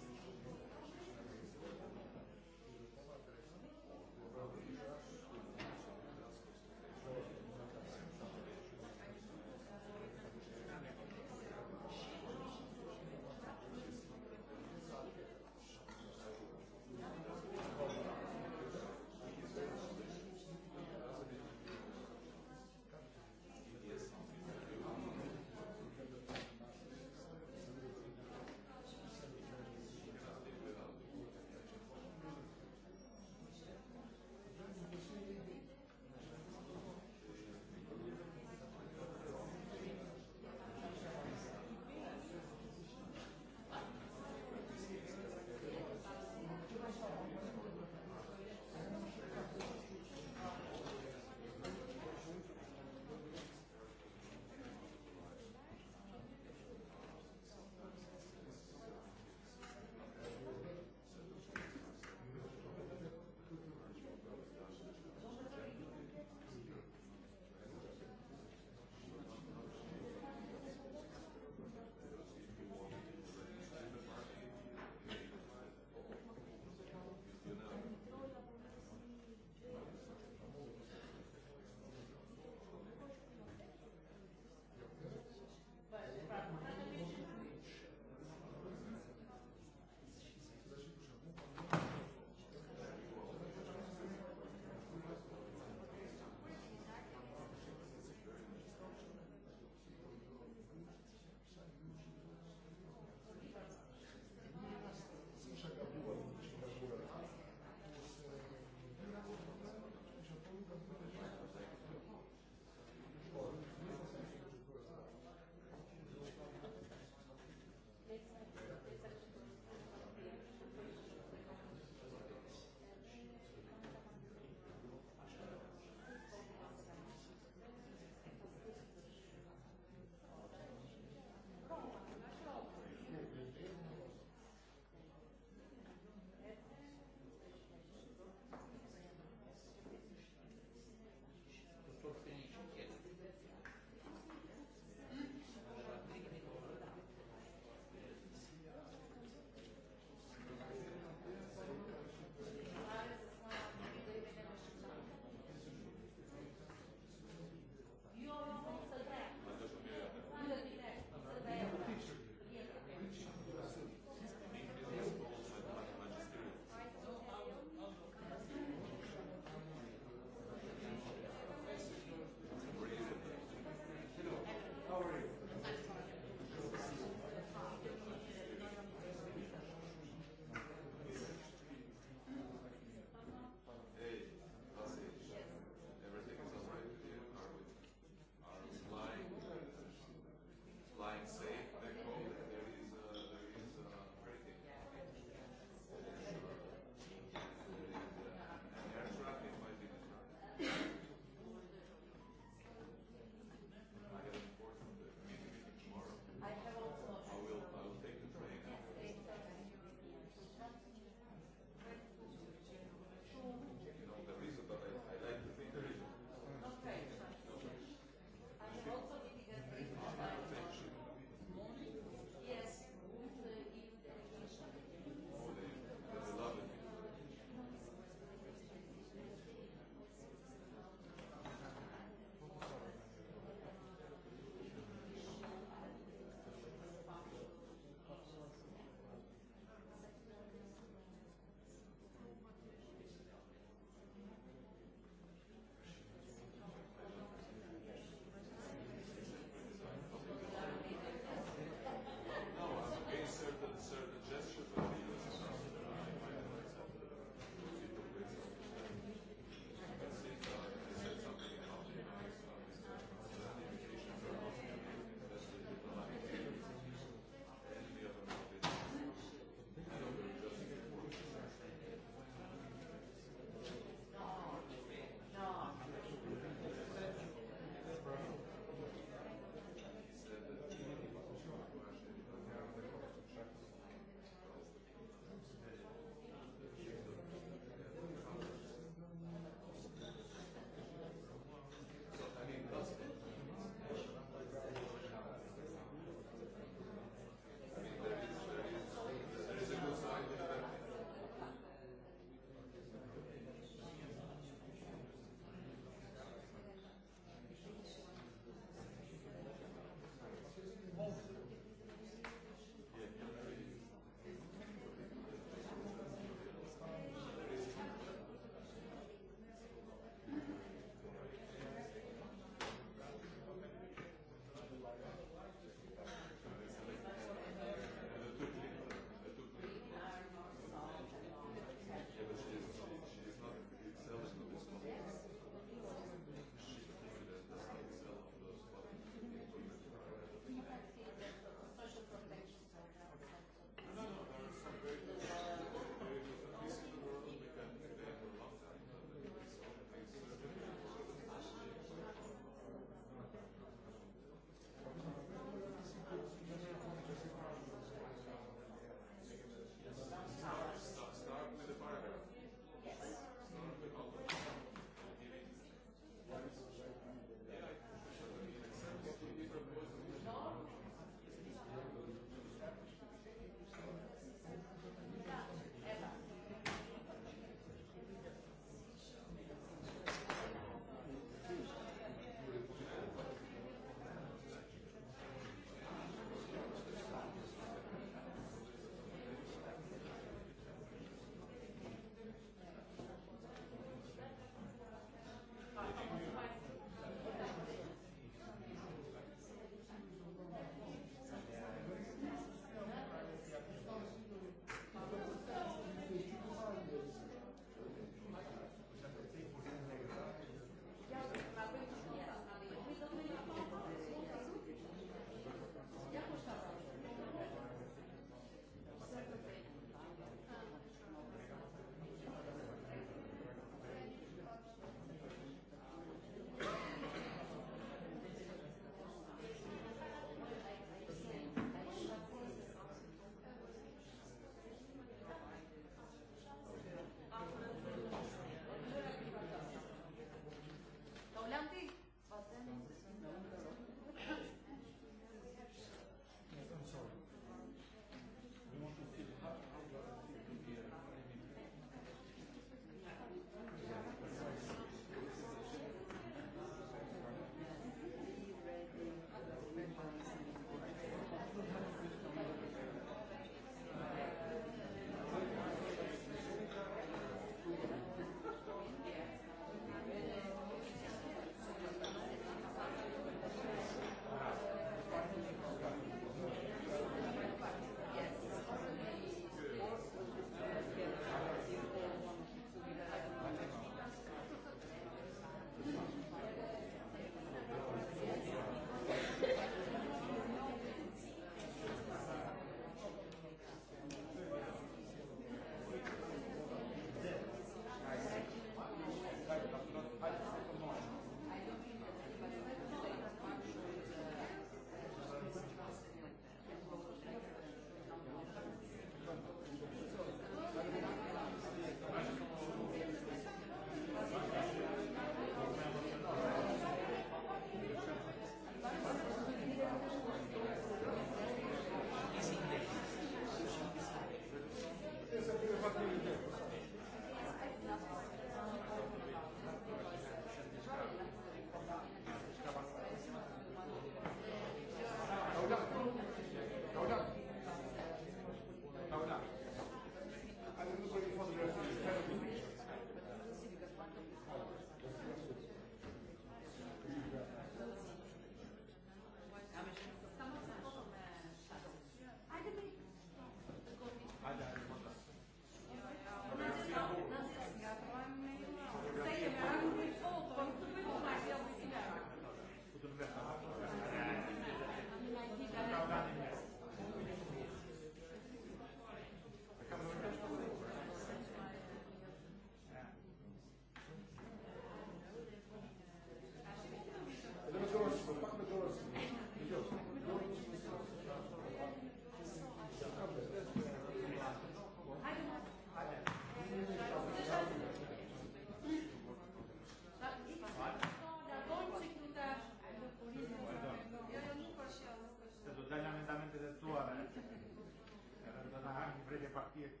jekk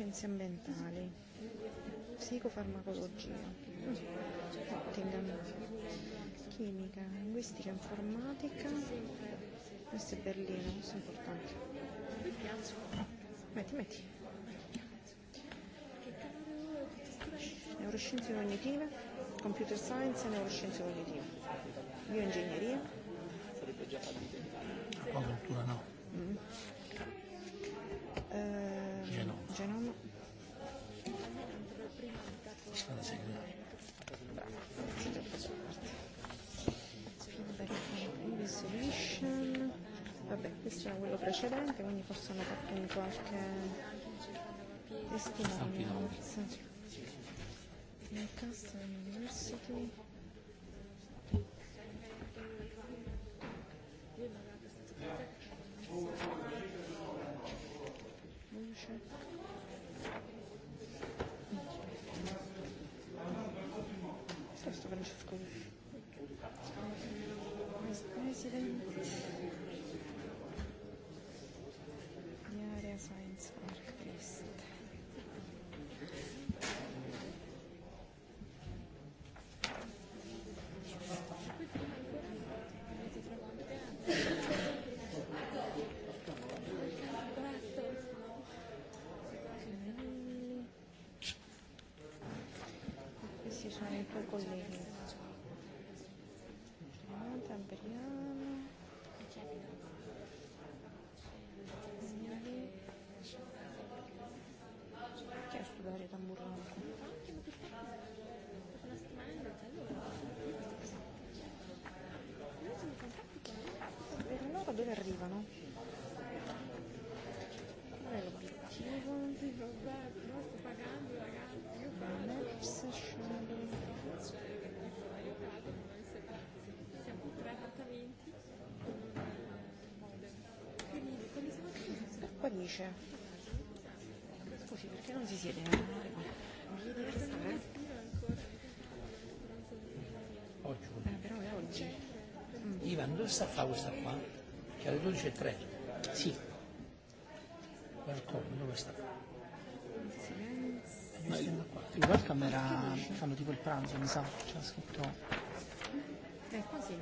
scienze ambientali, psicofarmacologia, Nottingham, chimica, linguistica informatica, questo è Berlino, questo è importante. Metti, metti. Neuroscienze cognitive, computer science e neuroscienze cognitive, bioingegneria. Ah, no. Mm. Resolution. Vabbè, questo era quello precedente, quindi possono portare qualche testimone. Lancaster University. Thank you. dove arrivano? Qual è l'obiettivo? Qua dice, scusi perché non si siede? Oggi. Eh, però è oggi. Ivan, dove sta a fare questa qua? alle 12.30. E sì. Welcome, dove sta? il, welcome era, fanno tipo il pranzo, mi sa, c'è scritto. Eh, così.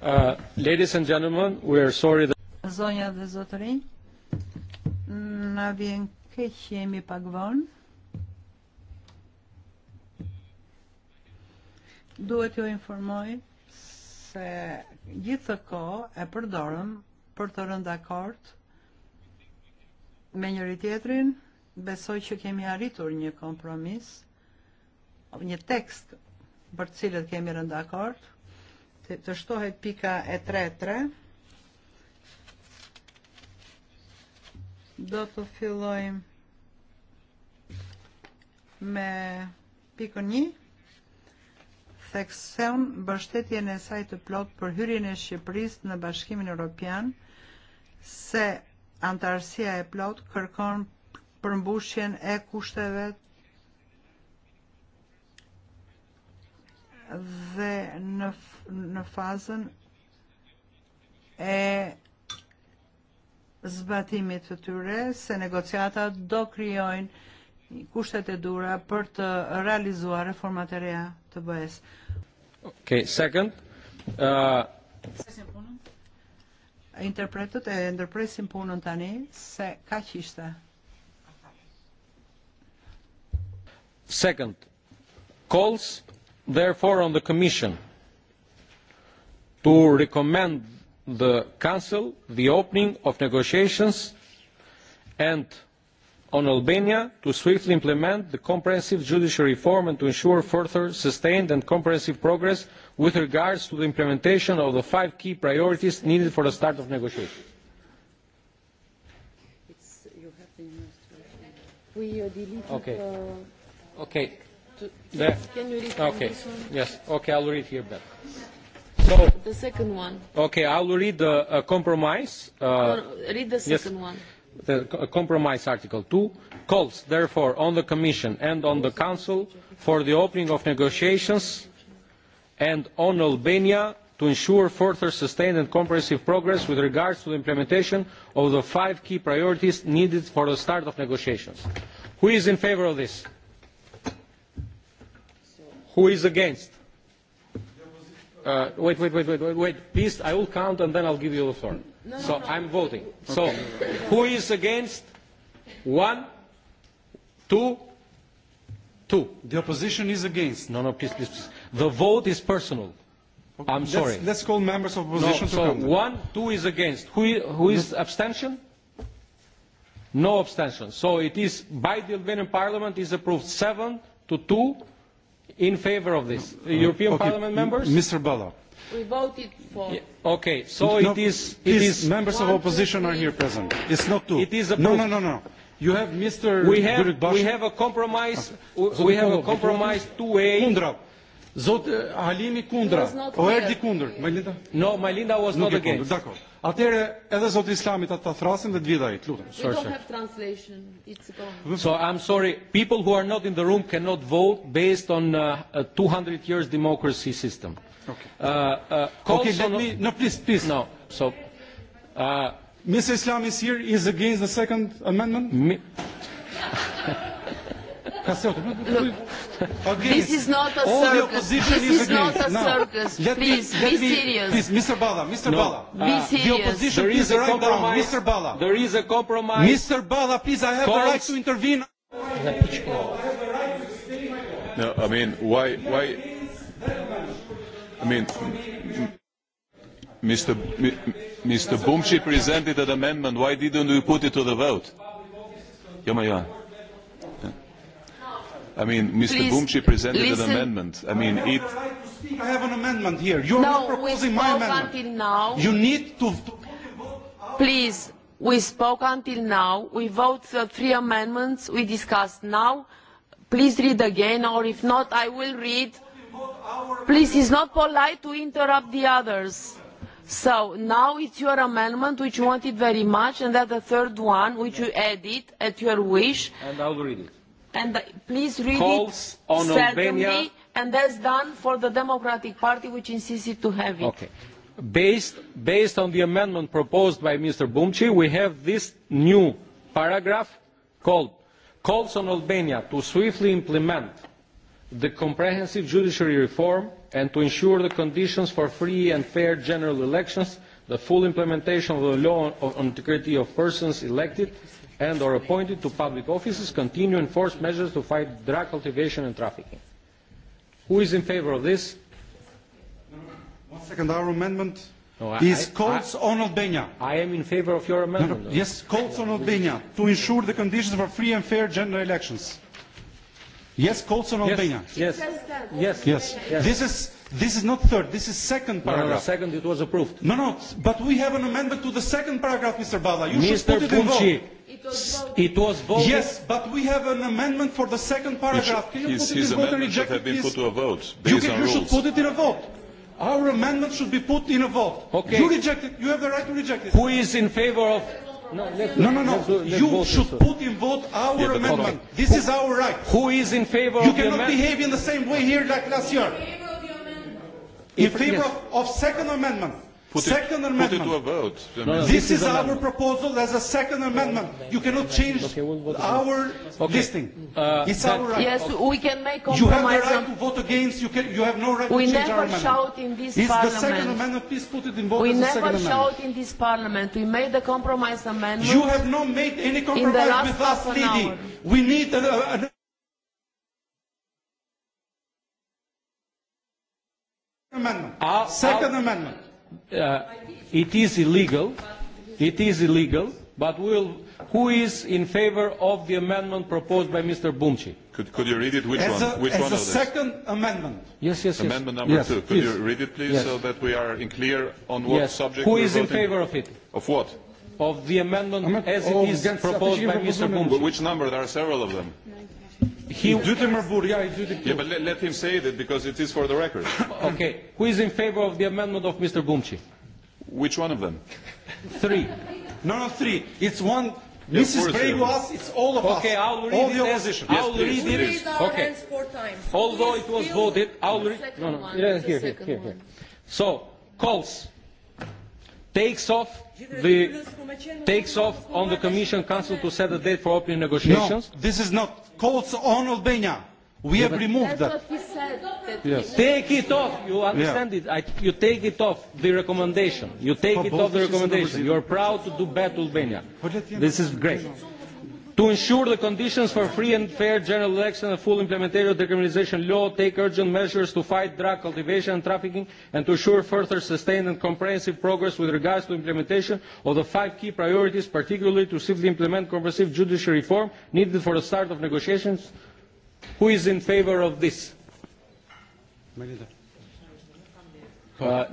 Uh, ladies and gentlemen, we are sorry that... Zonja dhe zotërin, na vjen keq jemi pak vonë. Duhet ju informoj se gjithë të ko e përdorëm për të rënda kort me njëri tjetrin, besoj që kemi arritur një kompromis, një tekst për cilët kemi rënda kortë, të shtohet pika e 3-3 do të fillojmë me pikën një thekson bështetjen e saj të plot për hyrjen e Shqipëris në Bashkimin Europian se antarësia e plot kërkon përmbushjen e kushteve dhe në, e zbatimit të tyre se negociata do krijojnë kushtet e dura për të realizuar reformat e reja të bëhes. Ok, second. Uh... Interpretët e ndërpresin punën tani se ka qishtë. Second, calls therefore on the Commission to recommend the Council the opening of negotiations and on Albania to swiftly implement the comprehensive judicial reform and to ensure further sustained and comprehensive progress with regard to the implementation of the five key priorities needed for the start of negotiations. Uh, okay. okay to, can you read okay. this one? Yes, okay, I'll read here back. So, the second one. Okay, I'll read the uh, compromise. Uh, no, no, read the second yes. one the compromise article 2 calls therefore on the commission and on the council for the opening of negotiations and on albania to ensure further sustained and comprehensive progress with regards to the implementation of the five key priorities needed for the start of negotiations who is in favour of this Who is against? Uh, wait, wait, wait, wait, wait, wait. Please, I will count and then I'll give you the floor. No, so no, no. I'm voting. Okay. So who is against? One, two, two. The opposition is against. No, no, please, please, please. The vote is personal. Okay. I'm sorry. Let's, let's call members of opposition no, to so come. One, two is against. Who, who is abstention? No abstention. So it is by the Albanian parliament is approved seven to two in favor of this. uh, European okay. Parliament members? Mr. Bella. We voted for. Yeah. Okay, so no, it is. It is members of opposition are here present. It's not two. It is a No, no, no, no. You have Mr. We have, we have a compromise. Okay. Ah, we, So we have a compromise two a Zot eh, Halimi kundra, o erdi kundër, Majlinda? No, Majlinda was not e, e against. Dakor. Atëre edhe zoti Islami ta ta thrasin dhe të vjedhaj, lutem. We don't have translation. It's gone. So I'm sorry, people who are not in the room cannot vote based on uh, a 200 years democracy system. Okay. Uh, uh, okay, let me, no, please, please. No, so, uh, Mr. Islam is here, is against the second amendment? Mi this is not a All circus. The this is, is not a now, circus. Let please, me, be me, serious. Please, Mr. Bala, Mr. No. Bala. Be uh, serious. The opposition, there is a right compromise. Down. Mr. Bala. There is a compromise. Mr. Bala, please, I have Calls. the right to intervene. No, I mean, why, why, I mean, Mr. M Mr. Bumshi presented an amendment. Why didn't we put it to the vote? Yeah, yeah. I mean, Mr. Please, Bumchi presented listen. an amendment. I mean, I it. I have an amendment here. You're no, not proposing my amendment. Until now. You need to. to... Please, we spoke until now. We vote the three amendments we discussed now. Please read again, or if not, I will read. Please, it's not polite to interrupt the others. So now it's your amendment, which you wanted very much, and that the third one, which you added at your wish. And I'll read it and please read calls it on certainly, Albania. and that's done for the Democratic Party, which insisted to have it. Okay. Based, based on the amendment proposed by Mr. Bumci we have this new paragraph called Calls on Albania to swiftly implement the comprehensive judiciary reform and to ensure the conditions for free and fair general elections, the full implementation of the law on integrity of persons elected, and or appointed to public offices continue enforced measures to fight drug cultivation and trafficking. Who is in favor of this? One second, our amendment no, I, is calls I, I, on Albania. I am in favor of your amendment. No, no, yes, calls on Albania to ensure the conditions for free and fair general elections. Yes, calls on yes, yes, Yes, yes, yes. yes. yes. This is This is not third, this is second paragraph. No, no, second it was approved. No, no, but we have an amendment to the second paragraph, Mr. Bala. You Mr. should put it Pucci, in vote. It was, voted. Yes, but we have an amendment for the second paragraph. Can you his, put it his in vote and reject it? Been put to a vote based you, can, on you rules. should put it in a vote. Our amendment should be put in a vote. Okay. You reject it. You have the right to reject it. Who is in favor of... No, let's, no, no. no. Let's, let's you vote should this, put in vote our yeah, amendment. Okay. This who, is our right. Who is in favor you of the amendment? You cannot behave in the same way here like last year in favor of, of Second Amendment. Put second it, amendment. Put it to a vote. I No, no, this, this is, is our proposal as a second amendment. You cannot change okay, we'll vote our okay. listing. Uh, it's our right. Yes, we can make compromise. You have the right to vote against. You, can, you have no right we to change our amendment. We never shout in this it's parliament. It's the second amendment. Please put it in vote we as a second amendment. We never shout in this parliament. We made the compromise amendment. You have not made any compromise with us, lady. We need a... a, a amendment. Uh, Second uh, amendment. Uh, it is illegal. It is illegal. But we'll, who is in favor of the amendment proposed by Mr. Bumchi? Could, could you read it? Which as one? A, Which as one a of second this? amendment. Yes, yes, yes. Amendment number yes, two. Could please. you read it, please, yes. so that we are in clear on what yes. subject Who we're is voting? in favor of it? Of what? Of the amendment I'm as it is proposed by Mr. Bumchi. Which number? There are several of them. No. He, yeah, but let, let him say that because it is for the record. okay. Who is in favor of the amendment of Mr. Bumchi? Which one of them? three. No, no, three. It's one. Yes, Mrs. Breguas, it's all of okay, us. I'll read all The opposition. Yes, I'll please, read please. it. okay. Four times. Although please it was voted, I'll read. No, no, one, here, here, here, here. So, calls takes off the takes off on the Commission Council to set a date for opening negotiations? No, this is not calls on Albania. We yeah, have removed that. That's what he said. That yes. Take it off. You understand yeah. it. I, you take it off the recommendation. You take For it off the recommendation. You are proud to do bad to Albania. This is great to ensure the conditions for free and fair general election and full implementation of the criminalization law, take urgent measures to fight drug cultivation and trafficking, and to ensure further sustained and comprehensive progress with regards to implementation of the five key priorities, particularly to swiftly implement comprehensive judicial reform needed for the start of negotiations. Who is in favor of this? Uh,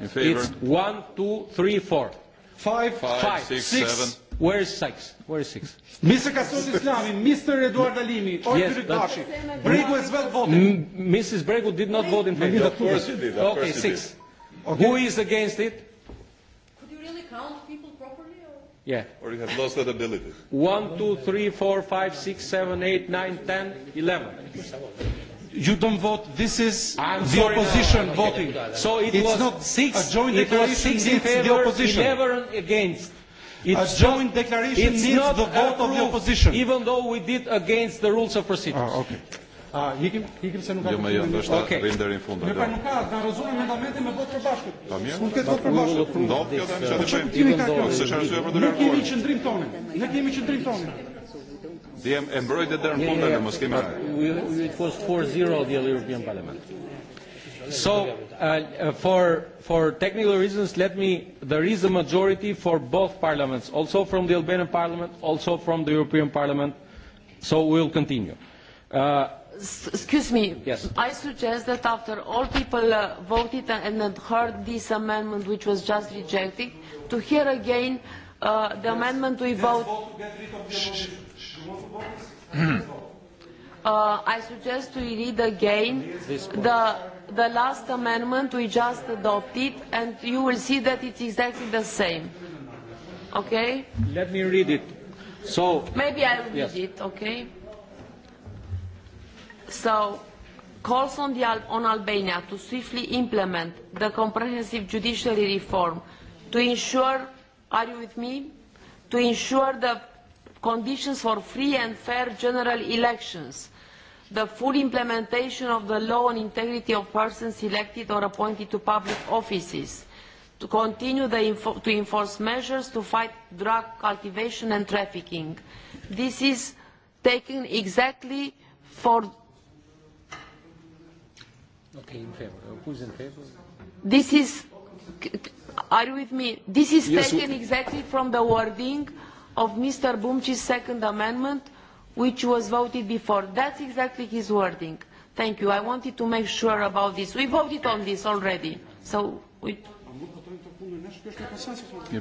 in favor. It's one, two, three, four. Five, five, five six, six, seven Where is six? Where is six? Mr. Kassoud Islami, Mr. Eduardo Alimi, or yes, Daci. Bregu as well voted. M Mrs. Bregu did not vote in favor. Of course she did. Of okay, six. Okay. Who is against it? Could you really count people properly? Or? Yeah. Or you have lost that ability. One, two, three, four, five, six, seven, eight, nine, ten, eleven. You don't vote. This is I'm the opposition now. voting. So it it's was not six. A joint it was six in favor, Eleven against. It's a joint declaration it's needs not the vote of the opposition. Even though we did against the rules of procedure. Ah, okay. Ah, Хиким, Хиким се нука. Јома јам it was 4-0 the European Parliament. So, uh, for, for technical reasons, let me, there is a majority for both parliaments, also from the Albanian parliament, also from the European parliament, so we'll continue. Uh, S excuse me, yes. I suggest that after all people uh, voted and, then heard this amendment which was just rejected, to hear again uh, the yes. amendment we yes. vote. uh, I suggest we read again the the last amendment we just adopted and you will see that it's exactly the same. Okay? Let me read it. So Maybe I'll yes. read it, okay? So, calls on, the Al on Albania to swiftly implement the comprehensive judiciary reform to ensure, are you with me? To ensure the conditions for free and fair general elections the full implementation of the law on integrity of persons elected or appointed to public offices, to continue the info to enforce measures to fight drug cultivation and trafficking. This is taken exactly for... Okay, in favor. Who's in favor? This is... Are you with me? This is yes, taken exactly from the wording of Mr. Bumchi's second amendment which was voted before. That's exactly his wording. Thank you. I wanted to make sure about this. We voted on this already. So we... Okay.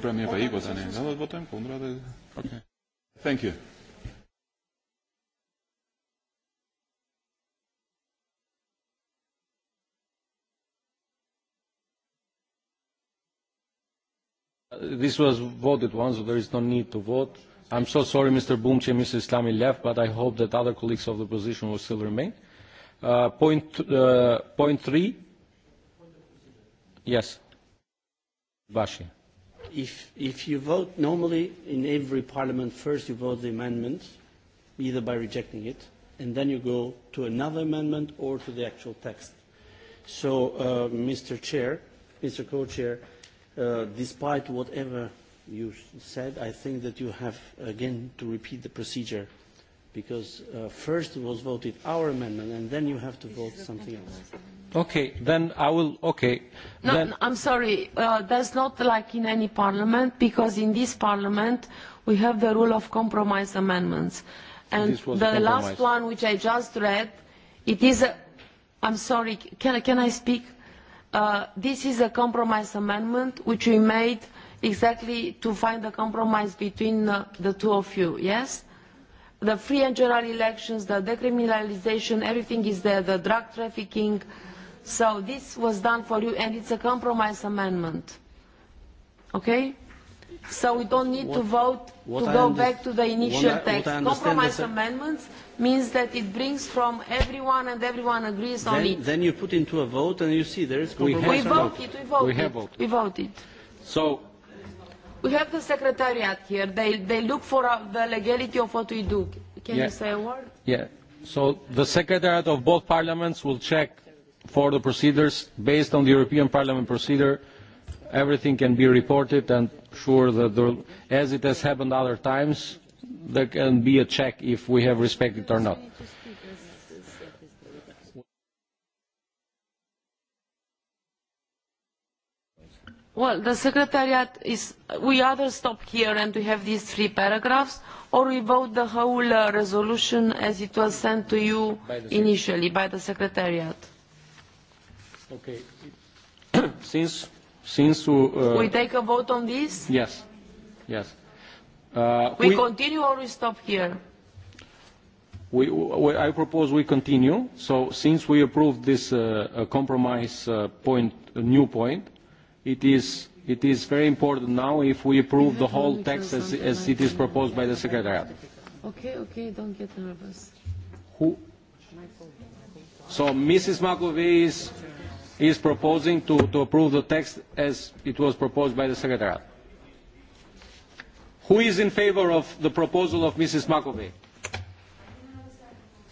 Thank you. This was voted once, so there is no need to vote. I'm so sorry Mr. Bumce and Mr. Islami left, but I hope that other colleagues of the position will still remain. Uh, point, uh, point three. Yes. Bashi. If, if you vote normally in every parliament, first you vote the amendment, either by rejecting it, and then you go to another amendment or to the actual text. So, uh, Mr. Chair, Mr. Co-Chair, uh, despite whatever you said, I think that you have again to repeat the procedure because uh, first was voted our amendment and then you have to vote something else. Okay, then I will, okay. No, then... no I'm sorry, uh, that's not like in any parliament because in this parliament we have the rule of compromise amendments. And the compromise. last one which I just read, it is, a, I'm sorry, can, can I speak? Uh, this is a compromise amendment which we made exactly to find a compromise between uh, the two of you, yes? The free and general elections, the decriminalization, everything is there, the drug trafficking. So this was done for you and it's a compromise amendment. Okay? So we don't need what, to vote to I go back to the initial I, text. compromise amendments means that it brings from everyone and everyone agrees then, on it. Then you put into a vote and you see there is compromise. We, we vote it, we vote we it. Have We vote it. So We have the secretariat here. They, they look for uh, the legality of what we do. Can yeah. you say a word? Yeah. So the secretariat of both parliaments will check for the procedures based on the European Parliament procedure. Everything can be reported and sure that there, as it has happened other times, there can be a check if we have respected or not. Well, the Secretariat is, we either stop here and we have these three paragraphs, or we vote the whole uh, resolution as it was sent to you by initially by the Secretariat. Okay. since, since uh, we take a vote on this? Yes. Yes. Uh, we, we continue or we stop here? We, we, I propose we continue. So since we approved this uh, compromise uh, point, a new point, it is, it is very important now if we approve the whole text as, as it is proposed by the Secretariat. Okay, okay, don't get nervous. Who? So Mrs. McAvey is, is proposing to, to approve the text as it was proposed by the Secretariat. Who is in favor of the proposal of Mrs. McAvey?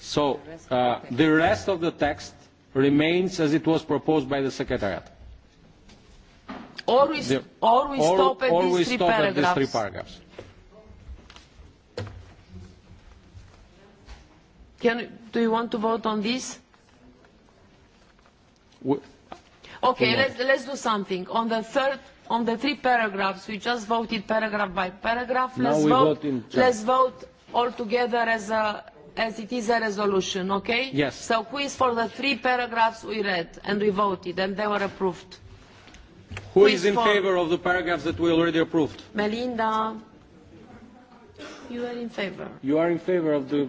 So uh, the rest of the text remains as it was proposed by the Secretariat. Or we, the, or we or, stop at or these we three stop At these three paragraphs. Can, do you want to vote on this? We, okay, let's, let's do something. On the third, on the three paragraphs, we just voted paragraph by paragraph. Now let's, vote, vote in let's vote all together as, a, as it is a resolution, okay? Yes. So quiz for the three paragraphs we read and we voted and they were approved. Who is in favor of the paragraphs that we already approved? Melinda, you are in favor. You are in favor of the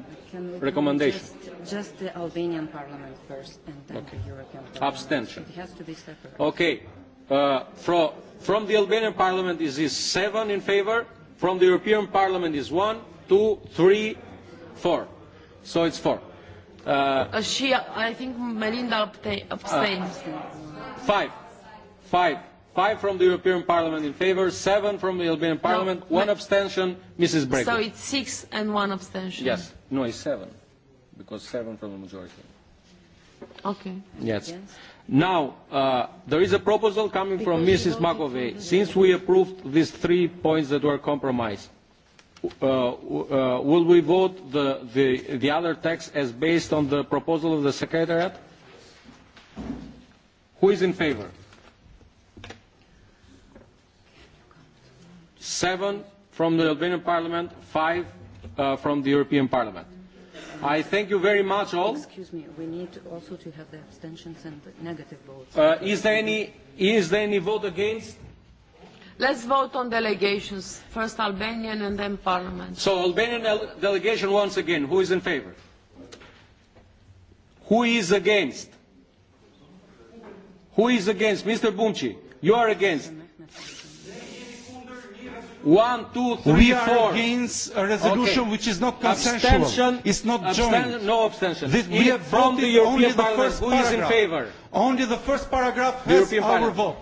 recommendation? Just, just the Albanian parliament first and then okay. the European parliament. Abstention. It has to be separate. Okay. Uh, from, from the Albanian parliament is, this seven in favor. From the European parliament is one, two, three, four. So it's four. Uh, uh, she, I think Melinda abstained. Uh, five. Five five from the European Parliament in favour, seven from the Albanian Parliament, no, one abstention, Mrs. Breyer. So it's six and one abstention? Yes. No, it's seven, because seven from the majority. Okay. Yes. Now, uh, there is a proposal coming because from Mrs. McAvey. Since we approved these three points that were compromised, uh, uh, will we vote the, the, the other text as based on the proposal of the Secretariat? Who is in favour? seven from the Albanian Parliament, five uh, from the European Parliament. I thank you very much all. Excuse me, we need also to have the abstentions and the negative votes. Uh, is, there any, is there any vote against? Let's vote on delegations. First Albanian and then Parliament. So Albanian delegation once again. Who is in favor? Who is against? Who is against? Mr. Bumci, you are against. One, two, three, we are four. against a resolution okay. which is not consensual. Abstention, it's not abstention, No abstention. This, we have from the European only the Parliament, first who paragraph. is in favor? Only the first paragraph has the European our Parliament. vote.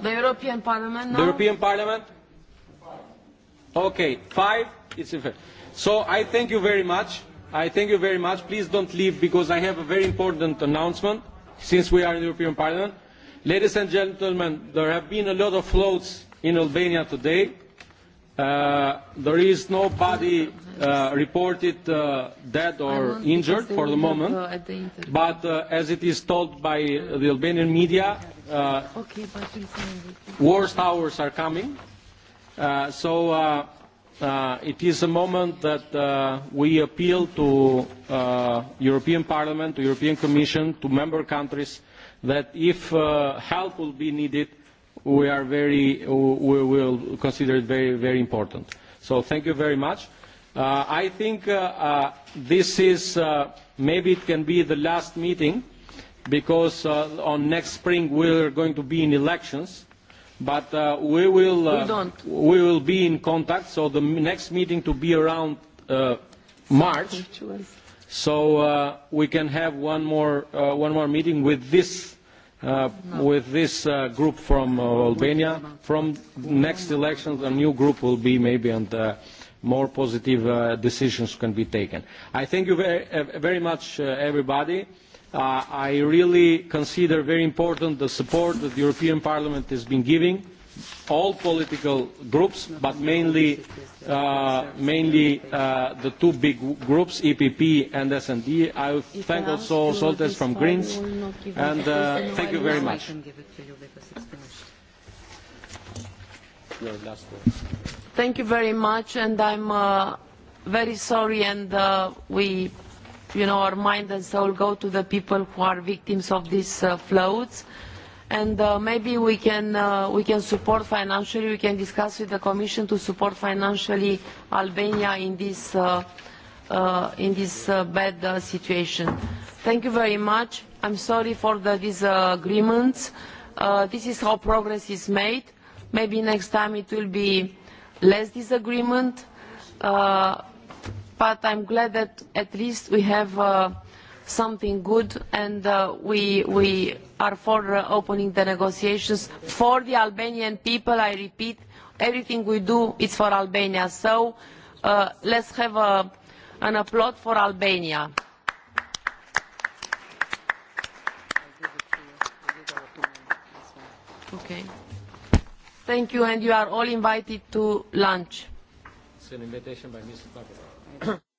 The European Parliament now? The European Parliament? Okay, five, it's in favor. So I thank you very much. I thank you very much. Please don't leave because I have a very important announcement since we are in the European Parliament. Ladies and gentlemen, there have been a lot of floats in Albania today. Uh, there is nobody uh, reported uh, dead or injured for the moment, uh, but uh, as it is told by the Albanian media, uh, worst hours are coming. Uh, so uh, uh, it is a moment that uh, we appeal to uh, European Parliament, to European Commission, to member countries, that if uh, help will be needed, we are very, we will consider it very, very important. So thank you very much. Uh, I think uh, uh, this is, uh, maybe it can be the last meeting because uh, on next spring we are going to be in elections. But uh, we, will, uh, we, we will be in contact, so the next meeting to be around uh, March. So uh, we can have one more, uh, one more meeting with this uh, with this uh, group from uh, Albania. From next elections, a new group will be maybe and uh, more positive uh, decisions can be taken. I thank you very, uh, very much, uh, everybody. Uh, I really consider very important the support that the European Parliament has been giving all political groups, but mainly, uh, mainly uh, the two big groups, EPP and S&D. I thank also Soltes from Greens, and uh, thank you very much. Thank you very much, and I'm uh, very sorry, and uh, we, you know, our mind and soul go to the people who are victims of these uh, floats and uh, maybe we can uh, we can support financially we can discuss with the commission to support financially Albania in this uh, uh, in this uh, bad uh, situation thank you very much i'm sorry for the disagreements uh, this is how progress is made maybe next time it will be less disagreement uh, but i'm glad that at least we have uh, something good and uh, we, we are for uh, opening the negotiations for the Albanian people, I repeat, everything we do is for Albania. So uh, let's have a, uh, an applaud for Albania. Okay. Thank you, and you are all invited to lunch. It's an invitation by Mr.